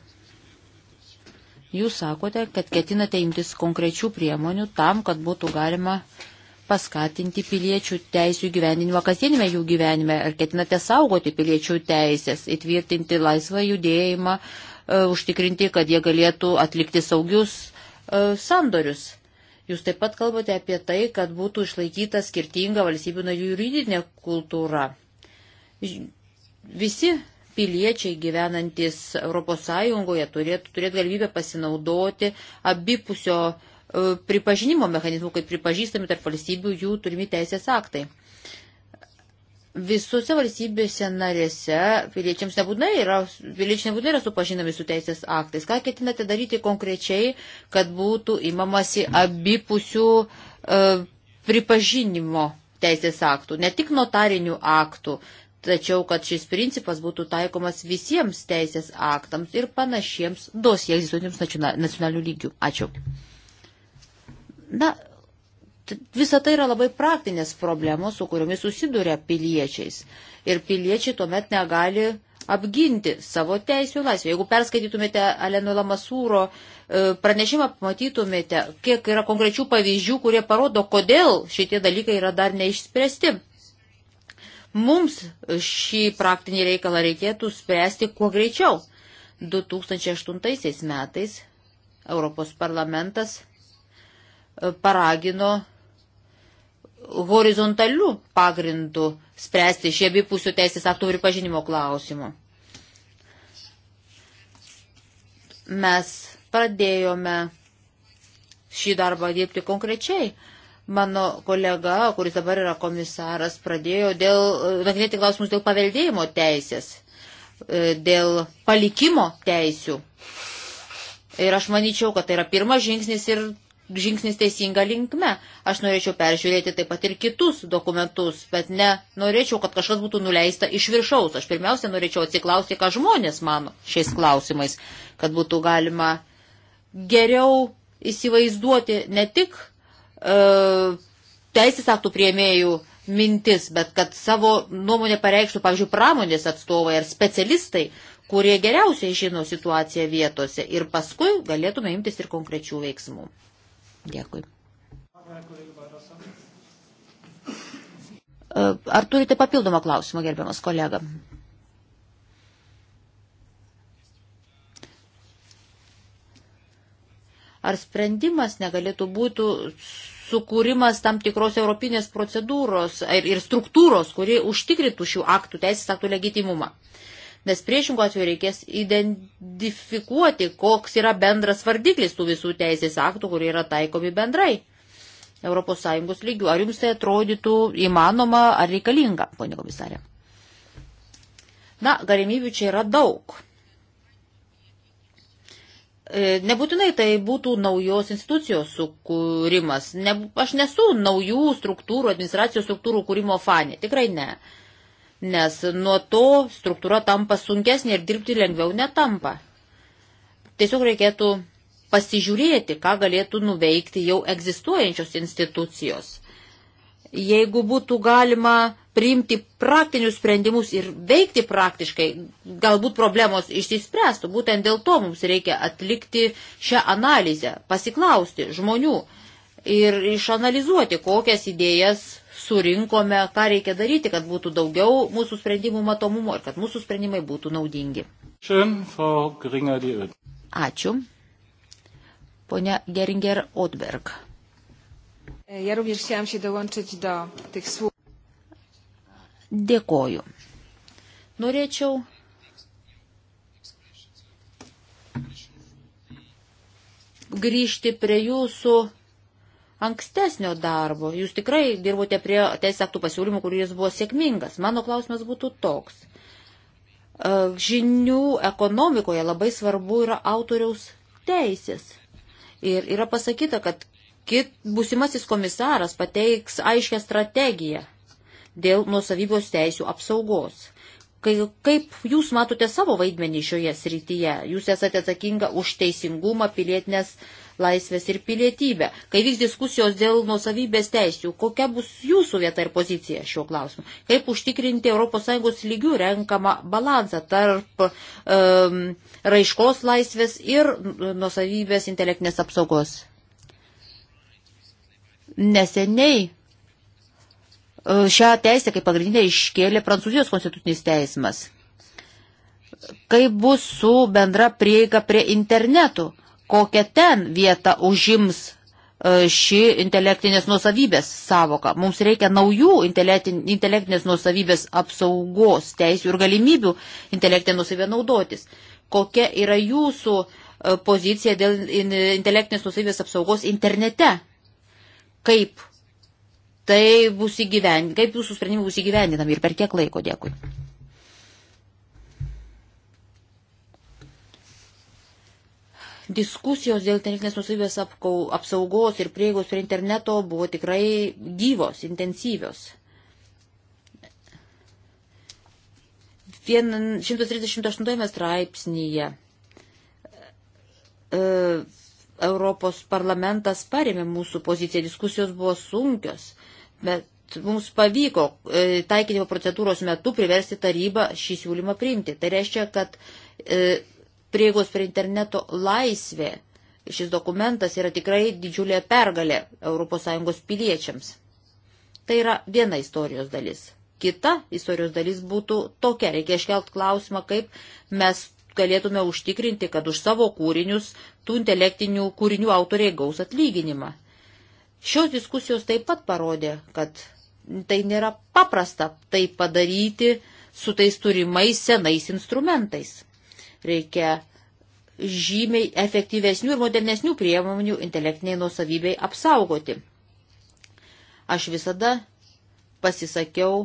jūs sakote, kad ketinate imtis konkrečių priemonių tam, kad būtų galima uh, paskatinti piliečių teisų gyvenimą kasdienime jų gyvenime? Ar ketinate saugoti piliečių teisės, įtvirtinti laisvą judėjimą, e, užtikrinti, kad jie galėtų atlikti saugius e, sandorius? Jūs taip pat kalbate apie tai, kad būtų išlaikyta skirtinga valstybių narių juridinė kultūra. Visi piliečiai gyvenantis ES turėtų turėti galimybę pasinaudoti abipusio uh, E, pripažinimo mechanizmų, kad pripažįstami tarp valstybių jų turimi teisės aktai. Visose valstybėse narėse piliečiams nebūtinai yra, piliečiai nebūtinai yra supažinami su teisės aktais. Ką ketinate daryti konkrečiai, kad būtų imamasi abipusių e, pripažinimo teisės aktų, ne tik notarinių aktų, tačiau kad šis principas būtų taikomas visiems teisės aktams ir panašiems dosijai egzistuotiems nacionalinių lygių. Ačiū. Na, visa tai yra labai praktinės problemos, su kuriomis susiduria piliečiais. Ir piliečiai tuomet negali apginti savo teisų laisvę. Jeigu perskaitytumėte Aleno Lamasūro e, pranešimą, pamatytumėte, kiek yra konkrečių pavyzdžių, kurie parodo, kodėl šitie dalykai yra dar neišspręsti. Mums šį praktinį reikalą reikėtų spręsti kuo greičiau. 2008 metais Europos parlamentas paragino horizontalių pagrindų spręsti šie abipusių teisės aktų pripažinimo klausimų. Mes pradėjome šį darbą dirbti konkrečiai. Mano kolega, kuris dabar yra komisaras, pradėjo dėl, nagrinėti klausimus dėl paveldėjimo teisės, e, dėl palikimo teisių. Ir aš manyčiau, kad tai yra pirmas žingsnis ir žingsnis teisinga linkme. Aš norėčiau peržiūrėti taip pat ir kitus dokumentus, bet ne norėčiau, kad kažkas būtų nuleista iš viršaus. Aš pirmiausia norėčiau atsiklausti, ką žmonės mano šiais klausimais, kad būtų galima geriau įsivaizduoti ne tik e, teisės aktų prieimėjų mintis, bet kad savo nuomonę pareikštų, pavyzdžiui, pramonės atstovai ar specialistai, kurie geriausiai žino situaciją vietose ir paskui galėtume imtis ir konkrečių veiksmų. Dėkui. E, ar turite papildomą klausimą, gerbiamas kolega? Ar sprendimas negalėtų būti sukūrimas tam tikros europinės procedūros ir, ir struktūros, kuri užtikrintų šių aktų, teisės aktų legitimumą? nes priešingų atveju reikės identifikuoti, koks yra bendras vardiklis tų visų teisės aktų, kurie yra taikomi bendrai ES lygių. Ar jums tai atrodytų įmanoma ar reikalinga, ponė komisarė? Na, galimybių čia yra daug. E, nebūtinai tai būtų naujos institucijos sukūrimas. Ne, aš nesu naujų struktūrų, administracijos struktūrų kūrimo fanė. Tikrai ne. Uh, nes nuo to struktūra tampa sunkesnė ir dirbti lengviau netampa. Tiesiog reikėtų pasižiūrėti, ką galėtų nuveikti jau egzistuojančios institucijos. Jeigu būtų galima priimti praktinius sprendimus ir veikti praktiškai, galbūt problemos išsispręstų. Būtent dėl to mums reikia atlikti šią analizę, pasiklausti žmonių ir išanalizuoti, kokias idėjas surinkome, ką reikia daryti, kad būtų daugiau mūsų sprendimų matomumo ir kad mūsų sprendimai būtų naudingi. Schön, Frau Geringer, Ačiū. Pone Geringer Odberg. Ja również chciałam się dołączyć do tych słów. Dėkoju. Norėčiau grįžti prie jūsų ankstesnio darbo. Jūs tikrai dirbote prie teisės aktų pasiūlymų, kuris buvo sėkmingas. Mano klausimas būtų toks. E, žinių ekonomikoje labai svarbu yra autoriaus teisės. Ir yra pasakyta, kad kit, busimasis komisaras pateiks aiškę strategiją dėl nuosavybės teisų apsaugos. Kai, kaip jūs matote savo vaidmenį šioje srityje? Jūs esate atsakinga už teisingumą, pilietinės uh, laisvės ir pilietybę. Kai vyks diskusijos dėl nuosavybės teisių, kokia bus jūsų vieta ir pozicija šiuo klausimu? Kaip užtikrinti ES lygių renkamą balansą tarp um, raiškos laisvės ir nuosavybės intelektinės apsaugos? Neseniai e, šią teisę kaip pagrindinę iškėlė Prancūzijos konstitucinis teismas. Kaip bus su bendra prieiga prie internetų? kokią ten vietą užims e, ši intelektinės nuosavybės savoka. Mums reikia naujų intelektinės nuosavybės apsaugos teisų ir galimybių intelektinė nuosavybė naudotis. Kokia yra jūsų e, pozicija dėl intelektinės nuosavybės apsaugos internete? Kaip tai bus įgyvendinami, kaip jūsų sprendimai bus įgyvendinami ir per kiek laiko? Dėkui. diskusijos dėl internetinės nusavybės apsaugos ir prieigos prie interneto buvo tikrai gyvos, intensyvios. Vien 138 straipsnyje e, Europos parlamentas paremė mūsų poziciją, diskusijos buvo sunkios, bet mums pavyko e, taikinimo procedūros metu priversti tarybą šį siūlymą priimti. Tai reiškia, kad e, prieigos prie interneto laisvė. Šis dokumentas yra tikrai didžiulė pergalė ES piliečiams. Tai yra viena istorijos dalis. Kita istorijos dalis būtų tokia. Reikia iškelt klausimą, kaip mes galėtume užtikrinti, kad už savo kūrinius tų intelektinių kūrinių autoriai gaus atlyginimą. Šios diskusijos taip pat parodė, kad tai nėra paprasta tai padaryti su tais turimais senais instrumentais. Reikia žymiai efektyvesnių ir modernesnių priemonių intelektiniai nuosavybei apsaugoti. Aš visada pasisakiau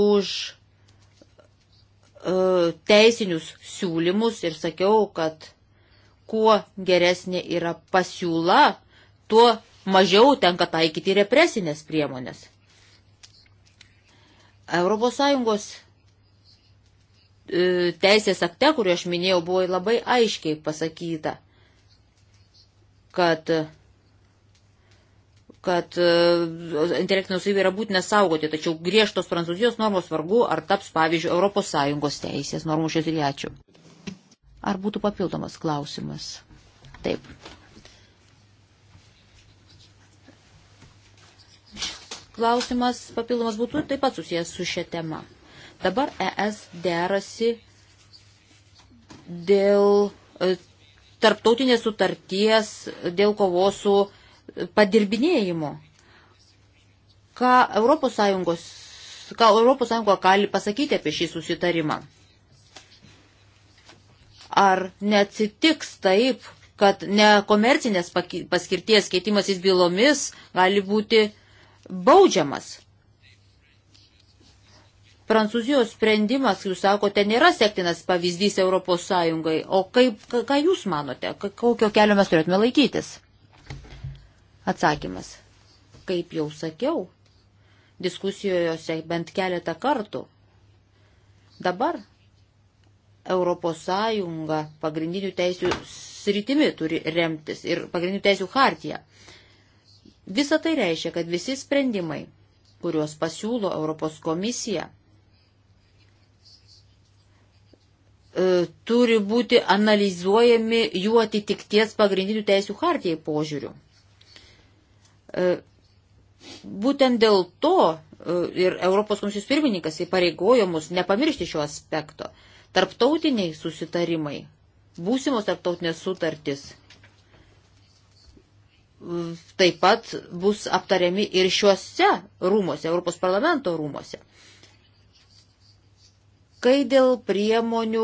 už e, teisinius siūlymus ir sakiau, kad kuo geresnė yra pasiūla, tuo mažiau tenka taikyti represinės priemonės. ES E, teisės akte, kurį aš minėjau, buvo labai aiškiai pasakyta, kad kad e, intelektinė nusavybė yra būtina saugoti, tačiau griežtos Prancūzijos normos vargu ar taps, pavyzdžiui, ES teisės normų šios ir ačiū. Ar būtų papildomas klausimas? Taip. Klausimas papildomas būtų taip pat susijęs su šia tema. Dabar ES derasi dėl e, tarptautinės sutarties, dėl kovos su padirbinėjimu. Ką Europos Sąjungos ką Europos Sąjunga gali pasakyti apie šį susitarimą. Ar neatsitiks taip, kad nekomercinės paskirties keitimasis bylomis gali būti baudžiamas? Prancūzijos sprendimas, jūs sakote, nėra sektinas pavyzdys Europos Sąjungai. O kaip, ką jūs manote, kokio kelio mes turėtume laikytis? Atsakymas. Kaip jau sakiau, diskusijose bent keletą kartų. Dabar Europos Sąjunga pagrindinių teisių sritimi turi remtis ir pagrindinių teisių hartiją. Visa tai reiškia, kad visi sprendimai, kuriuos pasiūlo Europos komisija, E, turi būti analizuojami jų atitikties pagrindinių teisų hartijai požiūrių. E, būtent dėl to e, ir Europos komisijos pirmininkas įpareigojo mus nepamiršti šio aspekto. Tarptautiniai susitarimai, būsimos tarptautinės sutartys taip pat bus aptariami ir šiuose rūmose, Europos parlamento rūmose. Kai dėl priemonių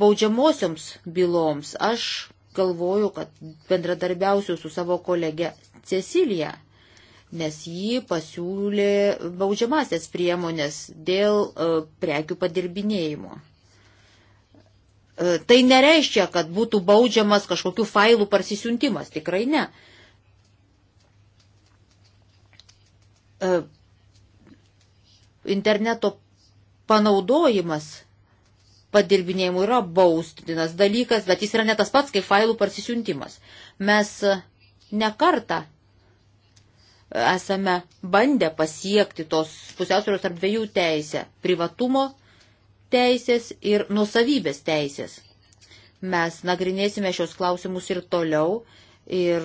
baudžiamosioms byloms, aš galvoju, kad bendradarbiausiu su savo kolege Cecilija, nes ji pasiūlė baudžiamasias priemonės dėl e, prekių padirbinėjimo. E, tai nereiškia, kad būtų baudžiamas kažkokių failų parsisiuntimas, tikrai ne. E, interneto panaudojimas padirbinėjimų yra baustinas dalykas, bet jis yra ne tas pats, kaip failų parsisiuntimas. Mes nekartą esame bandę pasiekti tos pusiausvėros tarp dviejų teisę - privatumo teisės ir nusavybės teisės. Mes nagrinėsime šios klausimus ir toliau ir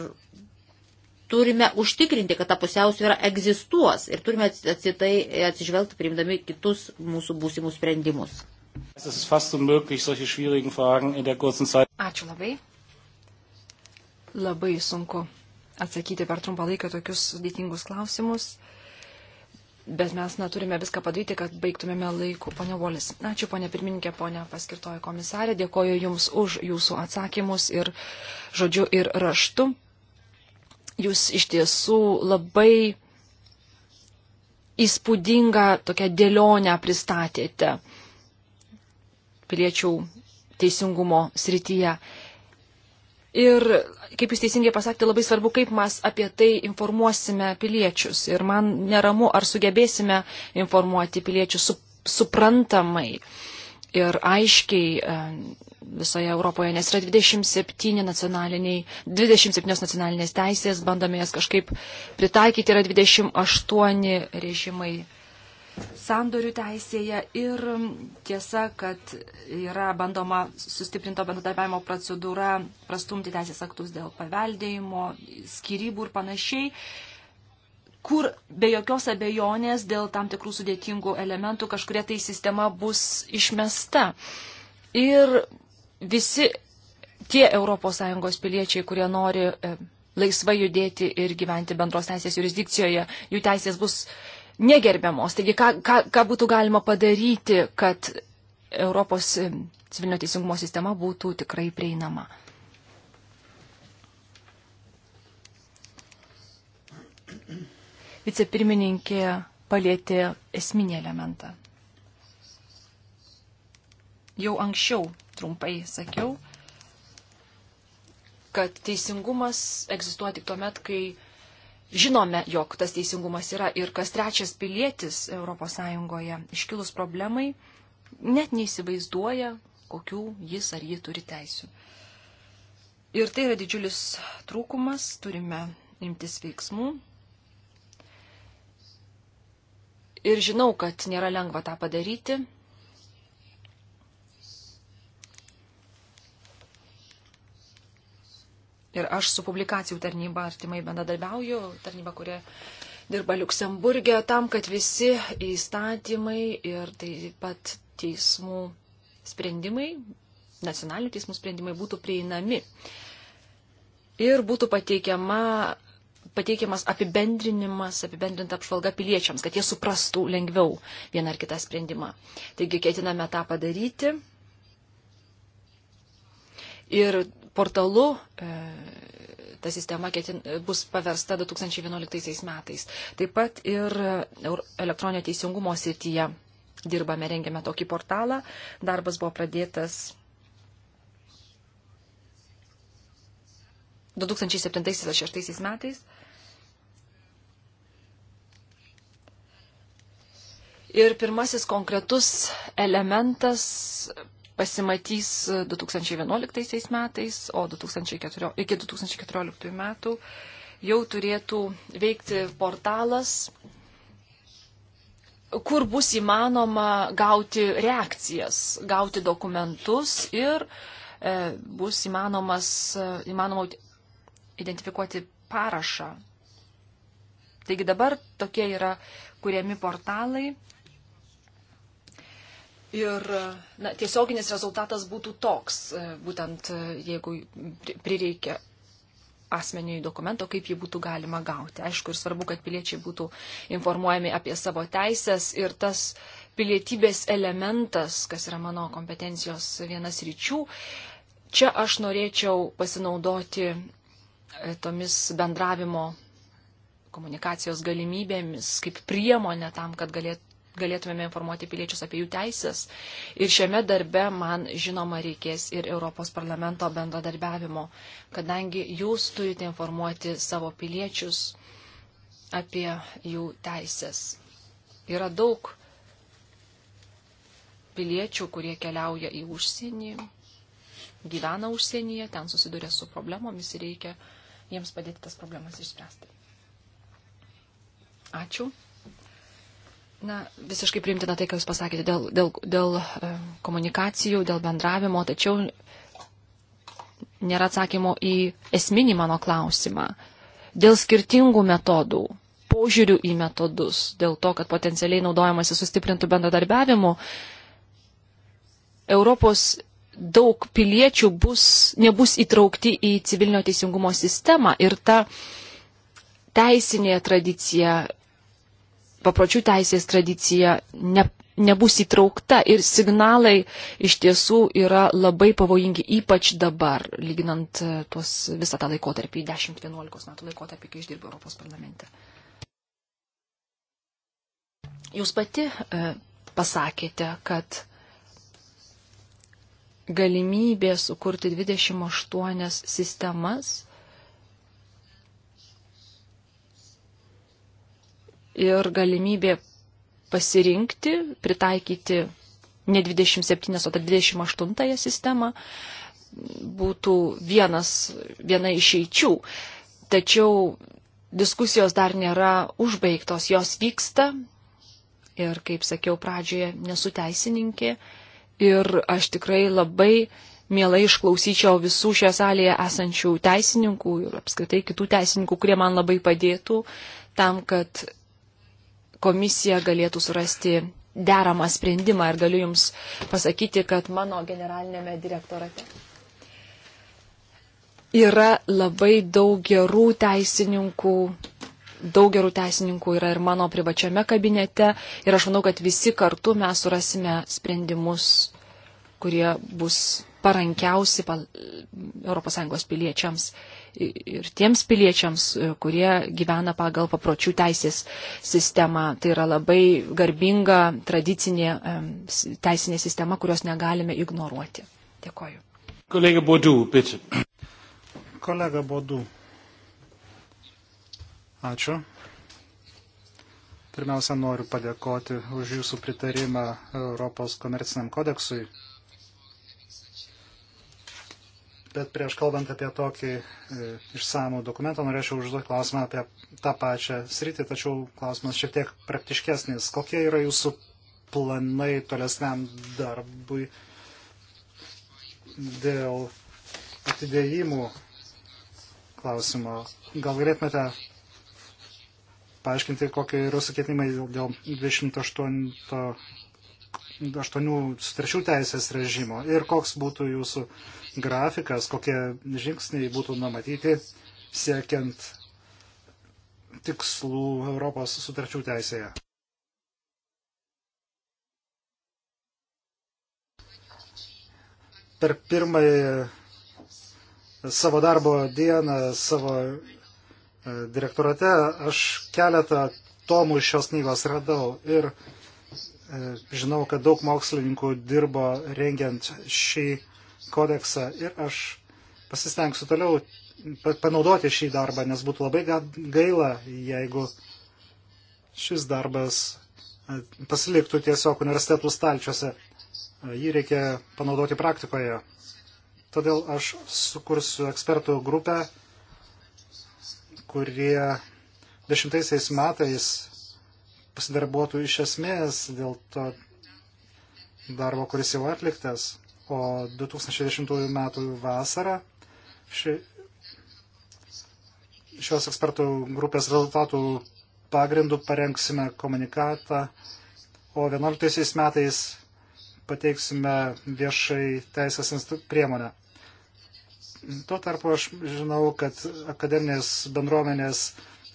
turime užtikrinti, kad ta pusiausvėra egzistuos ir turime atsitai atsižvelgti priimdami kitus mūsų būsimus sprendimus. Ačiū labai. Labai sunku atsakyti per trumpą laiką tokius sudėtingus klausimus. Bet mes neturime viską padaryti, kad baigtumėme laiku, ponia Volis. Ačiū, ponia pirmininkė, ponia paskirtoji komisarė. Dėkoju Jums už Jūsų atsakymus ir žodžiu ir raštu jūs iš tiesų labai įspūdingą tokią dėlionę pristatėte piliečių teisingumo srityje. Ir, kaip jūs teisingai pasakėte, labai svarbu, kaip mes apie tai informuosime piliečius. Ir man neramu, ar sugebėsime informuoti piliečius su, suprantamai. Uh, ir aiškiai e, visoje Europoje, nes yra 27 nacionaliniai, 27 nacionalinės teisės, bandome jas kažkaip pritaikyti, yra 28 režimai sandorių teisėje ir tiesa, kad yra bandoma sustiprinto bendradarbiavimo procedūra prastumti teisės aktus dėl paveldėjimo, skirybų ir panašiai kur be jokios abejonės dėl tam tikrų sudėtingų elementų kažkuria tai sistema bus išmesta. Ir visi tie ES piliečiai, kurie nori e, laisvai judėti ir gyventi bendros teisės jurisdikcijoje, jų teisės bus negerbiamos. Taigi, ką, ką, ką būtų galima padaryti, kad Europos e, civilinio teisingumo sistema būtų tikrai prieinama? vicepirmininkė palėtė esminį elementą. Jau anksčiau trumpai sakiau, kad teisingumas egzistuoja tik tuo met, kai žinome, jog tas teisingumas yra ir kas trečias pilietis ES iškilus problemai net neįsivaizduoja, kokių jis ar ji turi teisių. Ir tai yra didžiulis trūkumas, turime imtis veiksmų, Ir žinau, kad nėra lengva tą padaryti. Ir aš su publikacijų tarnyba artimai bendradarbiauju, tarnyba, kurie dirba Luksemburgė, tam, kad visi įstatymai ir taip pat teismų sprendimai, nacionalinių teismų sprendimai būtų prieinami. Ir būtų pateikiama pateikiamas apibendrinimas, apibendrinta apžvalga piliečiams, kad jie suprastų lengviau vieną ar kitą sprendimą. Taigi ketiname tą padaryti. Ir portalu e, ta sistema ketin, bus paversta 2011 metais. Taip pat ir elektroninio teisingumo srityje dirbame, rengiame tokį portalą. Darbas buvo pradėtas 2007-2006 metais Ir pirmasis konkretus elementas pasimatys 2011 metais, o 2004, iki 2014 metų jau turėtų veikti portalas, kur bus įmanoma gauti reakcijas, gauti dokumentus ir e, bus įmanomas, e, įmanoma identifikuoti parašą. Taigi dabar tokie yra kuriami portalai Ir na, tiesioginis rezultatas būtų toks, e, būtent e, jeigu prireikia asmeniui dokumento, kaip jį būtų galima gauti. Aišku, ir svarbu, kad piliečiai būtų informuojami apie savo teisės ir tas pilietybės elementas, kas yra mano kompetencijos vienas ryčių, čia aš norėčiau pasinaudoti e, tomis bendravimo komunikacijos galimybėmis kaip priemonė tam, kad galėt, galėtumėme informuoti piliečius apie jų teisės. Ir šiame darbe man žinoma reikės ir Europos parlamento bendradarbiavimo, kadangi jūs turite informuoti savo piliečius apie jų teisės. Yra daug piliečių, kurie keliauja į užsienį, gyvena užsienyje, ten susiduria su problemomis ir reikia jiems padėti tas problemas išspręsti. Ačiū. Na, visiškai priimtina tai, ką Jūs pasakėte dėl, dėl, dėl e, komunikacijų, dėl bendravimo, tačiau nėra atsakymo į esminį mano klausimą. Dėl skirtingų metodų, požiūrių į metodus, dėl to, kad potencialiai naudojamasi sustiprintų bendradarbiavimu, Europos daug piliečių bus, nebus įtraukti į civilinio teisingumo sistemą ir ta teisinė tradicija, papročių teisės tradicija ne, nebus įtraukta ir signalai iš tiesų yra labai pavojingi, ypač dabar, lyginant e, tuos visą tą laikotarpį, 10-11 metų laikotarpį, kai išdirbu Europos parlamente. Jūs pati e, pasakėte, kad galimybė sukurti 28 sistemas ir galimybė pasirinkti, pritaikyti ne 27, o 28 sistemą būtų vienas, viena išeičių. Tačiau diskusijos dar nėra užbaigtos, jos vyksta ir, kaip sakiau pradžioje, nesu teisininkė ir aš tikrai labai mielai išklausyčiau visų šioje salėje esančių teisininkų ir apskritai kitų teisininkų, kurie man labai padėtų tam, kad komisija galėtų surasti deramą sprendimą ir galiu Jums pasakyti, kad mano generalinėme direktorate yra labai daug gerų teisininkų. Daug gerų teisininkų yra ir mano privačiame kabinete ir aš manau, kad visi kartu mes surasime sprendimus, kurie bus parankiausi ES piliečiams ir tiems piliečiams, e, kurie gyvena pagal papročių teisės sistemą. Tai yra labai garbinga tradicinė teisinė sistema, kurios negalime ignoruoti. Dėkoju. Kolega Bodu, bitte. Kolega Bodu. Ačiū. Pirmiausia, noriu padėkoti už Jūsų pritarimą Europos komerciniam kodeksui Bet prieš kalbant apie tokį e, išsamų dokumentą, norėčiau užduoti klausimą apie tą pačią sritį, tačiau klausimas šiek tiek praktiškesnis. Kokie yra jūsų planai tolesniam darbui dėl atidėjimų klausimo? Gal galėtumėte paaiškinti, kokie yra sakėtinimai dėl 28 aštuonių sutarčių teisės režimo ir koks būtų jūsų grafikas, kokie žingsniai būtų numatyti siekiant tikslų Europos sutarčių teisėje. Per pirmąjį savo darbo dieną savo e, direktorate aš keletą tomų iš šios knygos radau ir uh, E, žinau, kad daug mokslininkų dirbo rengiant šį kodeksą ir aš pasistengsiu toliau panaudoti šį darbą, nes būtų labai gaila, jeigu šis darbas e, pasiliktų tiesiog universitetų stalčiuose. E, jį reikia panaudoti praktikoje. Todėl aš sukursiu ekspertų grupę, kurie dešimtaisiais metais pasidarbuotų iš esmės dėl to darbo, kuris jau atliktas, o 2010 metų vasarą ši, šios ekspertų grupės rezultatų pagrindų parengsime komunikatą, o 11 metais pateiksime viešai teisės priemonę. Tuo tarpu aš žinau, kad akademinės bendruomenės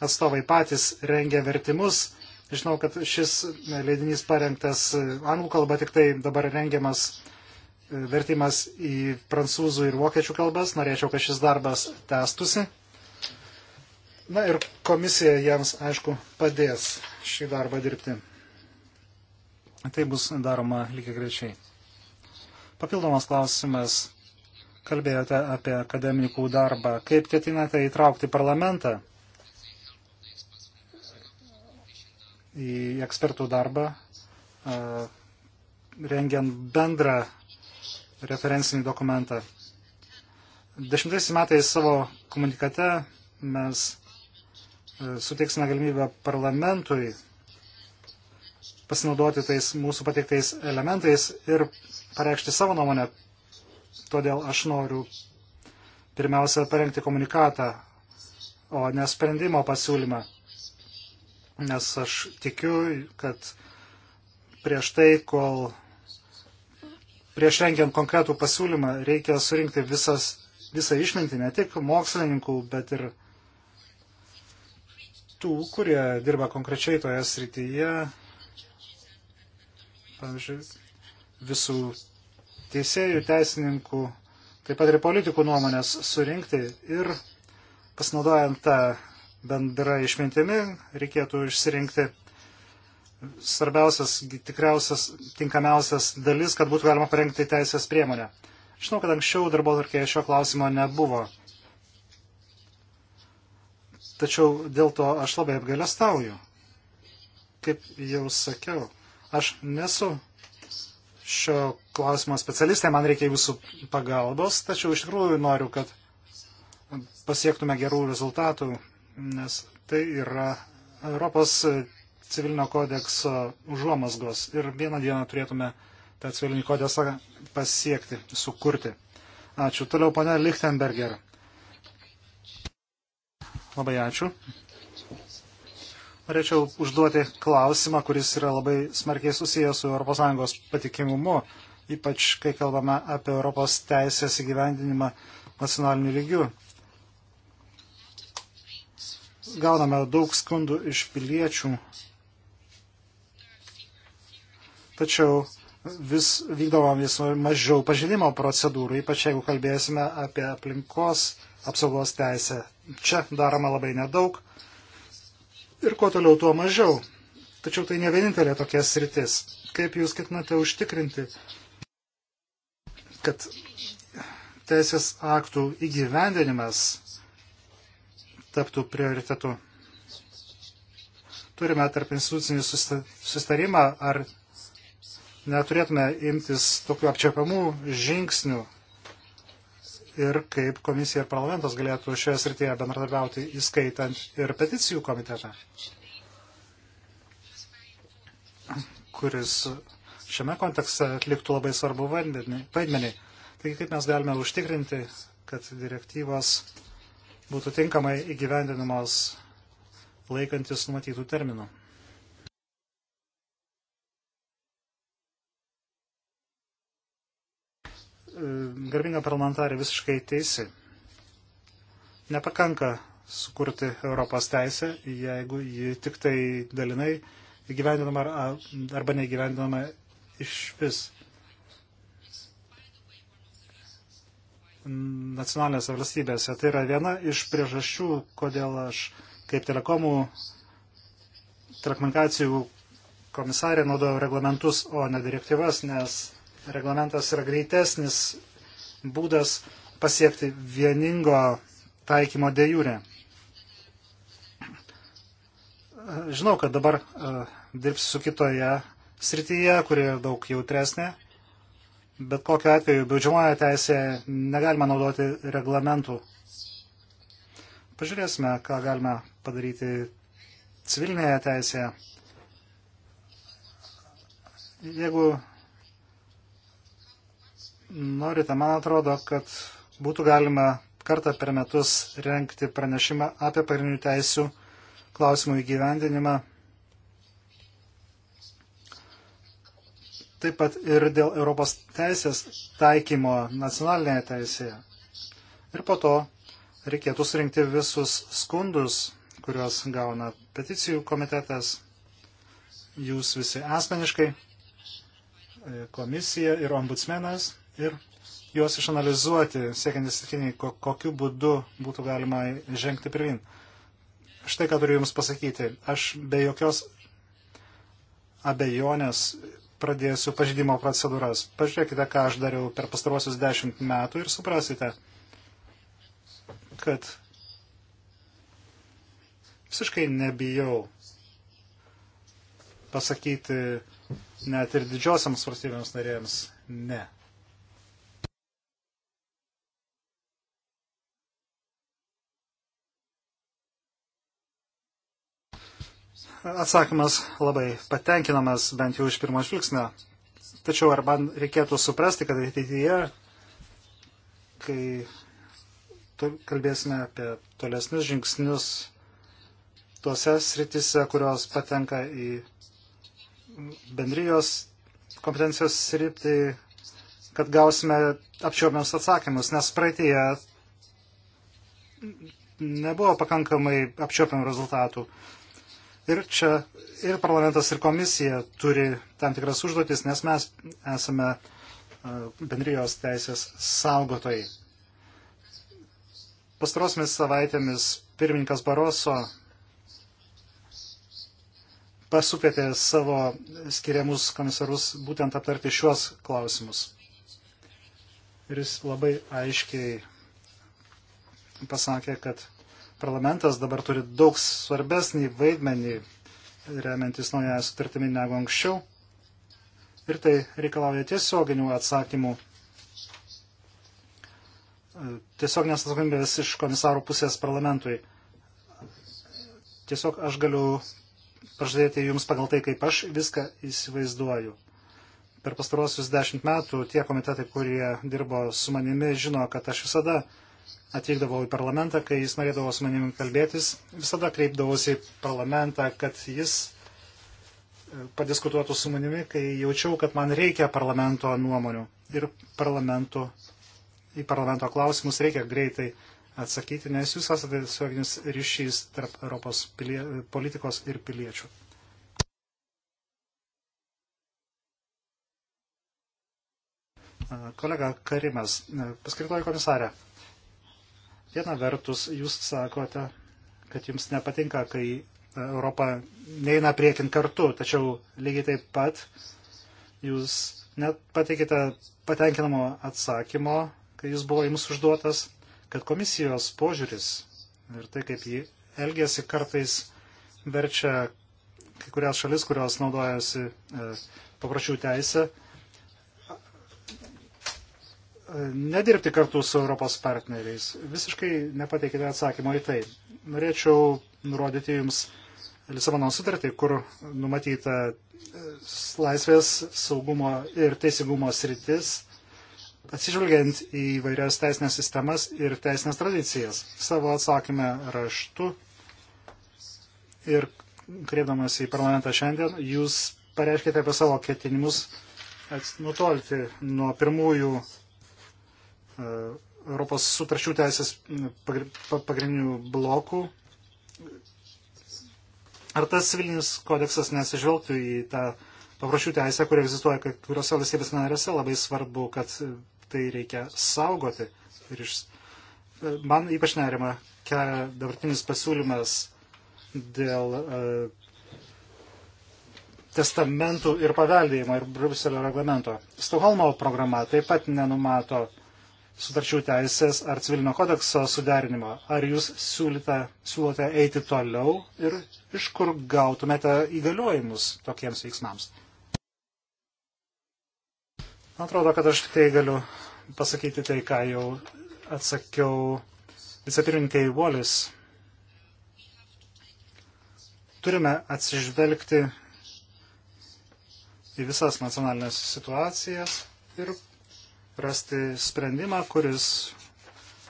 atstovai patys rengia vertimus Žinau, kad šis leidinys parengtas anglų kalba, tik tai dabar rengiamas e, vertimas į prancūzų ir vokiečių kalbas. Norėčiau, kad šis darbas tęstusi. Na ir komisija jiems, aišku, padės šį darbą dirbti. Tai bus daroma lygiai grečiai. Papildomas klausimas. Kalbėjote apie akademikų darbą. Kaip ketinate įtraukti parlamentą? į ekspertų darbą, rengiant bendrą referencinį dokumentą. Dešimtaisiais metais savo komunikate mes suteiksime galimybę parlamentui pasinaudoti tais mūsų pateiktais elementais ir pareikšti savo nuomonę. Todėl aš noriu pirmiausia parengti komunikatą, o ne sprendimo pasiūlymą nes aš tikiu, kad prieš tai, kol prieš rengiant konkretų pasiūlymą, reikia surinkti visas, visą išmintį, ne tik mokslininkų, bet ir tų, kurie dirba konkrečiai toje srityje, pavyzdžiui, visų teisėjų, teisininkų, taip pat ir politikų nuomonės surinkti ir pasinaudojant tą bendra išmintimi reikėtų išsirinkti svarbiausias, tikriausias, tinkamiausias dalis, kad būtų galima parengti teisės priemonę. Žinau, kad anksčiau darbo tarkėje šio klausimo nebuvo. Tačiau dėl to aš labai apgailestauju. Kaip jau sakiau, aš nesu šio klausimo specialistė, man reikia jūsų pagalbos, tačiau iš tikrųjų noriu, kad pasiektume gerų rezultatų nes tai yra Europos civilinio kodekso užuomasgos ir vieną dieną turėtume tą civilinį kodeksą pasiekti, sukurti. Ačiū. Toliau pane Lichtenberger. Labai ačiū. Norėčiau užduoti klausimą, kuris yra labai smarkiai susijęs su ES patikimumu, ypač kai kalbame apie Europos teisės įgyvendinimą nacionaliniu lygiu gauname daug skundų iš piliečių, tačiau vis vykdovom vis mažiau pažinimo procedūrų, ypač jeigu kalbėsime apie aplinkos apsaugos teisę. Čia daroma labai nedaug ir kuo toliau, tuo mažiau. Tačiau tai ne vienintelė tokia sritis. Kaip jūs ketinate užtikrinti, kad teisės aktų įgyvendinimas taptų prioritetu. Turime tarp institucinį sustarimą, ar neturėtume imtis tokių apčiopiamų žingsnių ir kaip komisija ir parlamentas galėtų šioje srityje bendradarbiauti, įskaitant ir peticijų komitetą, kuris šiame kontekste atliktų labai svarbu vaidmenį. Taigi kaip mes galime užtikrinti, kad direktyvos būtų tinkamai įgyvendinamos laikantis numatytų terminų. Garbinga parlamentarė visiškai teisi. Nepakanka sukurti Europos teisę, jeigu ji tik tai dalinai įgyvendinama arba neįgyvendinama iš vis. nacionalinėse valstybėse. Tai yra viena iš priežasčių, kodėl aš kaip telekomų telekomunikacijų komisarė naudojo reglamentus, o ne direktyvas, nes reglamentas yra greitesnis būdas pasiekti vieningo taikymo dėjūrė. Žinau, kad dabar uh, dirbsiu kitoje srityje, kuri yra daug jautresnė. Bet kokiu atveju baudžiamoje teisėje negalima naudoti reglamentų. Pažiūrėsime, ką galime padaryti civilinėje teisėje. Jeigu norite, man atrodo, kad būtų galima kartą per metus renkti pranešimą apie pagrindinių teisių klausimų įgyvendinimą taip pat ir dėl Europos teisės taikymo nacionalinėje teisėje. Ir po to reikėtų surinkti visus skundus, kuriuos gauna peticijų komitetas, jūs visi asmeniškai, e, komisija ir ombudsmenas ir juos išanalizuoti, siekiant įsitikinį, kokiu būdu būtų galima žengti pirmin. Štai ką turiu Jums pasakyti. Aš be jokios abejonės pradėsiu pažydimo procedūras. Pažiūrėkite, ką aš dariau per pastaruosius dešimt metų ir suprasite, kad visiškai nebijau pasakyti net ir didžiosiams valstybėms narėms ne. atsakymas labai patenkinamas, bent jau iš pirmo žvilgsnio. Tačiau ar man reikėtų suprasti, kad ateityje, kai kalbėsime apie tolesnius žingsnius tuose sritise, kurios patenka į bendrijos kompetencijos sritį, kad gausime apčiuopiams atsakymus, nes praeitėje nebuvo pakankamai apčiopiam rezultatų. Ir čia ir parlamentas, ir komisija turi tam tikras užduotis, nes mes esame e, bendrijos teisės saugotojai. Pastarosmis savaitėmis pirmininkas Baroso pasukvietė savo skiriamus komisarus būtent aptarti šiuos klausimus. Ir jis labai aiškiai pasakė, kad parlamentas dabar turi daug svarbesnį vaidmenį remiantis naująją sutartimį negu anksčiau. Ir tai reikalauja tiesioginių atsakymų. Tiesioginės atsakomybės iš komisarų pusės parlamentui. Tiesiog aš galiu pažadėti jums pagal tai, kaip aš viską įsivaizduoju. Per pastarosius dešimt metų tie komitetai, kurie dirbo su manimi, žino, kad aš visada uh, atvykdavau į parlamentą, kai jis norėdavo su manimi kalbėtis, visada kreipdavausi į parlamentą, kad jis e, padiskutuotų su manimi, kai jaučiau, kad man reikia parlamento nuomonių ir parlamento, į parlamento klausimus reikia greitai atsakyti, nes jūs esate tiesioginis ryšys tarp Europos pilie, politikos ir piliečių. Kolega Karimas, e, paskirtoji komisarė. Viena vertus, jūs sakote, kad jums nepatinka, kai e, Europa neina priekin kartu, tačiau lygiai taip pat jūs net pateikite patenkinamo atsakymo, kai jis buvo jums užduotas, kad komisijos požiūris ir tai, kaip ji elgėsi, kartais verčia kai kurias šalis, kurios naudojasi e, paprašių teisę, nedirbti kartu su Europos partneriais? Visiškai nepateikite atsakymo į tai. Norėčiau nurodyti Jums Lisabono sutartį, kur numatyta e, laisvės, saugumo ir teisingumo sritis, atsižvelgiant į vairias teisinės sistemas ir teisinės tradicijas. Savo atsakymę raštu ir kreipdamas į parlamentą šiandien, jūs pareiškite apie savo ketinimus nutolti nuo pirmųjų E, Europos sutarčių teisės pagrindinių blokų. Ar tas civilinis kodeksas nesižvelgtų į tą paprašių teisę, kuri egzistuoja kai kuriuose valstybės narėse, labai svarbu, kad tai reikia saugoti. Ir iš... E, man ypač nerima kelia dabartinis pasiūlymas dėl uh, testamentų ir paveldėjimo ir Bruselio reglamento. Stokholmo programa taip pat nenumato sutarčių teisės ar civilinio kodekso suderinimo. Ar jūs siūlyta, siūlote eiti toliau ir iš kur gautumėte įgaliojimus tokiems veiksmams? Man atrodo, kad aš tai galiu pasakyti tai, ką jau atsakiau vicepirmininkėjai Volis. Turime atsižvelgti į visas nacionalinės situacijas ir rasti sprendimą, kuris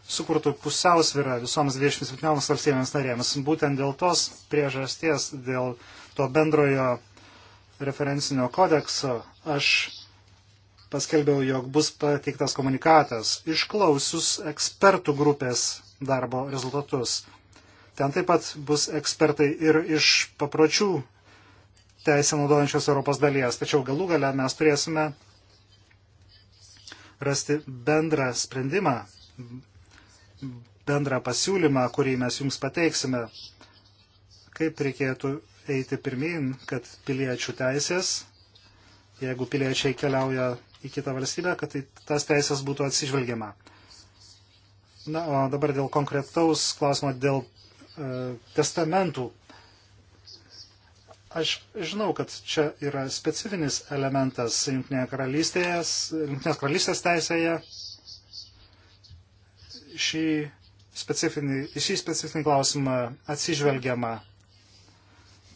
sukurtų pusiausvyrą visoms 27 valstybėms narėms. Būtent dėl tos priežasties, dėl to bendrojo referencinio kodekso, aš paskelbiau, jog bus pateiktas komunikatas išklausius ekspertų grupės darbo rezultatus. Ten taip pat bus ekspertai ir iš papročių teisę naudojančios Europos dalies. Tačiau galų gale mes turėsime rasti bendrą sprendimą, bendrą pasiūlymą, kurį mes jums pateiksime, kaip reikėtų eiti pirmin, kad piliečių teisės, jeigu piliečiai keliauja į kitą valstybę, kad tai, tas teisės būtų atsižvelgiama. Na, o dabar dėl konkretaus klausimo, dėl e, testamentų Aš žinau, kad čia yra specifinis elementas Junktinės karalystės, Junktinės karalystės teisėje. Šį specifinį, šį specifinį klausimą atsižvelgiama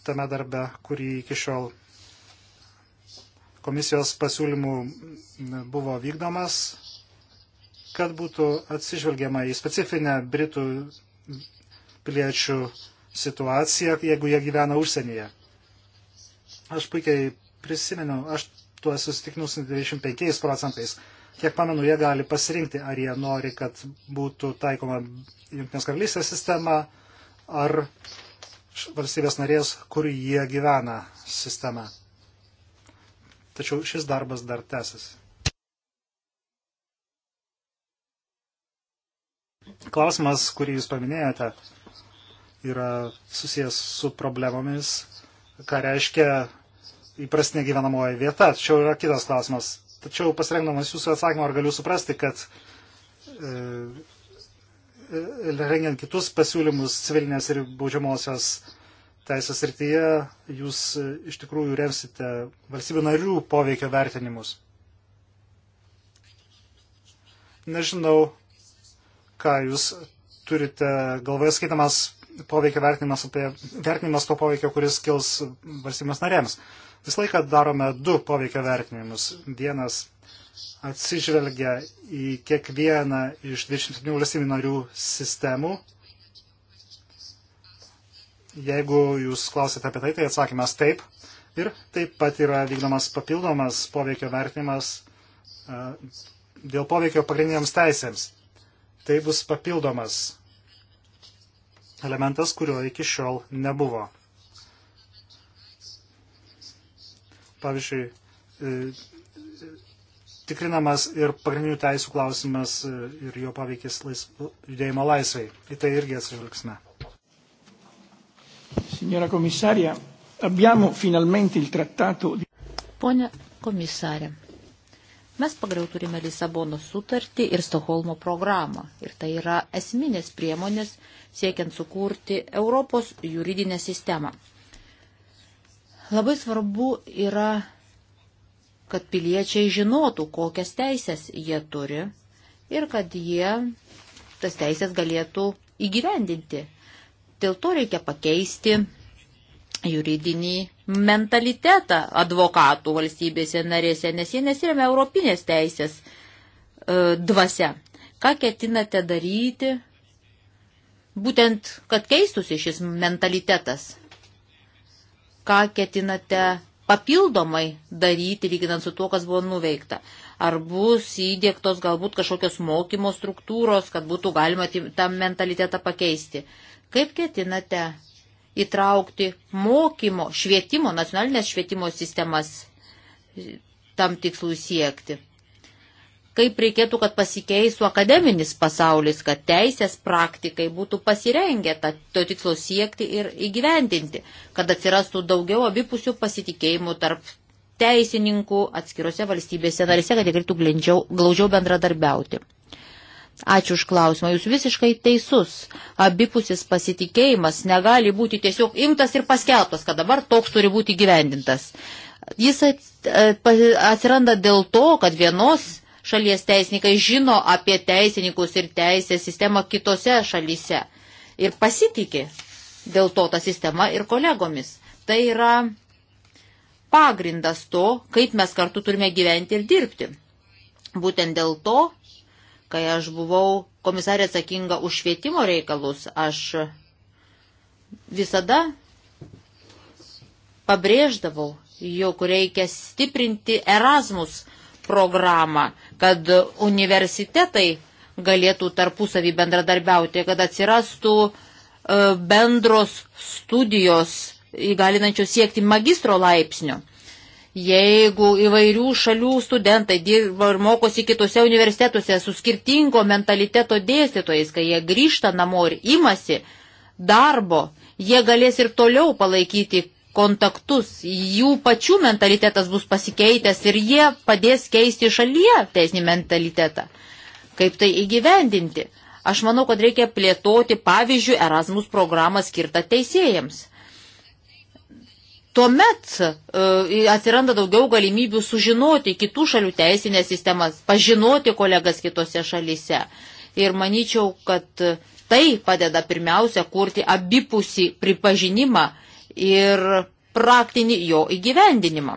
tame darbe, kurį iki šiol komisijos pasiūlymų buvo vykdomas, kad būtų atsižvelgiama į specifinę Britų piliečių situaciją, jeigu jie gyvena užsienyje. Aš puikiai prisimenu, aš tuo esu susitikinus 25 procentais. Kiek pamenu, jie gali pasirinkti, ar jie nori, kad būtų taikoma Junktinės karalystės sistema, ar valstybės narės, kur jie gyvena sistema. Tačiau šis darbas dar tęsiasi. Klausimas, kurį jūs paminėjote, yra susijęs su problemomis, ką reiškia įprastinė gyvenamoji vieta, tačiau yra kitas klausimas. Tačiau pasirengdamas jūsų atsakymą, ar galiu suprasti, kad e, e rengiant kitus pasiūlymus civilinės ir baudžiamosios teisės rytyje, jūs e, iš tikrųjų remsite valstybių narių poveikio vertinimus. Nežinau, ką jūs turite galvoje skaitamas poveikio vertinimas, apie, vertinimas to poveikio, kuris kils valstybės narėms. Visą laiką darome du poveikio vertinimus. Vienas atsižvelgia į kiekvieną iš 27 valstybių narių sistemų. Jeigu jūs klausite apie tai, tai atsakymas taip. Ir taip pat yra vykdomas papildomas poveikio vertinimas e, dėl poveikio pagrindiniams teisėms. Tai bus papildomas elementas, kurio iki šiol nebuvo. Pavyzdžiui, e, tikrinamas ir pagrindinių teisų klausimas e, ir jo paveikis lais, judėjimo laisvai. Į tai irgi atsižvelgsime. Signora komisarė, abbiamo finalmente il trattato. Pone komisarė, Mes pagaliau turime Lisabono sutartį ir Stokholmo programą. Ir tai yra esminės priemonės siekiant sukurti Europos juridinę sistemą. Labai svarbu yra, kad piliečiai žinotų, kokias teisės jie turi ir kad jie tas teisės galėtų įgyvendinti. Dėl to reikia pakeisti juridinį mentalitetą advokatų valstybėse narėse, nes jie nesiremia europinės teisės e, dvasia. Ką ketinate daryti, būtent, kad keistusi šis mentalitetas? Ką ketinate papildomai daryti, lyginant su tuo, kas buvo nuveikta? Ar bus įdėktos galbūt kažkokios mokymo struktūros, kad būtų galima tą mentalitetą pakeisti? Kaip ketinate įtraukti mokymo, švietimo, nacionalinės švietimo sistemas e, tam tikslui siekti. Kaip reikėtų, kad pasikeisų akademinis pasaulis, kad teisės praktikai būtų pasirengę tą, to tikslo siekti ir įgyvendinti, kad atsirastų daugiau abipusių pasitikėjimų tarp teisininkų atskirose valstybėse narise, kad jie galėtų glaudžiau bendradarbiauti. Ačiū už klausimą. Jūs visiškai teisus. Abipusis pasitikėjimas negali būti tiesiog imtas ir paskelbtas, kad dabar toks turi būti gyvendintas. Jis e, atsiranda dėl to, kad vienos šalies teisininkai žino apie teisininkus ir teisės sistemą kitose šalyse ir pasitikė dėl to tą sistemą ir kolegomis. Tai yra pagrindas to, kaip mes kartu turime gyventi ir dirbti. Būtent dėl to Kai aš buvau komisarė atsakinga už švietimo reikalus, aš visada pabrėždavau, jog reikia stiprinti Erasmus programą, kad universitetai galėtų tarpusavį bendradarbiauti, kad atsirastų e, bendros studijos įgalinančios siekti magistro laipsnio. Jeigu įvairių šalių studentai dirba ir mokosi kitose universitetuose su skirtingo mentaliteto dėstytojais, kai jie grįžta namo ir imasi darbo, jie galės ir toliau palaikyti kontaktus, jų pačių mentalitetas bus pasikeitęs ir jie padės keisti šalyje teisinį mentalitetą. Kaip tai įgyvendinti? Aš manau, kad reikia plėtoti, pavyzdžiui, Erasmus programą skirtą teisėjams. Tuomet e, atsiranda daugiau galimybių sužinoti kitų šalių teisinės sistemas, pažinoti kolegas kitose šalyse. Ir manyčiau, kad tai padeda pirmiausia kurti abipusį pripažinimą ir praktinį jo įgyvendinimą.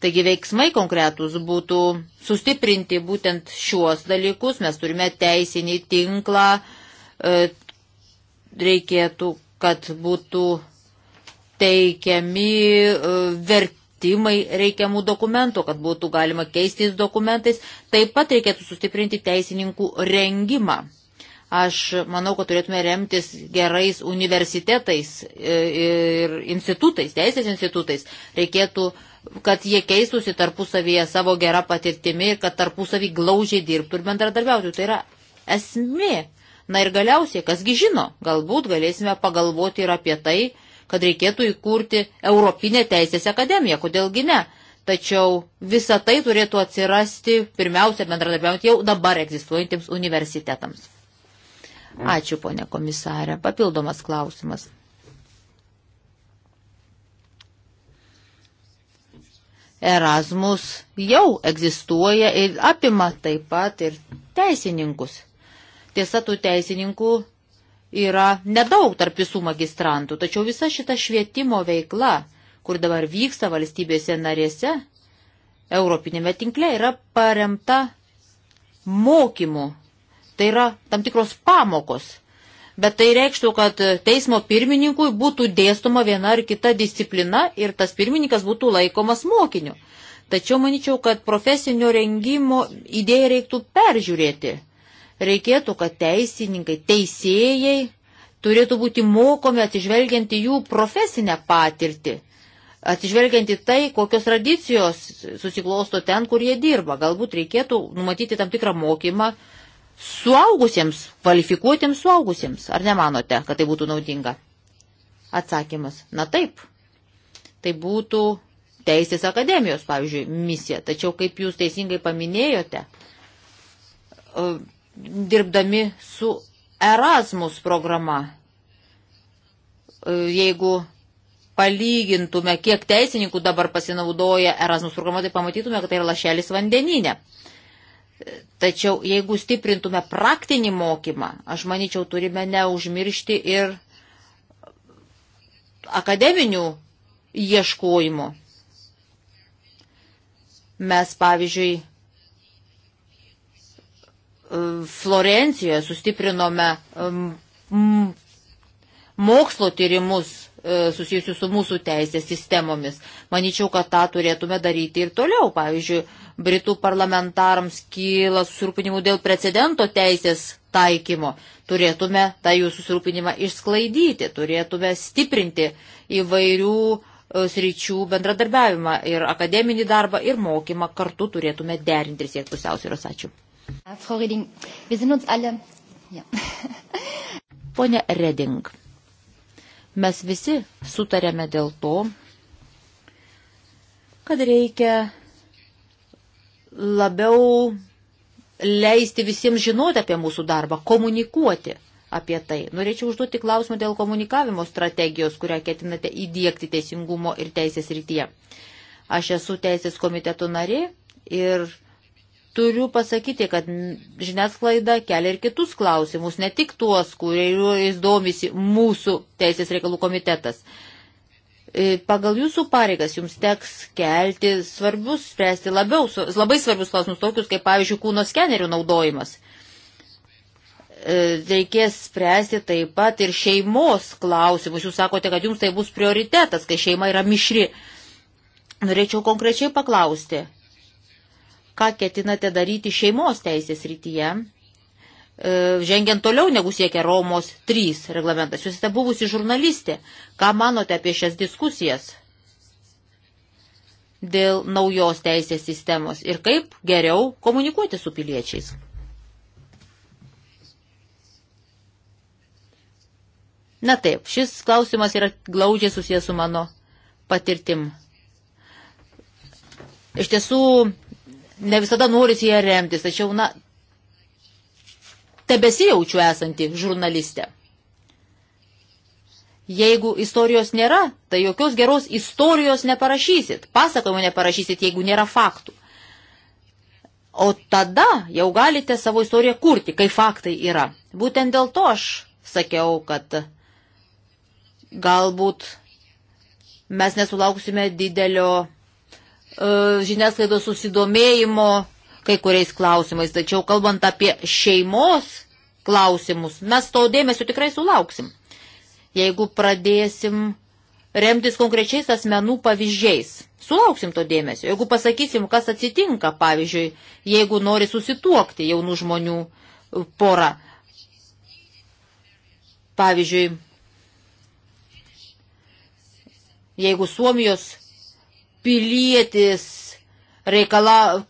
Taigi veiksmai konkretūs būtų sustiprinti būtent šiuos dalykus. Mes turime teisinį tinklą, e, reikėtų kad būtų teikiami e, vertimai reikiamų dokumentų, kad būtų galima keistis dokumentais. Taip pat reikėtų sustiprinti teisininkų rengimą. Aš manau, kad turėtume remtis gerais universitetais e, ir institutais, teisės institutais. Reikėtų, kad jie keistųsi tarpusavyje savo gerą patirtimi ir kad tarpusavį glaužiai dirbtų ir bendradarbiautų. Tai yra esmė Na ir galiausiai, kasgi žino, galbūt galėsime pagalvoti ir apie tai, kad reikėtų įkurti Europinę teisės akademiją, kodėlgi ne. Tačiau visa tai turėtų atsirasti pirmiausia bendradarbiaujant jau dabar egzistuojantiems universitetams. Ačiū, ponė komisarė. Papildomas klausimas. Erasmus jau egzistuoja ir apima taip pat ir teisininkus. Tiesa, tų teisininkų yra nedaug tarp visų magistrantų, tačiau visa šita švietimo veikla, kur dabar vyksta valstybėse narėse, Europinėme tinkle yra paremta mokymu. Tai yra tam tikros pamokos. Bet tai reikštų, kad teismo pirmininkui būtų dėstoma viena ar kita disciplina ir tas pirmininkas būtų laikomas mokiniu. Tačiau manyčiau, kad profesinio rengimo idėją reiktų peržiūrėti reikėtų, kad teisininkai, teisėjai turėtų būti mokomi atsižvelgiant į jų profesinę patirtį, atsižvelgiant į tai, kokios tradicijos susiklosto ten, kur jie dirba. Galbūt reikėtų numatyti tam tikrą mokymą suaugusiems, kvalifikuotiems suaugusiems. Ar nemanote, kad tai būtų naudinga? Atsakymas. Na taip. Tai būtų Teisės akademijos, pavyzdžiui, misija. Tačiau, kaip jūs teisingai paminėjote, dirbdami su Erasmus programa. E, jeigu palygintume, kiek teisininkų dabar pasinaudoja Erasmus programą, tai pamatytume, kad tai yra lašelis vandeninė. E, tačiau jeigu stiprintume praktinį mokymą, aš manyčiau, turime neužmiršti ir akademinių ieškojimų. Mes, pavyzdžiui, Florencijoje sustiprinome mokslo tyrimus e, susijusius su mūsų teisės sistemomis. Maničiau, kad tą turėtume daryti ir toliau. Pavyzdžiui, Britų parlamentarams kyla susirūpinimų dėl precedento teisės taikymo. Turėtume tą jų susirūpinimą išsklaidyti, turėtume stiprinti įvairių e, sričių bendradarbiavimą ir akademinį darbą ir mokymą kartu turėtume derinti ir siekti pusiausvėros. Ačiū. Äh, Frau Reding, wir sind uns alle. Ja. Pone Reding, mes visi sutarėme dėl to, kad reikia labiau leisti visiems žinoti apie mūsų darbą, komunikuoti apie tai. Norėčiau užduoti klausimą dėl komunikavimo strategijos, kurią ketinate įdėkti teisingumo ir teisės rytyje. Aš esu teisės komiteto narė ir Turiu pasakyti, kad žiniasklaida kelia ir kitus klausimus, ne tik tuos, kuriais domisi mūsų Teisės reikalų komitetas. E, pagal jūsų pareigas jums teks kelti svarbius, spręsti labiau, labai svarbius klausimus, tokius kaip, pavyzdžiui, kūno skenerių naudojimas e, reikės spręsti taip pat ir šeimos klausimus. Jūs sakote, kad jums tai bus prioritetas, kai šeima yra mišri. Norėčiau konkrečiai paklausti, ką ketinate daryti šeimos teisės rytyje, e, žengiant toliau negu siekia Romos 3 reglamentas. Jūs esate buvusi žurnalistė. Ką manote apie šias diskusijas dėl naujos teisės sistemos ir kaip geriau komunikuoti su piliečiais? Na taip, šis klausimas yra glaudžiai susijęs su mano patirtim. Iš tiesų, ne visada norisi ją remtis, tačiau, na, tebesijaučiu esanti žurnalistė. Jeigu istorijos nėra, tai jokios geros istorijos neparašysit, pasakojimo neparašysit, jeigu nėra faktų. O tada jau galite savo istoriją kurti, kai faktai yra. Būtent dėl to aš sakiau, kad galbūt mes nesulauksime didelio E, žiniasklaidos susidomėjimo kai kuriais klausimais, tačiau kalbant apie šeimos klausimus, mes to dėmesio tikrai sulauksim. Jeigu pradėsim remtis konkrečiais asmenų pavyzdžiais, sulauksim to dėmesio. Jeigu pasakysim, kas atsitinka, pavyzdžiui, jeigu nori susituokti jaunų žmonių porą. Pavyzdžiui, jeigu Suomijos pilietis reikala,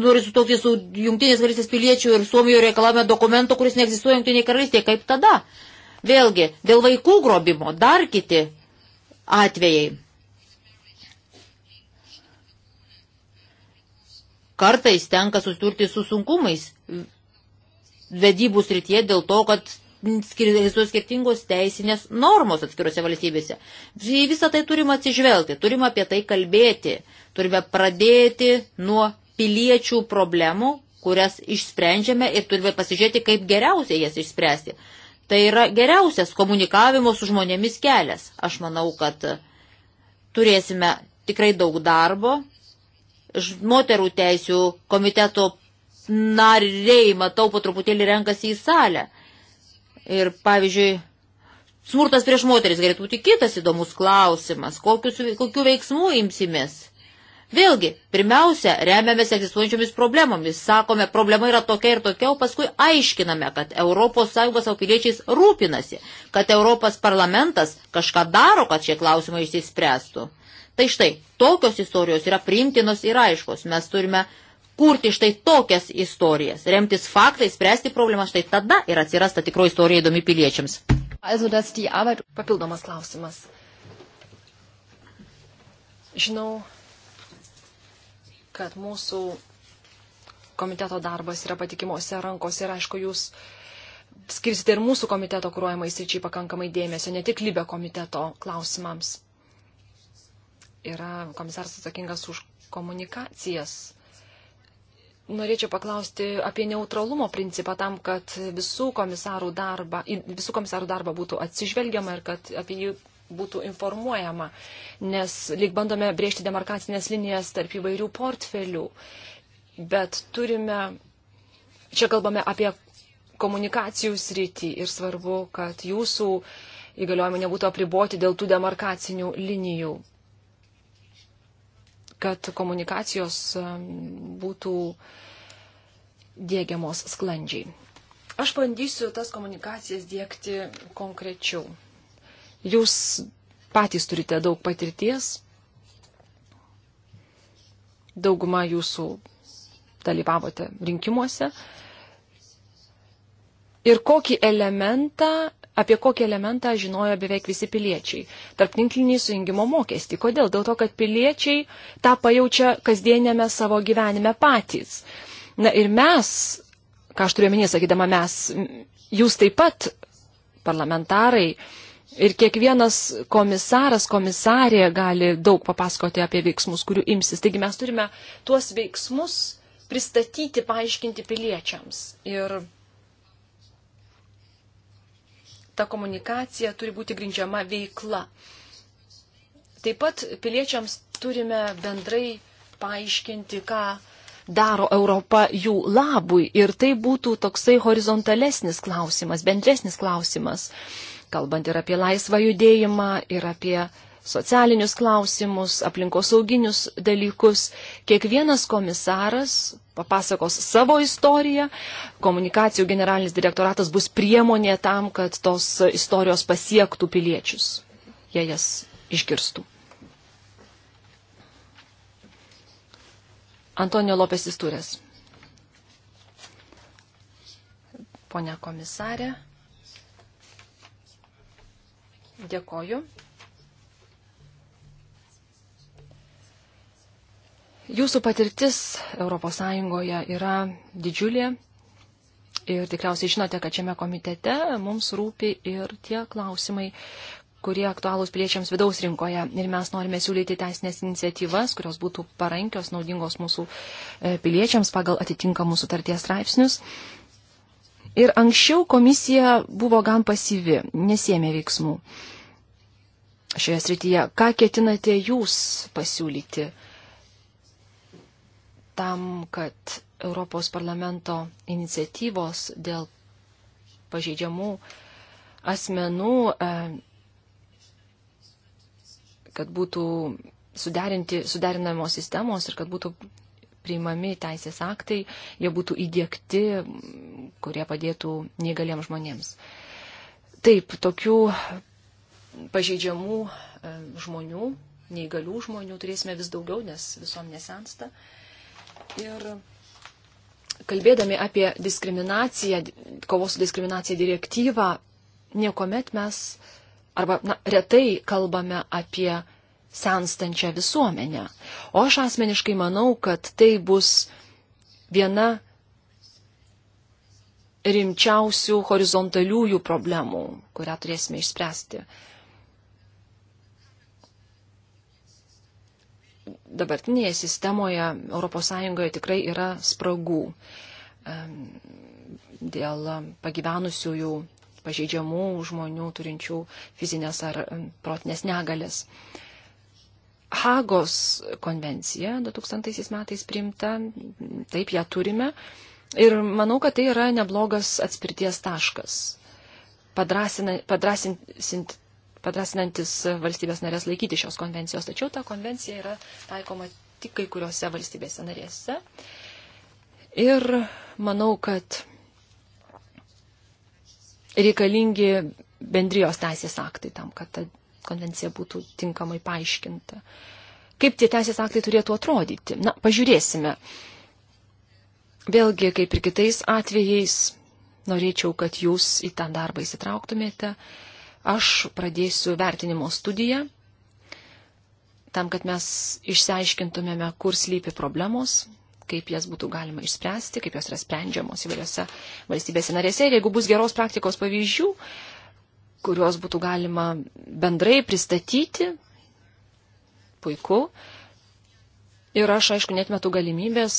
nori sutokti su jungtinės karalystės piliečių ir Suomijoje reikalame dokumento, kuris neegzistuoja jungtinėje karalystėje, kaip tada? Vėlgi, dėl vaikų grobimo dar kiti atvejai. Kartais tenka susidurti su sunkumais vedybų srityje dėl to, kad egzistuoja skirtingos teisinės normos atskiruose valstybėse. Į visą tai turime atsižvelgti, turime apie tai kalbėti, turime pradėti nuo piliečių problemų, kurias išsprendžiame ir turime pasižiūrėti, kaip geriausiai jas išspręsti. Tai yra geriausias komunikavimo su žmonėmis kelias. Aš manau, kad turėsime tikrai daug darbo. Moterų teisių komiteto nariai, matau, po truputėlį renkasi į salę. Ir pavyzdžiui, smurtas prieš moteris galėtų būti kitas įdomus klausimas, kokius, kokiu veiksmu imsimės. Vėlgi, pirmiausia, remiamės egzistuojančiomis problemomis, sakome, problema yra tokia ir tokia, o paskui aiškiname, kad ES savo piliečiais rūpinasi, kad Europos parlamentas kažką daro, kad šie klausimai išsispręstų. Tai štai, tokios istorijos yra priimtinos ir aiškos. Mes turime kurti štai tokias istorijas, remtis faktais, spręsti problemą, štai tada ir atsiras ta tikroji istorija įdomi piliečiams. Also, arbeit... Papildomas klausimas. Žinau, kad mūsų komiteto darbas yra patikimuose rankose ir aišku, jūs skirsite ir mūsų komiteto kūruojamai sričiai pakankamai dėmesio, ne tik Libė komiteto klausimams. Yra komisaras atsakingas už komunikacijas norėčiau paklausti apie neutralumo principą tam, kad visų komisarų darbą, visų komisarų darbą būtų atsižvelgiama ir kad apie jį būtų informuojama, nes lyg bandome brėžti demarkacinės linijas tarp įvairių portfelių, bet turime, čia kalbame apie komunikacijų sritį ir svarbu, kad jūsų įgaliojimai nebūtų apriboti dėl tų demarkacinių linijų kad komunikacijos būtų dėgiamos sklandžiai. Aš bandysiu tas komunikacijas dėkti konkrečiau. Jūs patys turite daug patirties, dauguma jūsų dalyvavote rinkimuose. Ir kokį elementą apie kokį elementą žinojo beveik visi piliečiai. Tarptinklinį sujungimo mokestį. Kodėl? Dėl to, kad piliečiai tą pajaučia kasdienėme savo gyvenime patys. Na ir mes, ką aš turiu minėti, sakydama mes, jūs taip pat, parlamentarai, ir kiekvienas komisaras, komisarė gali daug papasakoti apie veiksmus, kurių imsis. Taigi mes turime tuos veiksmus pristatyti, paaiškinti piliečiams. Ir ta komunikacija turi būti grindžiama veikla. Taip pat piliečiams turime bendrai paaiškinti, ką daro Europa jų labui. Ir tai būtų toksai horizontalesnis klausimas, bendresnis klausimas, kalbant ir apie laisvą judėjimą, ir apie socialinius klausimus, aplinkosauginius dalykus. Kiekvienas komisaras papasakos savo istoriją, komunikacijų generalinis direktoratas bus priemonė tam, kad tos istorijos pasiektų piliečius, jie jas išgirstų. Antonio Lopes Isturės. Pone komisarė, dėkoju. Jūsų patirtis ES yra didžiulė ir tikriausiai žinote, kad šiame komitete mums rūpi ir tie klausimai, kurie aktualūs piliečiams vidaus rinkoje. Ir mes norime siūlyti teisinės iniciatyvas, kurios būtų parankios, naudingos mūsų e, piliečiams pagal atitinkamus sutarties straipsnius. Ir anksčiau komisija buvo gan pasyvi, nesėmė veiksmų šioje srityje. Ką ketinate jūs pasiūlyti? tam, kad Europos parlamento iniciatyvos dėl pažeidžiamų asmenų, e, kad būtų suderinamos sistemos ir kad būtų priimami teisės aktai, jie būtų įdėkti, kurie padėtų neįgaliems žmonėms. Taip, tokių pažeidžiamų e, žmonių, neįgalių žmonių turėsime vis daugiau, nes visuomenė sensta. Uh, Ir kalbėdami apie diskriminaciją, kovos su diskriminacija direktyvą, niekuomet mes arba na, retai kalbame apie senstančią visuomenę. O aš asmeniškai manau, kad tai bus viena rimčiausių horizontaliųjų problemų, kurią turėsime išspręsti dabartinėje sistemoje ES tikrai yra spragų dėl pagyvenusiųjų pažeidžiamų žmonių turinčių fizinės ar protinės negalės. Hagos konvencija 2000 metais priimta, taip ją turime ir manau, kad tai yra neblogas atspirties taškas padrasinti padrasinantis valstybės narės laikyti šios konvencijos. Tačiau ta konvencija yra taikoma tik kai kuriuose valstybėse narėse. Ir manau, kad reikalingi bendrijos teisės aktai tam, kad ta konvencija būtų tinkamai paaiškinta. Kaip tie teisės aktai turėtų atrodyti? Na, pažiūrėsime. Vėlgi, kaip ir kitais atvejais, norėčiau, kad jūs į tą darbą įsitrauktumėte. Aš pradėsiu vertinimo studiją, tam, kad mes išsiaiškintumėme, kur slypi problemos, kaip jas būtų galima išspręsti, kaip jos yra sprendžiamos įvairiose valstybėse narėse. Ir jeigu bus geros praktikos pavyzdžių, kuriuos būtų galima bendrai pristatyti, puiku. Ir aš, aišku, netmetu galimybės,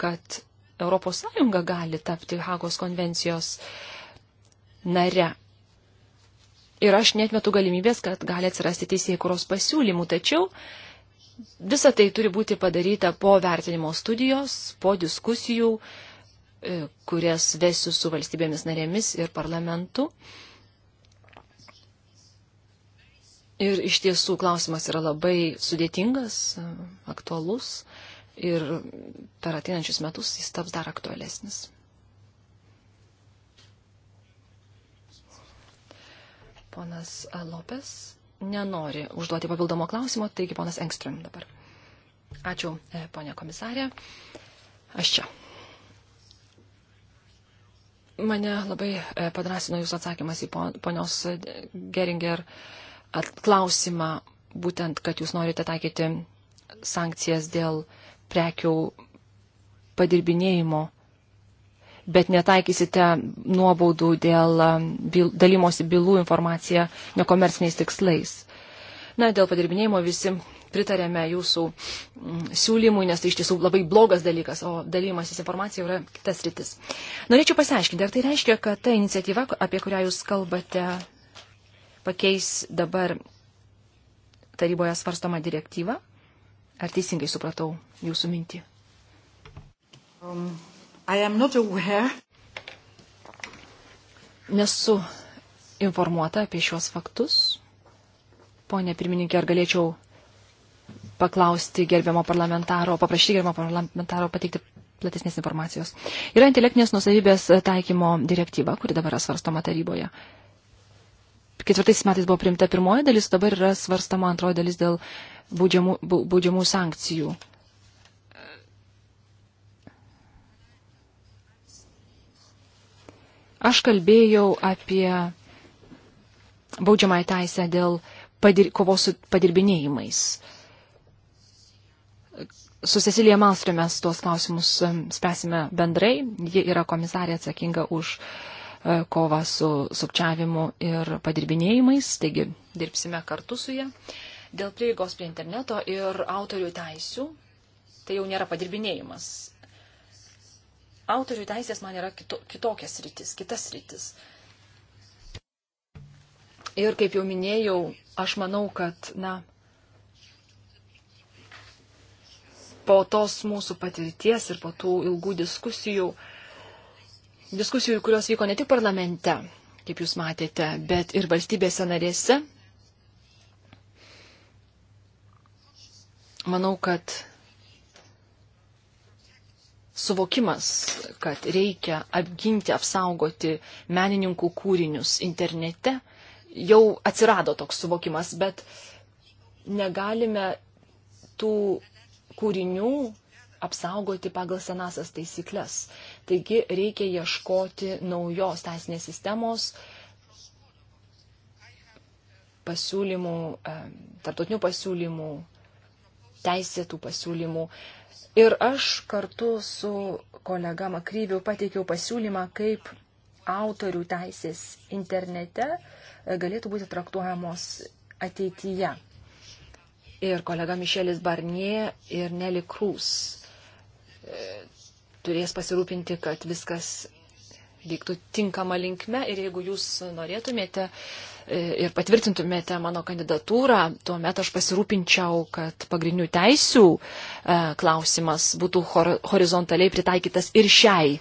kad ES gali tapti Hagos konvencijos nare. Ir aš netmetu galimybės, kad gali atsirasti teisėjai kuros pasiūlymų, tačiau visa tai turi būti padaryta po vertinimo studijos, po diskusijų, e, kurias vesiu su valstybėmis narėmis ir parlamentu. Ir iš tiesų klausimas yra labai sudėtingas, e, aktualus ir per ateinančius metus jis taps dar aktualesnis. Ponas Lopes nenori užduoti papildomo klausimo, taigi ponas Engström dabar. Ačiū, e, ponė komisarė. Aš čia. Mane labai e, padrasino jūsų atsakymas į ponios Geringer klausimą, būtent, kad jūs norite taikyti sankcijas dėl prekių padirbinėjimo bet netaikysite nuobaudų dėl um, dalymosi bylų informacija nekomerciniais tikslais. Na, dėl padirbinėjimo visi pritarėme jūsų mm, siūlymui, nes tai iš tiesų labai blogas dalykas, o dalymasis informacija yra kitas rytis. Norėčiau pasiaiškinti, ar tai reiškia, kad ta iniciatyva, apie kurią jūs kalbate, pakeis dabar taryboje svarstomą direktyvą? Ar teisingai supratau jūsų mintį? Um. Nesu informuota apie šios faktus. Pone pirmininkė, ar galėčiau paklausti gerbiamo parlamentaro, paprašyti gerbiamo parlamentaro pateikti platesnės informacijos. Yra intelektinės nusavybės taikymo direktyva, kuri dabar yra svarstoma taryboje. Ketvirtais metais buvo priimta pirmoji dalis, dabar yra svarstama antroji dalis dėl būdžiamų, būdžiamų sankcijų. Aš kalbėjau apie baudžiamąją teisę dėl padir, kovos su padirbinėjimais. Su Cecilija Malstri mes tuos klausimus spėsime bendrai. Ji yra komisarė atsakinga už e, kovą su sukčiavimu ir padirbinėjimais, taigi dirbsime kartu su ja. Dėl prieigos prie interneto ir autorių teisių, tai jau nėra padirbinėjimas. Autorių teisės man yra kito, kitokias rytis, kitas rytis. Ir kaip jau minėjau, aš manau, kad, na, po tos mūsų patirties ir po tų ilgų diskusijų, diskusijų, kurios vyko ne tik parlamente, kaip jūs matėte, bet ir valstybėse narėse, manau, kad suvokimas, kad reikia apginti, apsaugoti menininkų kūrinius internete, jau atsirado toks suvokimas, bet negalime tų kūrinių apsaugoti pagal senasias taisyklės. Taigi reikia ieškoti naujos teisinės sistemos, pasiūlymų, tarptautinių pasiūlymų, teisėtų pasiūlymų. Ir aš kartu su kolega Makryviu pateikiau pasiūlymą, kaip autorių teisės internete e, galėtų būti traktuojamos ateityje. Ir kolega Mišelis Barnie ir Nelly Krūs e, turės pasirūpinti, kad viskas vyktų tinkama linkme ir jeigu jūs norėtumėte e, ir patvirtintumėte mano kandidatūrą, tuomet aš pasirūpinčiau, kad pagrindinių teisių e, klausimas būtų horizontaliai pritaikytas ir šiai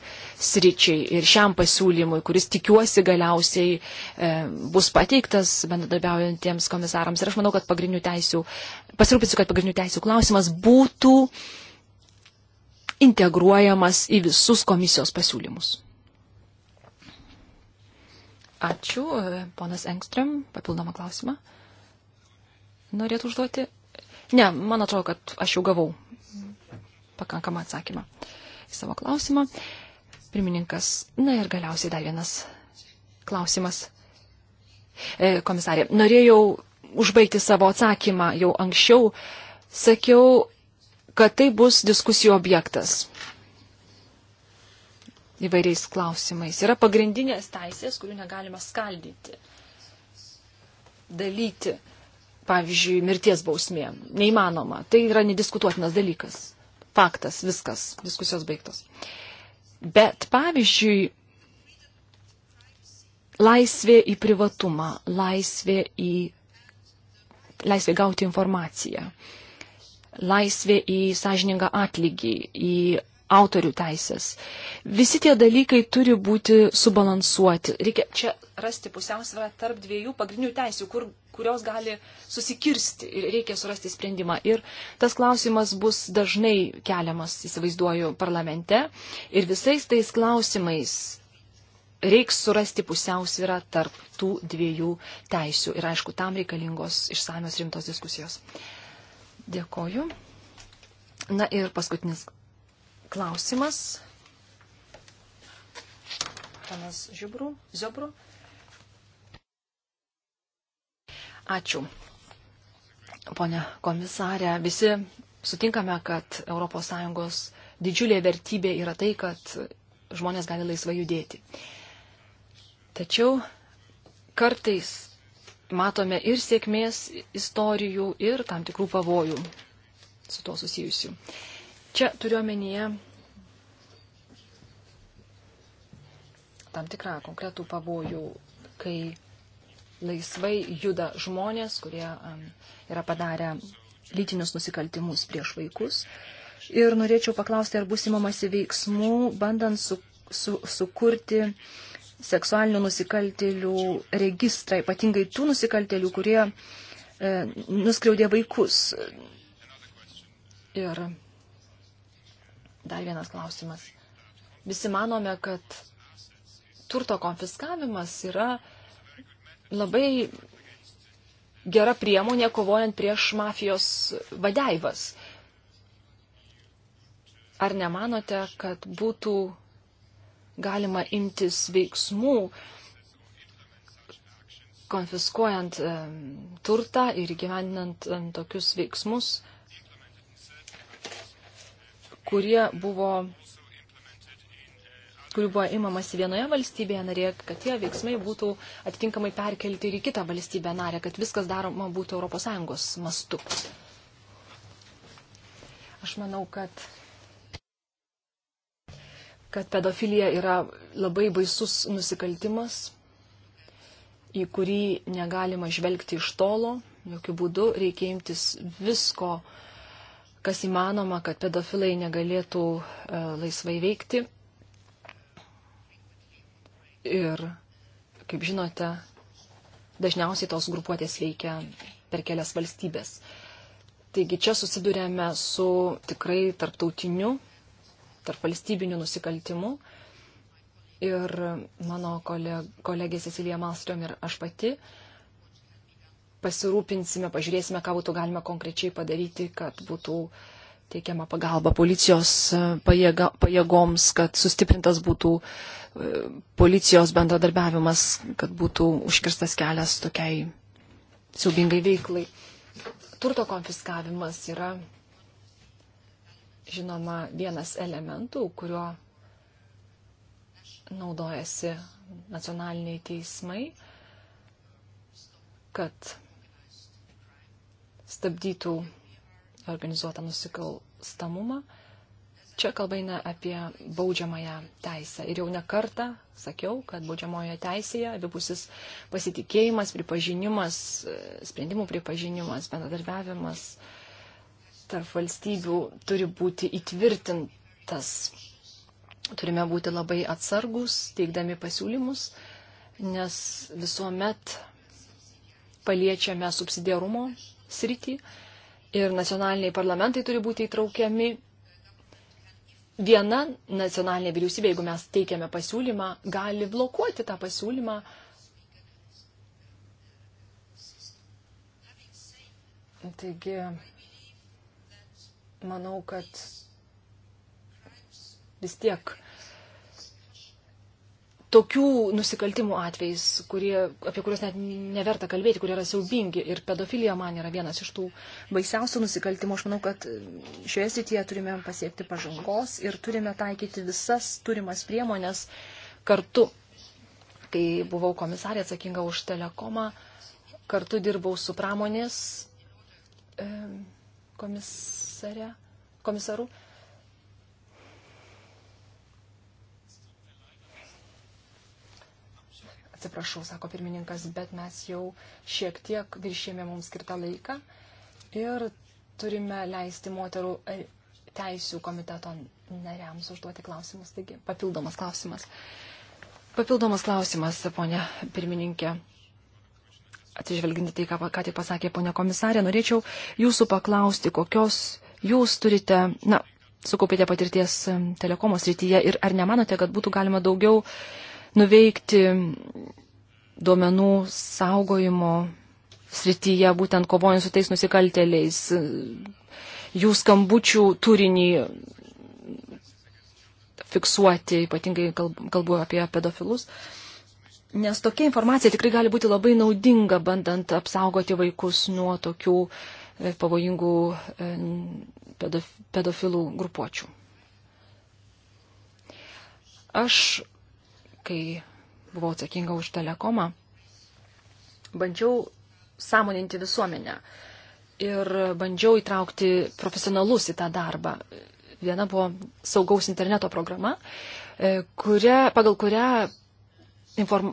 sričiai, ir šiam pasiūlymui, kuris tikiuosi galiausiai e, bus pateiktas bendradarbiaujantiems komisarams. Ir aš manau, kad pagrindinių teisių, pasirūpinsiu, kad pagrindinių teisių klausimas būtų integruojamas į visus komisijos pasiūlymus. Ačiū, ponas Engström, papildomą klausimą. Norėtų užduoti? Ne, man atrodo, kad aš jau gavau pakankamą atsakymą į savo klausimą. Pirmininkas, na ir galiausiai dar vienas klausimas. E, komisarė, norėjau užbaigti savo atsakymą jau anksčiau. Sakiau, kad tai bus diskusijų objektas įvairiais klausimais. Yra pagrindinės teisės, kurių negalima skaldyti, dalyti. Pavyzdžiui, mirties bausmė. Neįmanoma. Tai yra nediskutuotinas dalykas. Faktas, viskas. Diskusijos baigtos. Bet, pavyzdžiui, laisvė į privatumą, laisvė, į, laisvė gauti informaciją, laisvė į sąžiningą atlygį, į autorių teisės. Visi tie dalykai turi būti subalansuoti. Reikia čia rasti pusiausvę tarp dviejų pagrindinių teisių, kur, kurios gali susikirsti ir reikia surasti sprendimą. Ir tas klausimas bus dažnai keliamas, įsivaizduoju, parlamente. Ir visais tais klausimais reiks surasti pusiausvyrą tarp tų dviejų teisių. Ir aišku, tam reikalingos išsamios rimtos diskusijos. Dėkoju. Na ir paskutinis klausimas. Panas Žiubrų, Ziobrų. Ačiū. Pone komisarė, visi sutinkame, kad ES didžiulė vertybė yra tai, kad žmonės gali laisvai judėti. Tačiau kartais matome ir sėkmės istorijų, ir tam tikrų pavojų su tuo susijusių. Uh, Čia turiuomenyje tam tikrą konkretų pavojų, kai laisvai juda žmonės, kurie yra padarę lytinius nusikaltimus prieš vaikus. Ir norėčiau paklausti, ar bus įmamasi veiksmų, bandant su, su, sukurti seksualinių nusikaltėlių registrą, ypatingai tų nusikaltėlių, kurie e, nuskriaudė vaikus. Ir Dar vienas klausimas. Visi manome, kad turto konfiskavimas yra labai gera priemonė kovojant prieš mafijos vadeivas. Ar nemanote, kad būtų galima imtis veiksmų, konfiskuojant turtą ir gyvendinant tokius veiksmus, kurie buvo kurių buvo imamasi vienoje valstybėje narėje, kad tie veiksmai būtų atitinkamai perkelti ir į kitą valstybę narę, kad viskas daroma būtų ES mastu. Aš manau, kad, kad pedofilija yra labai baisus nusikaltimas, į kurį negalima žvelgti iš tolo, jokių būdų reikia imtis visko, uh, kas įmanoma, kad pedofilai negalėtų e, laisvai veikti. Ir, kaip žinote, dažniausiai tos grupuotės veikia per kelias valstybės. Taigi čia susidurėme su tikrai tarptautiniu, tarp valstybiniu nusikaltimu. Ir mano kolegė Cecilija Malstrom ir aš pati uh, pasirūpinsime, pažiūrėsime, ką būtų galima konkrečiai padaryti, kad būtų teikiama pagalba policijos e, pajėga, pajėgoms, kad sustiprintas būtų e, policijos bendradarbiavimas, kad būtų užkirstas kelias tokiai siaubingai veiklai. Turto konfiskavimas yra, žinoma, vienas elementų, kuriuo naudojasi nacionaliniai teismai, kad stabdytų organizuotą nusikalstamumą. Čia kalba eina apie baudžiamąją teisę. Ir jau nekartą sakiau, kad baudžiamojoje teisėje abipusis pasitikėjimas, pripažinimas, sprendimų pripažinimas, bendradarbiavimas tarp valstybių turi būti įtvirtintas. Turime būti labai atsargus, teikdami pasiūlymus, nes visuomet paliečiame subsidiarumo sritį ir nacionaliniai parlamentai turi būti įtraukiami. Viena nacionalinė vyriausybė, jeigu mes teikiame pasiūlymą, gali blokuoti tą pasiūlymą. Taigi, manau, kad vis tiek tokių nusikaltimų atvejais, kurie, apie kuriuos net neverta kalbėti, kurie yra siaubingi. Ir pedofilija man yra vienas iš tų baisiausių nusikaltimų. Aš manau, kad šioje srityje turime pasiekti pažangos ir turime taikyti visas turimas priemonės kartu. Kai buvau komisarė atsakinga už telekomą, kartu dirbau su pramonės komisarė, komisaru. Atsiprašau, sako pirmininkas, bet mes jau šiek tiek viršėmė mums skirtą laiką ir turime leisti moterų e, teisų komiteto nariams užduoti klausimus. Taigi, papildomas klausimas. Papildomas klausimas, ponia pirmininkė. Atsižvelginti tai, ką, ką tik pasakė ponia komisarė, norėčiau jūsų paklausti, kokios jūs turite, na, sukaupėte patirties e, telekomos rytyje ir ar nemanote, kad būtų galima daugiau uh, nuveikti duomenų saugojimo srityje, būtent kovojant su tais nusikalteliais, jų skambučių turinį fiksuoti, ypatingai kalbu apie pedofilus. Nes tokia informacija tikrai gali būti labai naudinga, bandant apsaugoti vaikus nuo tokių e, pavojingų e, pedofilų grupuočių. Aš kai buvau atsakinga už telekomą, bandžiau sąmoninti visuomenę ir bandžiau įtraukti profesionalus į tą darbą. Viena buvo saugaus interneto programa, e, kuria, pagal kurią inform,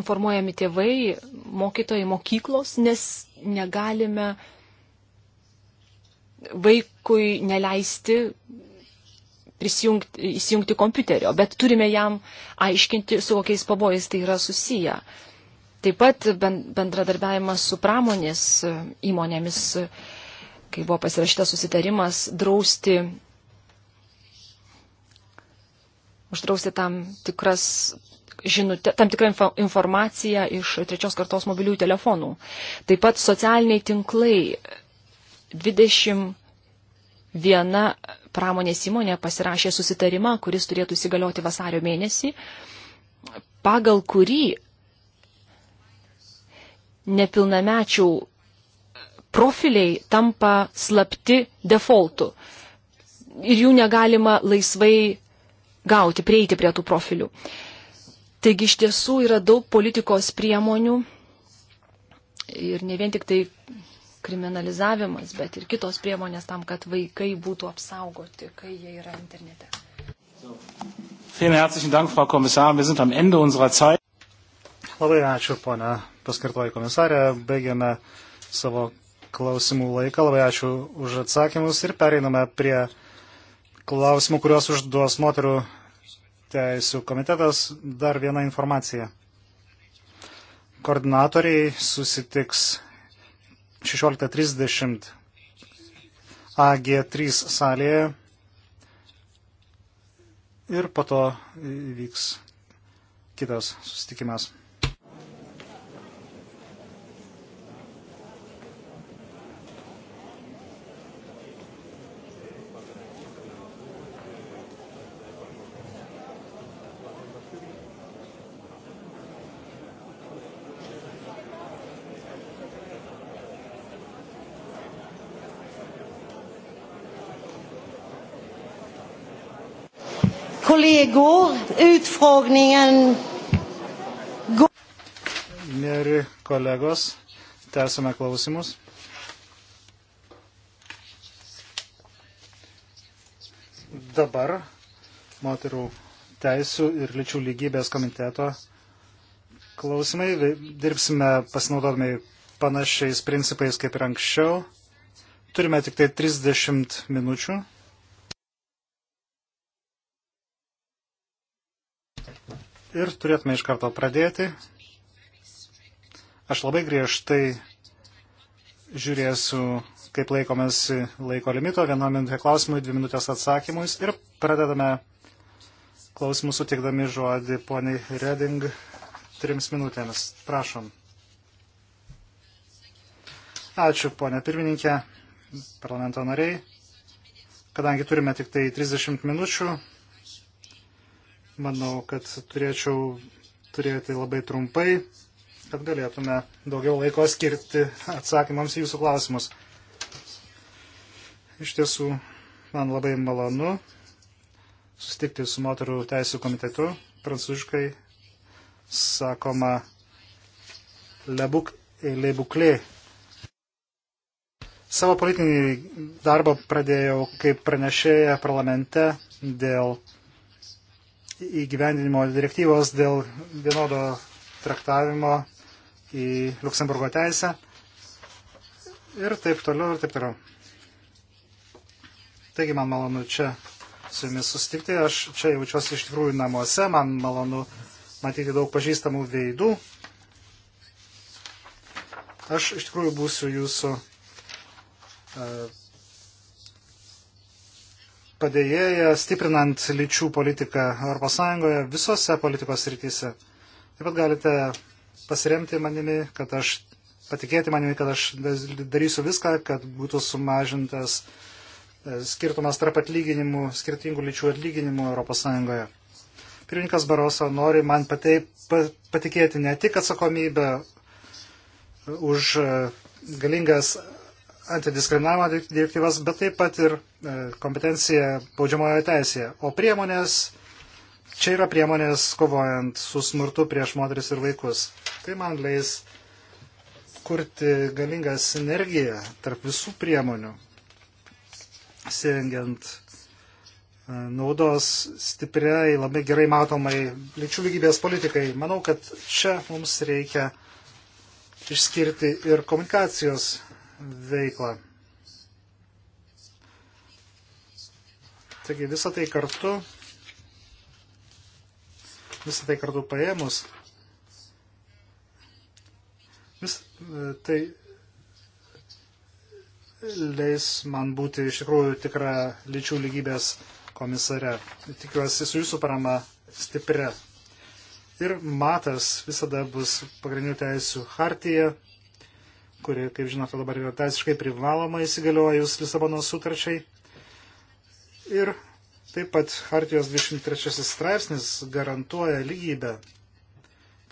informuojami tėvai, mokytojai, mokyklos, nes negalime vaikui neleisti prisijungti, įsijungti kompiuterio, bet turime jam aiškinti, su kokiais pavojais tai yra susiję. Taip pat bendradarbiavimas su pramonės įmonėmis, kai buvo pasirašytas susitarimas, drausti, uždrausti tam tikras žinutė, tam tikrą informaciją iš trečios kartos mobiliųjų telefonų. Taip pat socialiniai tinklai 20 viena pramonės įmonė pasirašė susitarimą, kuris turėtų įsigalioti vasario mėnesį, pagal kurį nepilnamečių profiliai tampa slapti defaultu ir jų negalima laisvai gauti, prieiti prie tų profilių. Taigi iš tiesų yra daug politikos priemonių ir ne vien tik tai kriminalizavimas, bet ir kitos priemonės tam, kad vaikai būtų apsaugoti, kai jie yra internete. Labai ačiū, ponia paskirtoji komisarė. Baigiame savo klausimų laiką. Labai ačiū už atsakymus ir pereiname prie klausimų, kuriuos užduos moterų teisų komitetas. Dar viena informacija koordinatoriai susitiks 16.30 AG3 salėje ir po to vyks kitas susitikimas. kollegor, utfrågningen går. Mėri kolegos, tęsime klausimus. Dabar moterų teisų ir lyčių lygybės komiteto klausimai. Dirbsime pasinaudodami panašiais principais kaip ir anksčiau. Turime tik tai 30 minučių ir turėtume iš karto pradėti. Aš labai griežtai žiūrėsiu, kaip laikomės laiko limito, vieną minutę klausimui, dvi minutės atsakymui ir pradedame klausimus sutikdami žodį poniai Reding trims minutėmis. Prašom. Ačiū, ponė pirmininkė, parlamento nariai. Kadangi turime tik tai 30 minučių, manau, kad turėčiau turėti labai trumpai, kad galėtume daugiau laiko skirti atsakymams į jūsų klausimus. Iš tiesų, man labai malonu susitikti su moterų teisų komitetu. Prancūziškai sakoma lebuk ir lebuklė. Savo politinį darbą pradėjau kaip pranešėja parlamente dėl įgyvendinimo direktyvos dėl vienodo traktavimo į Luksemburgo teisę ir taip toliau, ir taip toliau. Taigi man malonu čia su jumis susitikti, aš čia jaučiuosi iš tikrųjų namuose, man malonu matyti daug pažįstamų veidų. Aš iš tikrųjų būsiu jūsų uh, padėjėja stiprinant lyčių politiką ES visose politikos rytise. Taip pat galite pasiremti manimi, kad aš patikėti manimi, kad aš darysiu viską, kad būtų sumažintas e, skirtumas tarp atlyginimų, skirtingų lyčių atlyginimų ES. Pirmininkas Baroso nori man patei, pa, patikėti ne tik atsakomybę už e, galingas antidiskriminavimo direktyvas, bet taip pat ir e, kompetencija baudžiamojo teisėje. O priemonės, čia yra priemonės kovojant su smurtu prieš moteris ir vaikus. Tai man leis kurti galingą sinergiją tarp visų priemonių, siekiant e, naudos stipriai, labai gerai matomai lyčių lygybės politikai. Manau, kad čia mums reikia išskirti ir komunikacijos veiklą. Taigi visą tai kartu, visą tai kartu paėmus, vis, e, tai leis man būti iš tikrųjų tikra lyčių lygybės komisare. Tikiuosi su jūsų parama stipria. Ir matas visada bus pagrindinių teisų hartija, kuri, kaip žinote, dabar yra teisiškai privaloma įsigaliojus Lisabono sutarčiai. Ir taip pat Hartijos 23 straipsnis garantuoja lygybę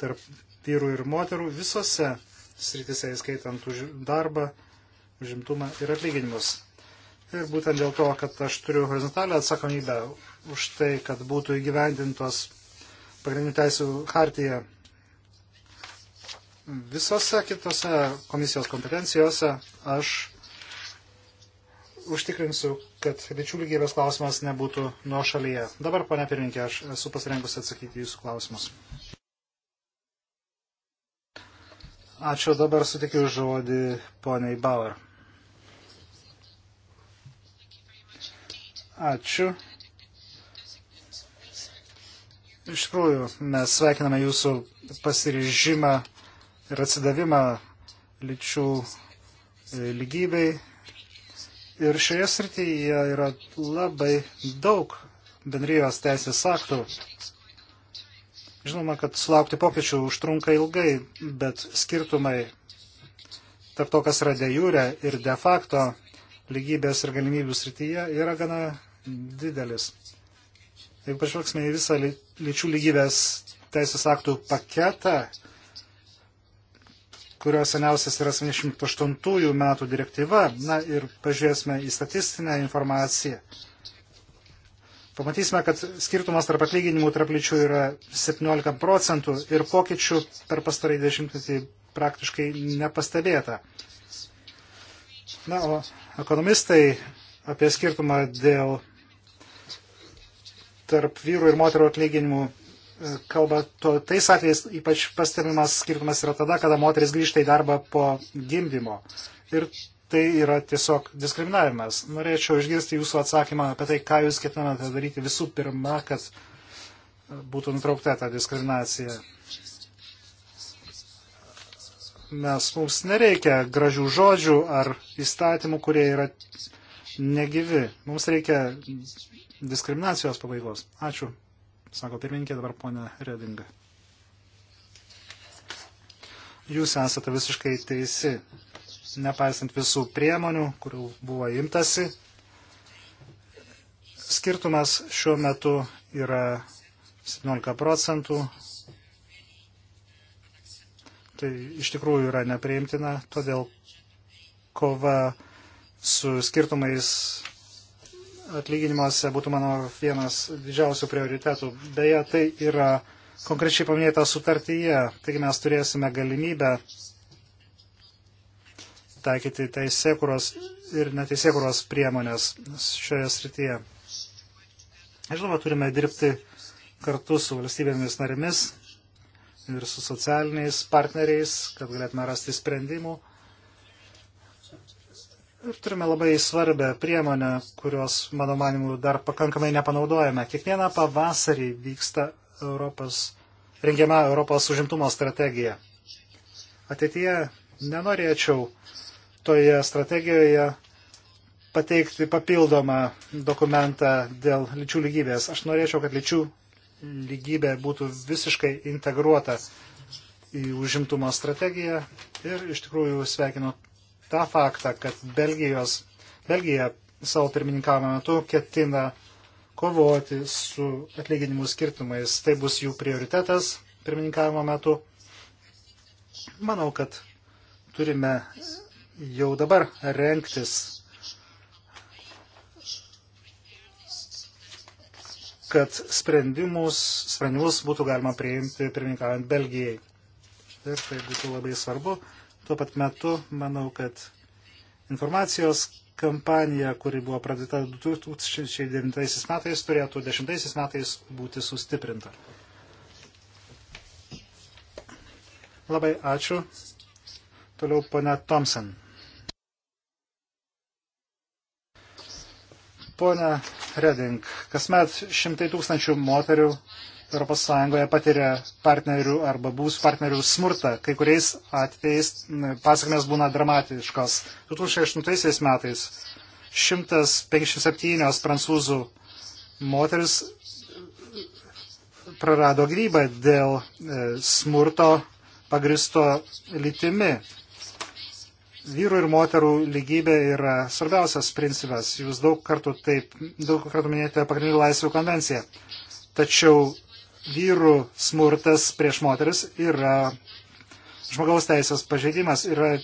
tarp vyrų ir moterų visose sritise, įskaitant už darbą, užimtumą ir atlyginimus. Ir būtent dėl to, kad aš turiu horizontalę atsakomybę už tai, kad būtų įgyvendintos pagrindinių teisų hartija Visose kitose komisijos kompetencijose aš užtikrinsiu, kad lyčių lygybės klausimas nebūtų nuo šalyje. Dabar, pane pirmininkė, aš esu pasirengusi atsakyti jūsų klausimus. Ačiū, dabar sutikiu žodį poniai Bauer. Ačiū. Iš tikrųjų, mes sveikiname jūsų pasiryžimą ir atsidavimą lyčių e, lygybei. Ir šioje srityje yra labai daug bendrijos teisės aktų. Žinoma, kad sulaukti pokyčių užtrunka ilgai, bet skirtumai tarp to, kas yra de jure ir de facto lygybės ir galimybių srityje, yra gana didelis. Jeigu pažvelgsime į visą lyčių lygybės teisės aktų paketą, kurio seniausias yra 78 metų direktyva. Na ir pažiūrėsime į statistinę informaciją. Pamatysime, kad skirtumas tarp atlyginimų tarp lyčių yra 17 procentų ir pokyčių per pastarąjį dešimtmetį praktiškai nepastebėta. Na, o ekonomistai apie skirtumą dėl tarp vyrų ir moterų atlyginimų kalba to, tais atvejais ypač pastebimas skirtumas yra tada, kada moteris grįžta į darbą po gimdymo. Ir tai yra tiesiog diskriminavimas. Norėčiau išgirsti jūsų atsakymą apie tai, ką jūs ketinate daryti visų pirma, kad būtų nutraukta ta diskriminacija. Nes mums nereikia gražių žodžių ar įstatymų, kurie yra negyvi. Mums reikia diskriminacijos pabaigos. Ačiū sako pirmininkė, dabar ponia Redinga. Jūs esate visiškai teisi, nepaisant visų priemonių, kurių buvo imtasi. Skirtumas šiuo metu yra 17 procentų. Tai iš tikrųjų yra nepriimtina, todėl kova su skirtumais atlyginimuose būtų mano vienas didžiausių prioritetų. Beje, tai yra konkrečiai paminėta sutartyje, taigi mes turėsime galimybę taikyti teisėkuros ir neteisėkuros priemonės šioje srityje. Žinoma, turime dirbti kartu su valstybėmis narimis ir su socialiniais partneriais, kad galėtume rasti sprendimų Ir turime labai svarbę priemonę, kurios, mano manimu, dar pakankamai nepanaudojame. Kiekvieną pavasarį vyksta Europos, rengiama Europos užimtumo strategija. Ateityje nenorėčiau toje strategijoje pateikti papildomą dokumentą dėl lyčių lygybės. Aš norėčiau, kad lyčių lygybė būtų visiškai integruota į užimtumo strategiją ir iš tikrųjų sveikinu tą faktą, kad Belgijos, Belgija savo pirmininkavimo metu ketina kovoti su atlyginimų skirtumais. Tai bus jų prioritetas pirmininkavimo metu. Manau, kad turime jau dabar renktis, kad sprendimus, sprendimus būtų galima priimti pirmininkaujant Belgijai. Ir tai būtų labai svarbu. Tuo pat metu manau, kad informacijos kampanija, kuri buvo pradėta 2009 metais, turėtų 2010 metais būti sustiprinta. Labai ačiū. Toliau ponia Thompson. Pone Reding, kasmet šimtai tūkstančių moterių ES patiria partnerių arba būsų partnerių smurtą. Kai kuriais atvejais pasakmės būna dramatiškos. 2008 metais 157 prancūzų moteris prarado grybą dėl e, smurto pagristo lytimi. Vyrų ir moterų lygybė yra svarbiausias principas. Jūs daug kartų taip, daug kartų minėjote pagrindinį laisvių konvenciją. Tačiau vyrų smurtas prieš moteris yra žmogaus teisės pažeidimas, yra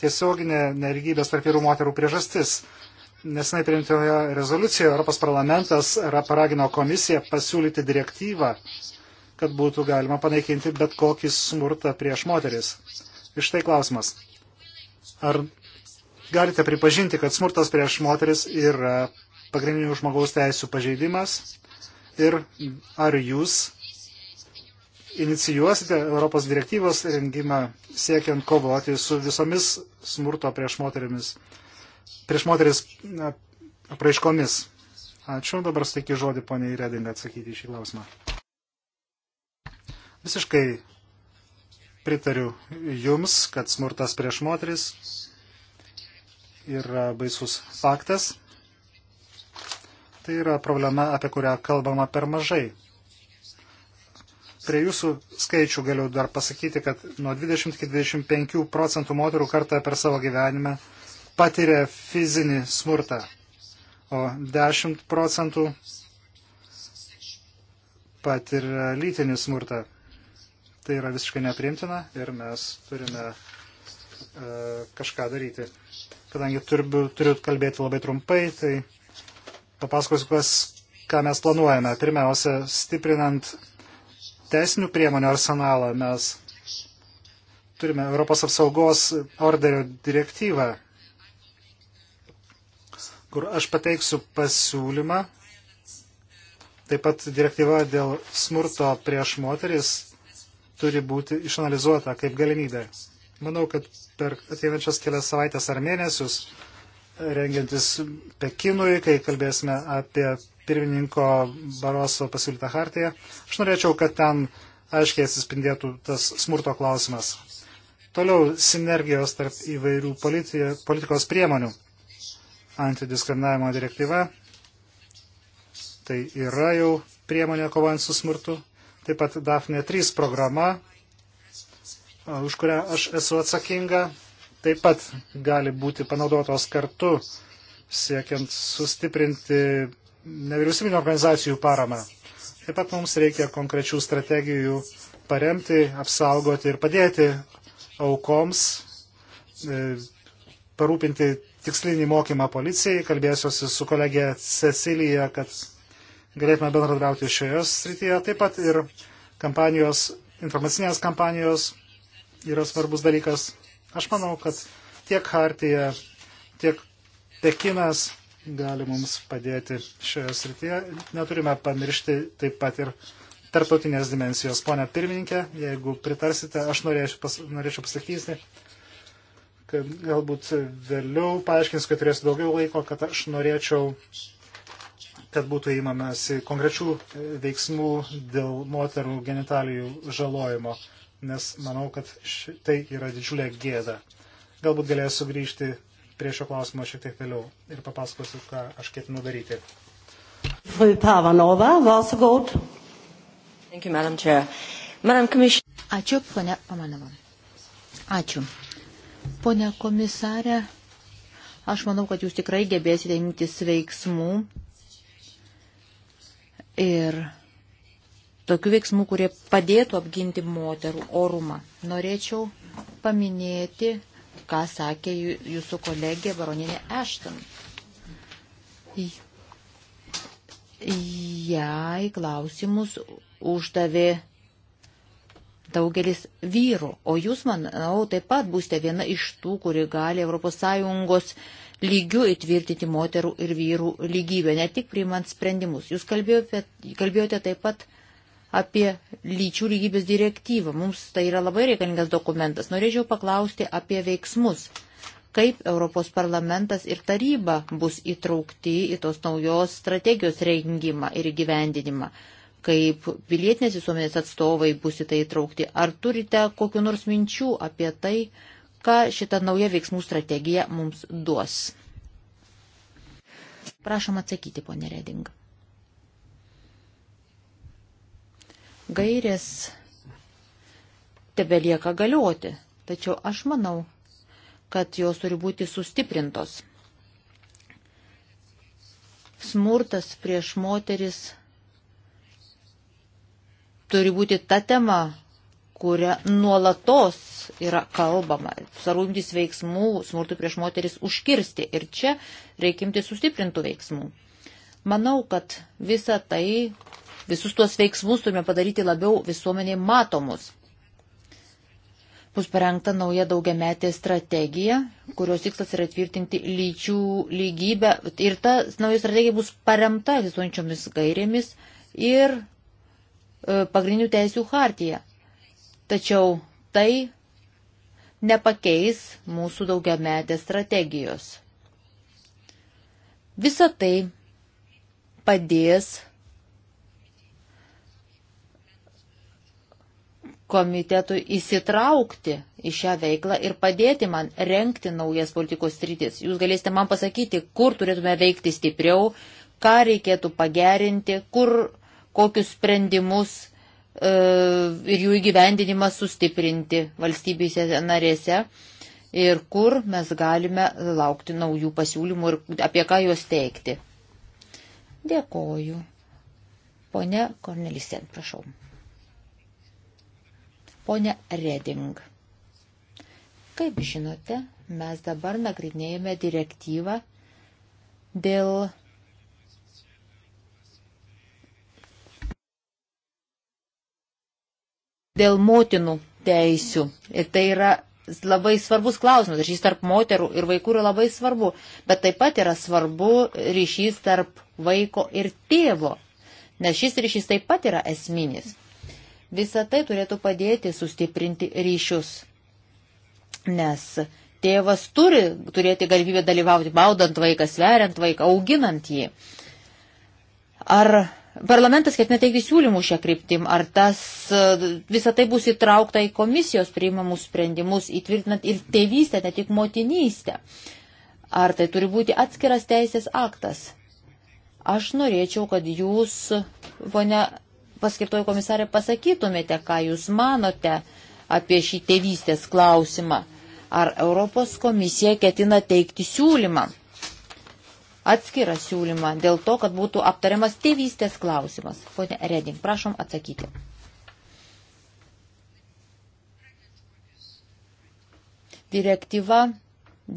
tiesioginė neligybės tarp vyrų moterų priežastis. Nesinai priimtoje rezoliucijoje Europos parlamentas paragino komisiją pasiūlyti direktyvą, kad būtų galima panaikinti bet kokį smurtą prieš moteris. Iš tai klausimas. Ar galite pripažinti, kad smurtas prieš moteris yra pagrindinių žmogaus teisų pažeidimas ir ar jūs inicijuosite Europos direktyvos rengimą siekiant kovoti su visomis smurto prieš moterimis, prieš moteris apraiškomis. Ačiū, dabar steikiu žodį poniai Redinga atsakyti į šį klausimą. Visiškai pritariu Jums, kad smurtas prieš moteris yra baisus faktas. Tai yra problema, apie kurią kalbama per mažai. Prie jūsų skaičių galiu dar pasakyti, kad nuo 20 iki 25 procentų moterų kartą per savo gyvenimą patiria fizinį smurtą, o 10 procentų patiria lytinį smurtą. Tai yra visiškai nepriimtina ir mes turime e, kažką daryti. Kadangi turiu, turiu kalbėti labai trumpai, tai papasakosiu, kas, ką mes planuojame. Pirmiausia, stiprinant teisinių priemonių arsenalą. Mes turime Europos apsaugos orderio direktyvą, kur aš pateiksiu pasiūlymą. Taip pat direktyva dėl smurto prieš moteris turi būti išanalizuota kaip galimybė. Manau, kad per ateinančias kelias savaitės ar mėnesius rengiantis Pekinui, kai kalbėsime apie pirmininko Baroso pasiūlytą hartiją. Aš norėčiau, kad ten aiškiai atsispindėtų tas smurto klausimas. Toliau sinergijos tarp įvairių politi politikos priemonių. Antidiskriminavimo direktyva. Tai yra jau priemonė kovojant su smurtu. Taip pat DAFNE 3 programa, už kurią aš esu atsakinga, taip pat gali būti panaudotos kartu siekiant sustiprinti nevyriausybinio organizacijų paramą. Taip pat mums reikia konkrečių strategijų paremti, apsaugoti ir padėti aukoms, e, parūpinti tikslinį mokymą policijai. Kalbėsiuosi su kolegė Cecilija, kad galėtume bendradarbiauti šioje srityje. Taip pat ir kampanijos, informacinės kampanijos yra svarbus dalykas. Aš manau, kad tiek Hartija, tiek Pekinas gali mums padėti šioje srityje. Neturime pamiršti taip pat ir tarptautinės dimensijos. Pone pirmininkė, jeigu pritarsite, aš norėčiau, pas, norėčiau pasakyti, kad galbūt vėliau paaiškins, kad turėsiu daugiau laiko, kad aš norėčiau, kad būtų įmamasi konkrečių veiksmų dėl moterų genitalijų žalojimo, nes manau, kad ši, tai yra didžiulė gėda. Galbūt galėsiu grįžti prie šio klausimo šiek tiek vėliau ir papasakosiu, ką aš ketinu daryti. Fru Pavanova, varsågod. Thank you, Madam Chair. Madam Commission. Ačiū, ponia Pamanova. Ačiū. Pone komisarė, aš manau, kad jūs tikrai gebėsite imtis veiksmų ir tokių veiksmų, kurie padėtų apginti moterų orumą. Norėčiau paminėti ką sakė jūsų kolegė baroninė Ešton. Jai klausimus uždavė daugelis vyrų, o jūs, manau, taip pat būsite viena iš tų, kuri gali ES lygių įtvirtinti moterų ir vyrų lygybę, ne tik priimant sprendimus. Jūs kalbėjote, kalbėjote taip pat apie lyčių lygybės direktyvą. Mums tai yra labai reikalingas dokumentas. Norėčiau paklausti apie veiksmus. Kaip Europos parlamentas ir taryba bus įtraukti į tos naujos strategijos rengimą ir įgyvendinimą? Kaip pilietinės visuomenės atstovai bus į tai įtraukti? Ar turite kokiu nors minčių apie tai, ką šita nauja veiksmų strategija mums duos? Prašom atsakyti, ponė Redinga. gairės tebelieka galioti, tačiau aš manau, kad jos turi būti sustiprintos. Smurtas prieš moteris turi būti ta tema, kuria nuolatos yra kalbama, sarūmtis veiksmų smurtų prieš moteris užkirsti ir čia reikimti sustiprintų veiksmų. Manau, kad visa tai Visus tuos veiksmus turime padaryti labiau visuomeniai matomus. Bus parengta nauja daugiametė strategija, kurios tikslas yra tvirtinti lyčių lygybę. Ir ta nauja strategija bus paremta visuojančiomis gairėmis ir e, pagrindinių teisių hartija. Tačiau tai nepakeis mūsų daugiametės strategijos. Visa tai padės komitetui įsitraukti į šią veiklą ir padėti man renkti naujas politikos rytis. Jūs galėsite man pasakyti, kur turėtume veikti stipriau, ką reikėtų pagerinti, kur kokius sprendimus e, ir jų įgyvendinimą sustiprinti valstybėse narėse ir kur mes galime laukti naujų pasiūlymų ir apie ką juos teikti. Dėkoju. Pone Kornelisien, prašau. Pone Reding, kaip žinote, mes dabar nagrinėjame direktyvą dėl dėl motinų teisių. Ir tai yra labai svarbus klausimas. Ryšys tarp moterų ir vaikų yra labai svarbu. Bet taip pat yra svarbu ryšys tarp vaiko ir tėvo. Nes šis ryšys taip pat yra esminis. Visa tai turėtų padėti sustiprinti ryšius, nes tėvas turi turėti galimybę dalyvauti, baudant vaiką, sveriant vaiką, auginant jį. Ar parlamentas ketina teikti siūlymų šią kryptim, ar tas visą tai bus įtraukta į komisijos priimamus sprendimus, įtvirtinant ir tėvystę, ne tik motinystę? Ar tai turi būti atskiras teisės aktas? Aš norėčiau, kad jūs, ponia paskirtoji komisarė, pasakytumėte, ką jūs manote apie šį tėvystės klausimą. Ar Europos komisija ketina teikti siūlymą? Atskirą siūlymą dėl to, kad būtų aptariamas tėvystės klausimas. Pone Reding, prašom atsakyti. Direktyva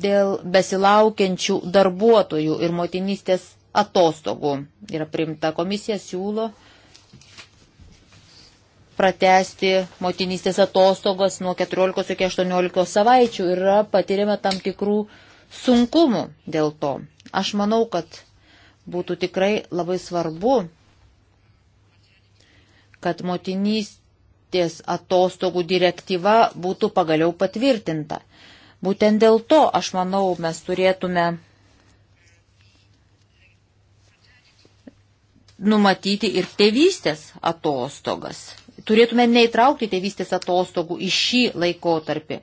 dėl besilaukiančių darbuotojų ir motinystės atostogų yra primta. Komisija siūlo pratesti motinystės atostogas nuo 14 iki 18 savaičių ir patiriame tam tikrų sunkumų dėl to. Aš manau, kad būtų tikrai labai svarbu, kad motinystės atostogų direktyva būtų pagaliau patvirtinta. Būtent dėl to, aš manau, mes turėtume numatyti ir tėvystės atostogas turėtume neįtraukti tėvystės atostogų į šį laikotarpį.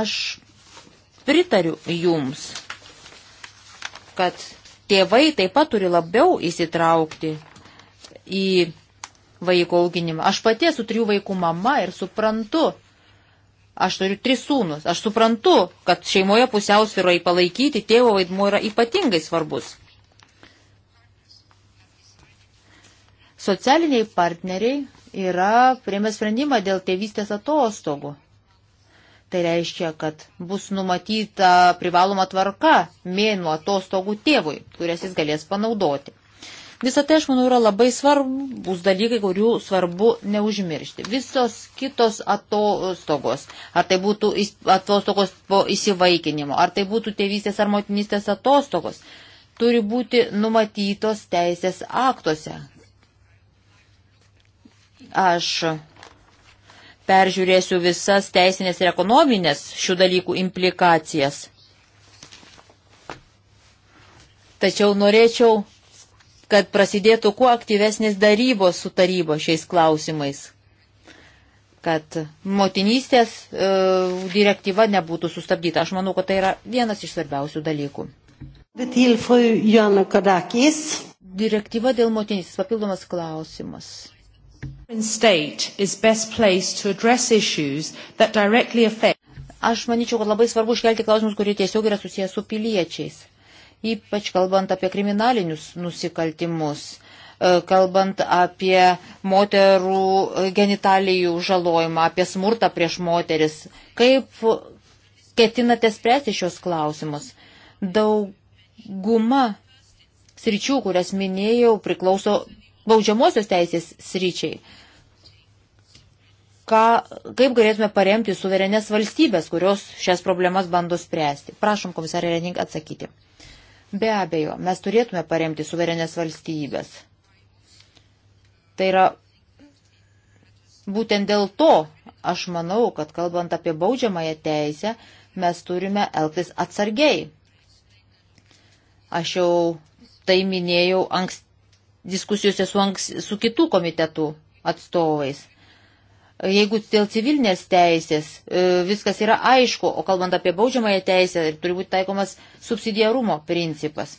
Aš pritariu jums, kad tėvai taip pat turi labiau įsitraukti į vaiko auginimą. Aš pati esu trijų vaikų mama ir suprantu, aš turiu tris sūnus, aš suprantu, kad šeimoje pusiausvyroje palaikyti tėvo vaidmuo yra ypatingai svarbus. Socialiniai partneriai yra priėmę sprendimą dėl tėvystės atostogų. Tai reiškia, kad bus numatyta privaloma tvarka mėnų atostogų tėvui, kurias jis galės panaudoti. Visą tai, aš manau, yra labai svarbus dalykai, kurių svarbu neužmiršti. Visos kitos atostogos, ar tai būtų atostogos po įsivaikinimo, ar tai būtų tėvystės ar motinystės atostogos, turi būti numatytos teisės aktuose, Aš peržiūrėsiu visas teisinės ir ekonominės šių dalykų implikacijas. Tačiau norėčiau, kad prasidėtų kuo aktyvesnės darybos su taryba šiais klausimais, kad motinystės e, direktyva nebūtų sustabdyta. Aš manau, kad tai yra vienas iš svarbiausių dalykų. Direktyva dėl motinystės papildomas klausimas. Aš manyčiau, kad labai svarbu iškelti klausimus, kurie tiesiog yra susijęs su piliečiais, ypač kalbant apie kriminalinius nusikaltimus e, kalbant apie moterų genitalijų žalojimą, apie smurtą prieš moteris. Kaip ketinate spręsti šios klausimus? Dauguma sričių, kurias minėjau, priklauso baudžiamosios teisės sryčiai. Ką, kaip galėtume paremti suverenės valstybės, kurios šias problemas bando spręsti? Prašom, komisarė Renink, atsakyti. Be abejo, mes turėtume paremti suverenės valstybės. Tai yra būtent dėl to, aš manau, kad kalbant apie baudžiamąją teisę, mes turime elgtis atsargiai. Aš jau tai minėjau ankst, diskusijose su, anks, su kitų komitetų atstovais. Jeigu dėl civilinės teisės e, viskas yra aišku, o kalbant apie baudžiamąją teisę, turi būti taikomas subsidiarumo principas.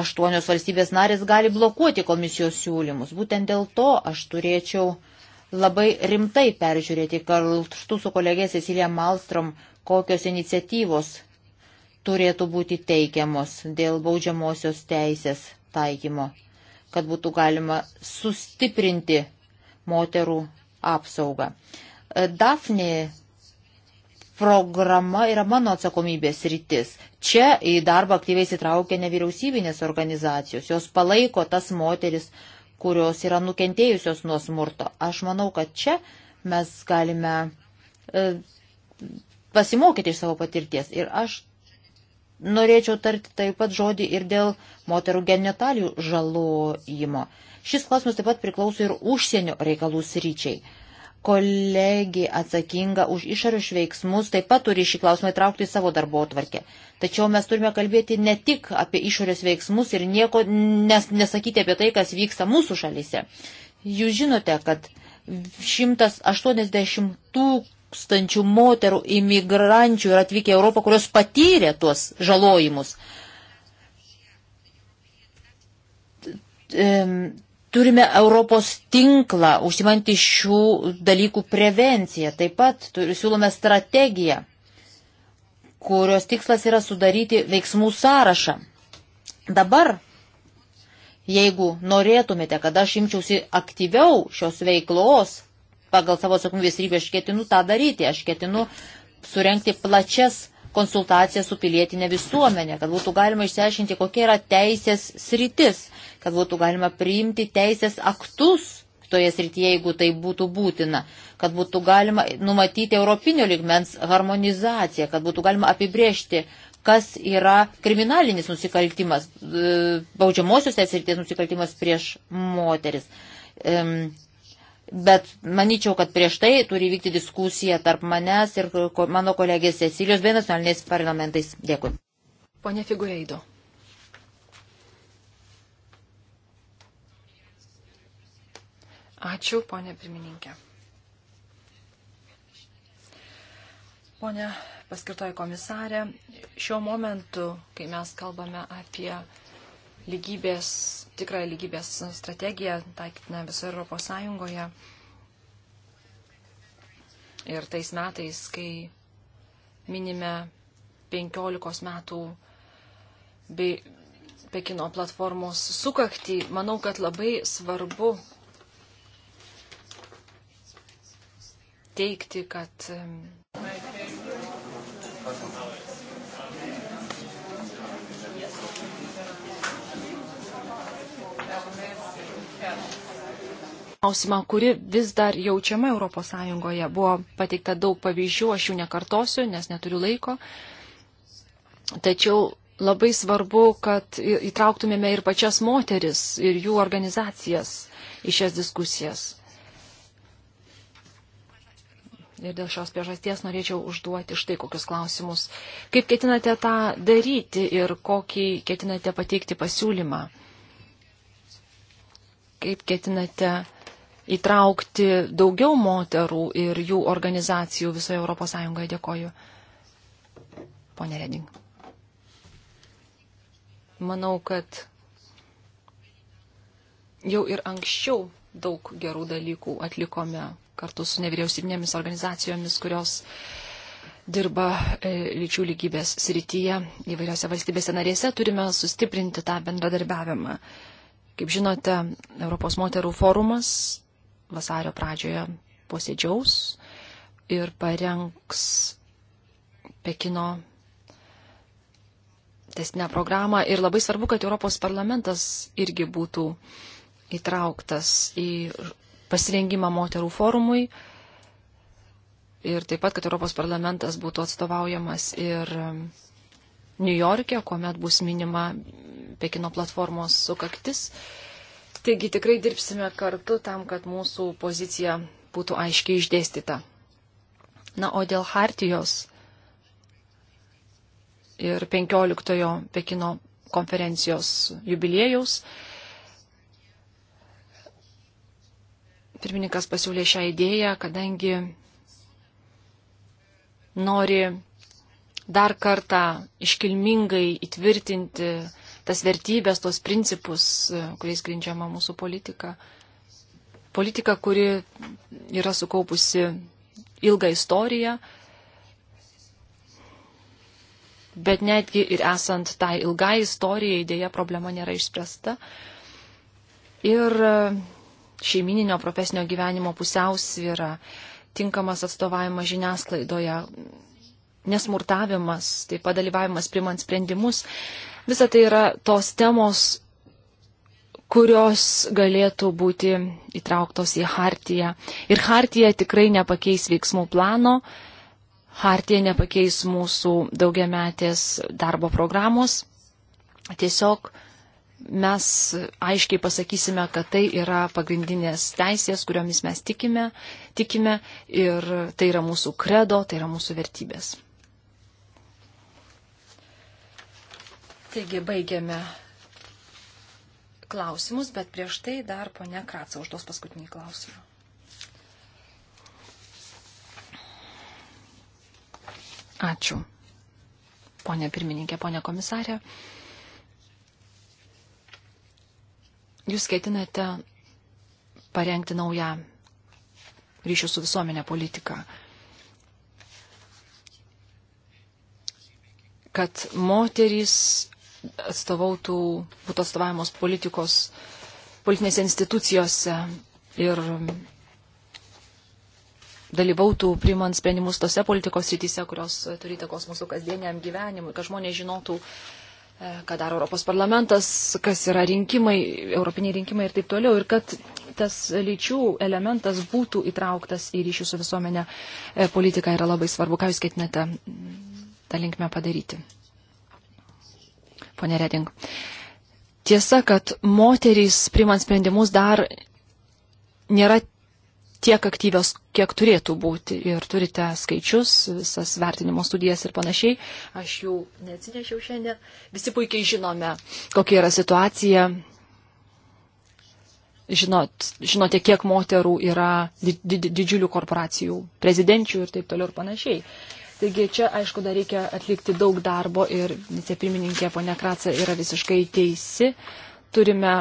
Aštuonios valstybės narės gali blokuoti komisijos siūlymus. Būtent dėl to aš turėčiau labai rimtai peržiūrėti kartu su kolegė Cecilija Malstrom, kokios iniciatyvos turėtų būti teikiamos dėl baudžiamosios teisės taikymo, kad būtų galima sustiprinti moterų apsaugą. Dafnė programa yra mano atsakomybės rytis. Čia į darbą aktyviai įsitraukia nevyriausybinės organizacijos, jos palaiko tas moteris, kurios yra nukentėjusios nuo smurto. Aš manau, kad čia mes galime e, pasimokyti iš savo patirties. Ir aš norėčiau tarti taip pat žodį ir dėl moterų genitalių žalojimo. Šis klausimas taip pat priklauso ir užsienio reikalų sryčiai. Kolegija atsakinga už išorius veiksmus taip pat turi šį klausimą įtraukti į savo darbo atvarkę. Tačiau mes turime kalbėti ne tik apie išorės veiksmus ir nieko nes, nesakyti apie tai, kas vyksta mūsų šalyse. Jūs žinote, kad 180 tūkstančių tūkstančių moterų imigrančių yra atvykę į Europą, kurios patyrė tuos žalojimus. Turime Europos tinklą užsimantį šių dalykų prevenciją. Taip pat turi, siūlome strategiją, kurios tikslas yra sudaryti veiksmų sąrašą. Dabar Jeigu norėtumėte, kad aš imčiausi aktyviau šios veiklos, pagal savo atsakomybės rybę aš ketinu tą daryti, aš ketinu surenkti plačias konsultacijas su pilietinė visuomenė, kad būtų galima išsiaiškinti, kokia yra teisės sritis, kad būtų galima priimti teisės aktus toje srityje, jeigu tai būtų būtina, kad būtų galima numatyti europinio ligmens harmonizaciją, kad būtų galima apibriežti, kas yra kriminalinis nusikaltimas, e, baudžiamosios teisės ryties nusikaltimas prieš moteris. Bet manyčiau, kad prieš tai turi vykti diskusija tarp manęs ir mano kolegės Cecilijos bei nacionaliniais parlamentais. Dėkui. Pone Figureido. Ačiū, ponė pirmininkė. Pone paskirtoji komisarė, šiuo momentu, kai mes kalbame apie lygybės, tikrą lygybės strategiją taikytiną visoje Europos Sąjungoje. Ir tais metais, kai minime 15 metų bei Pekino platformos sukaktį, manau, kad labai svarbu teikti, kad klausimą, kuri vis dar jaučiama ES. Buvo pateikta daug pavyzdžių, aš jų nekartosiu, nes neturiu laiko. Tačiau labai svarbu, kad įtrauktumėme ir pačias moteris, ir jų organizacijas į šias diskusijas. Ir dėl šios priežasties norėčiau užduoti štai kokius klausimus. Kaip ketinate tą daryti ir kokį ketinate pateikti pasiūlymą? Kaip ketinate įtraukti daugiau moterų ir jų organizacijų visoje ES. Dėkoju. Pone Reding. Manau, kad jau ir anksčiau daug gerų dalykų atlikome kartu su nevyriausybinėmis organizacijomis, kurios dirba e, lyčių lygybės srityje įvairiose valstybėse narėse, turime sustiprinti tą bendradarbiavimą. Kaip žinote, Europos moterų forumas vasario pradžioje posėdžiaus ir parengs Pekino testinę programą. Ir labai svarbu, kad Europos parlamentas irgi būtų įtrauktas į pasirengimą moterų forumui. Ir taip pat, kad Europos parlamentas būtų atstovaujamas ir Niujorke, kuomet bus minima Pekino platformos sukaktis. Taigi tikrai dirbsime kartu tam, kad mūsų pozicija būtų aiškiai išdėstyta. Na, o dėl Hartijos ir 15-ojo Pekino konferencijos jubiliejaus. Pirmininkas pasiūlė šią idėją, kadangi nori dar kartą iškilmingai įtvirtinti tas vertybės, tos principus, e, kuriais grindžiama mūsų politika. Politika, kuri yra sukaupusi ilgą istoriją, bet netgi ir esant tai ilgai istorijai, dėja problema nėra išspręsta. Ir e, šeimininio profesinio gyvenimo pusiausvyra, tinkamas atstovavimas žiniasklaidoje, nesmurtavimas, taip padalyvavimas primant sprendimus. Visa tai yra tos temos, kurios galėtų būti įtrauktos į Hartiją. Ir Hartija tikrai nepakeis veiksmų plano, Hartija nepakeis mūsų daugiametės darbo programos. Tiesiog mes aiškiai pasakysime, kad tai yra pagrindinės teisės, kuriomis mes tikime, tikime ir tai yra mūsų kredo, tai yra mūsų vertybės. Taigi baigiame klausimus, bet prieš tai dar ponia Kratsa užduos paskutinį klausimą. Ačiū. Pone pirmininkė, pone komisarė, jūs ketinate parengti naują ryšių su visuomenė politiką, kad moterys atstovautų, būtų atstovavimas politikos, politinėse institucijose ir dalyvautų priimant sprendimus tose politikos rytise, kurios turi įtakos mūsų kasdieniam gyvenimui, kad žmonės žinotų, e, ką daro Europos parlamentas, kas yra rinkimai, europiniai rinkimai ir taip toliau. Ir kad tas lyčių elementas būtų įtrauktas į ryšių su visuomenė e, politiką yra labai svarbu. Ką jūs ketinate tą linkmę padaryti? ponė Reding. Tiesa, kad moterys, primant sprendimus, dar nėra tiek aktyvios, kiek turėtų būti. Ir turite skaičius, visas vertinimo studijas ir panašiai. Aš jų neatsinešiau šiandien. Visi puikiai žinome, kokia yra situacija. Žinot, žinote, kiek moterų yra didžiulių korporacijų, prezidenčių ir taip toliau ir panašiai. Taigi čia, aišku, dar reikia atlikti daug darbo ir vicepirmininkė ponia Kratsa yra visiškai teisi. Turime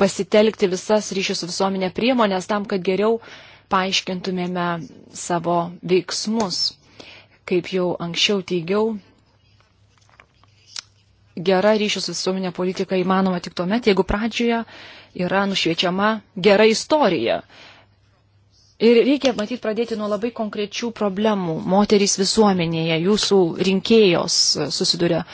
pasitelkti visas ryšių su visuomenė priemonės tam, kad geriau paaiškintumėme savo veiksmus. Kaip jau anksčiau teigiau, gera ryšių su visuomenė politika įmanoma tik tuomet, jeigu pradžioje yra nušviečiama gera istorija. Ir reikia, matyt, pradėti nuo labai konkrečių problemų. Moterys visuomenėje, jūsų rinkėjos susiduria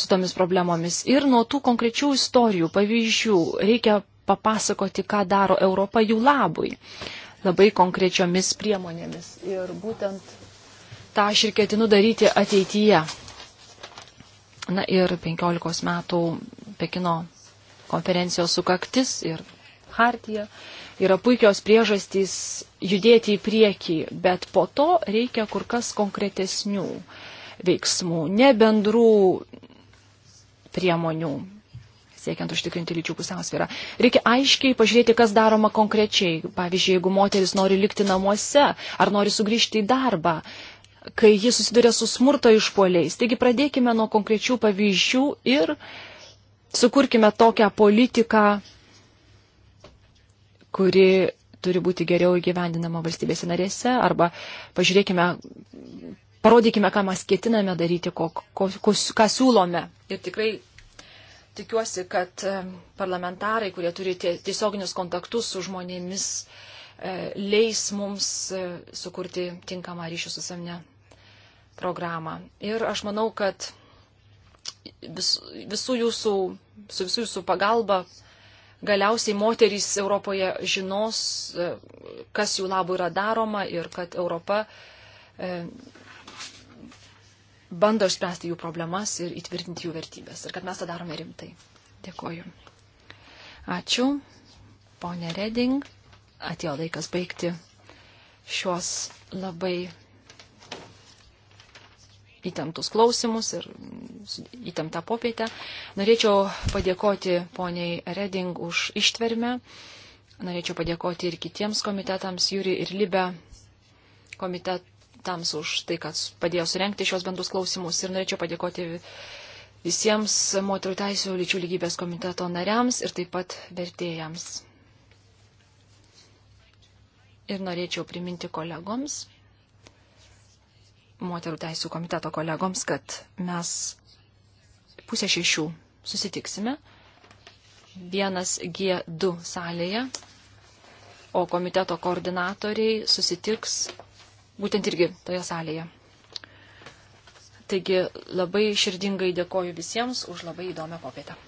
su tomis problemomis. Ir nuo tų konkrečių istorijų, pavyzdžių, reikia papasakoti, ką daro Europa jų labui. Labai konkrečiomis priemonėmis. Ir būtent tą aš ir ketinu daryti ateityje. Na ir 15 metų Pekino konferencijos sukaktis ir Hartija yra puikios priežastys judėti į priekį, bet po to reikia kur kas konkretesnių veiksmų, ne bendrų priemonių siekiant užtikrinti lyčių pusiausvyrą. Reikia aiškiai pažiūrėti, kas daroma konkrečiai. Pavyzdžiui, jeigu moteris nori likti namuose ar nori sugrįžti į darbą, kai ji susiduria su smurto išpoliais. Taigi pradėkime nuo konkrečių pavyzdžių ir sukurkime tokią politiką, kuri turi būti geriau įgyvendinama valstybėse narėse, arba pažiūrėkime, parodykime, ką mes ketiname daryti, ko, ko, ko, ką siūlome. Ir tikrai tikiuosi, kad e, parlamentarai, kurie turi tiesioginius kontaktus su žmonėmis, e, leis mums e, sukurti tinkamą ryšių su savne programą. Ir aš manau, kad vis, visų jūsų, su visų jūsų pagalba, uh, galiausiai moterys Europoje žinos, e, kas jų labų yra daroma ir kad Europa e, bando išspręsti jų problemas ir įtvirtinti jų vertybės ir kad mes tą darome rimtai. Dėkoju. Ačiū, ponė Reding. Atėjo laikas baigti šios labai įtemptus klausimus ir įtemptą popietę. Norėčiau padėkoti poniai Reding už ištvermę. Norėčiau padėkoti ir kitiems komitetams, Jūri ir Libe komitetams už tai, kad padėjo surenkti šios bendrus klausimus. Ir norėčiau padėkoti visiems moterų teisų lyčių lygybės komiteto nariams ir taip pat vertėjams. Ir norėčiau priminti kolegoms moterų teisų komiteto kolegoms, kad mes pusę šešių susitiksime 1G2 salėje, o komiteto koordinatoriai susitiks būtent irgi toje salėje. Taigi labai širdingai dėkoju visiems už labai įdomią popietę.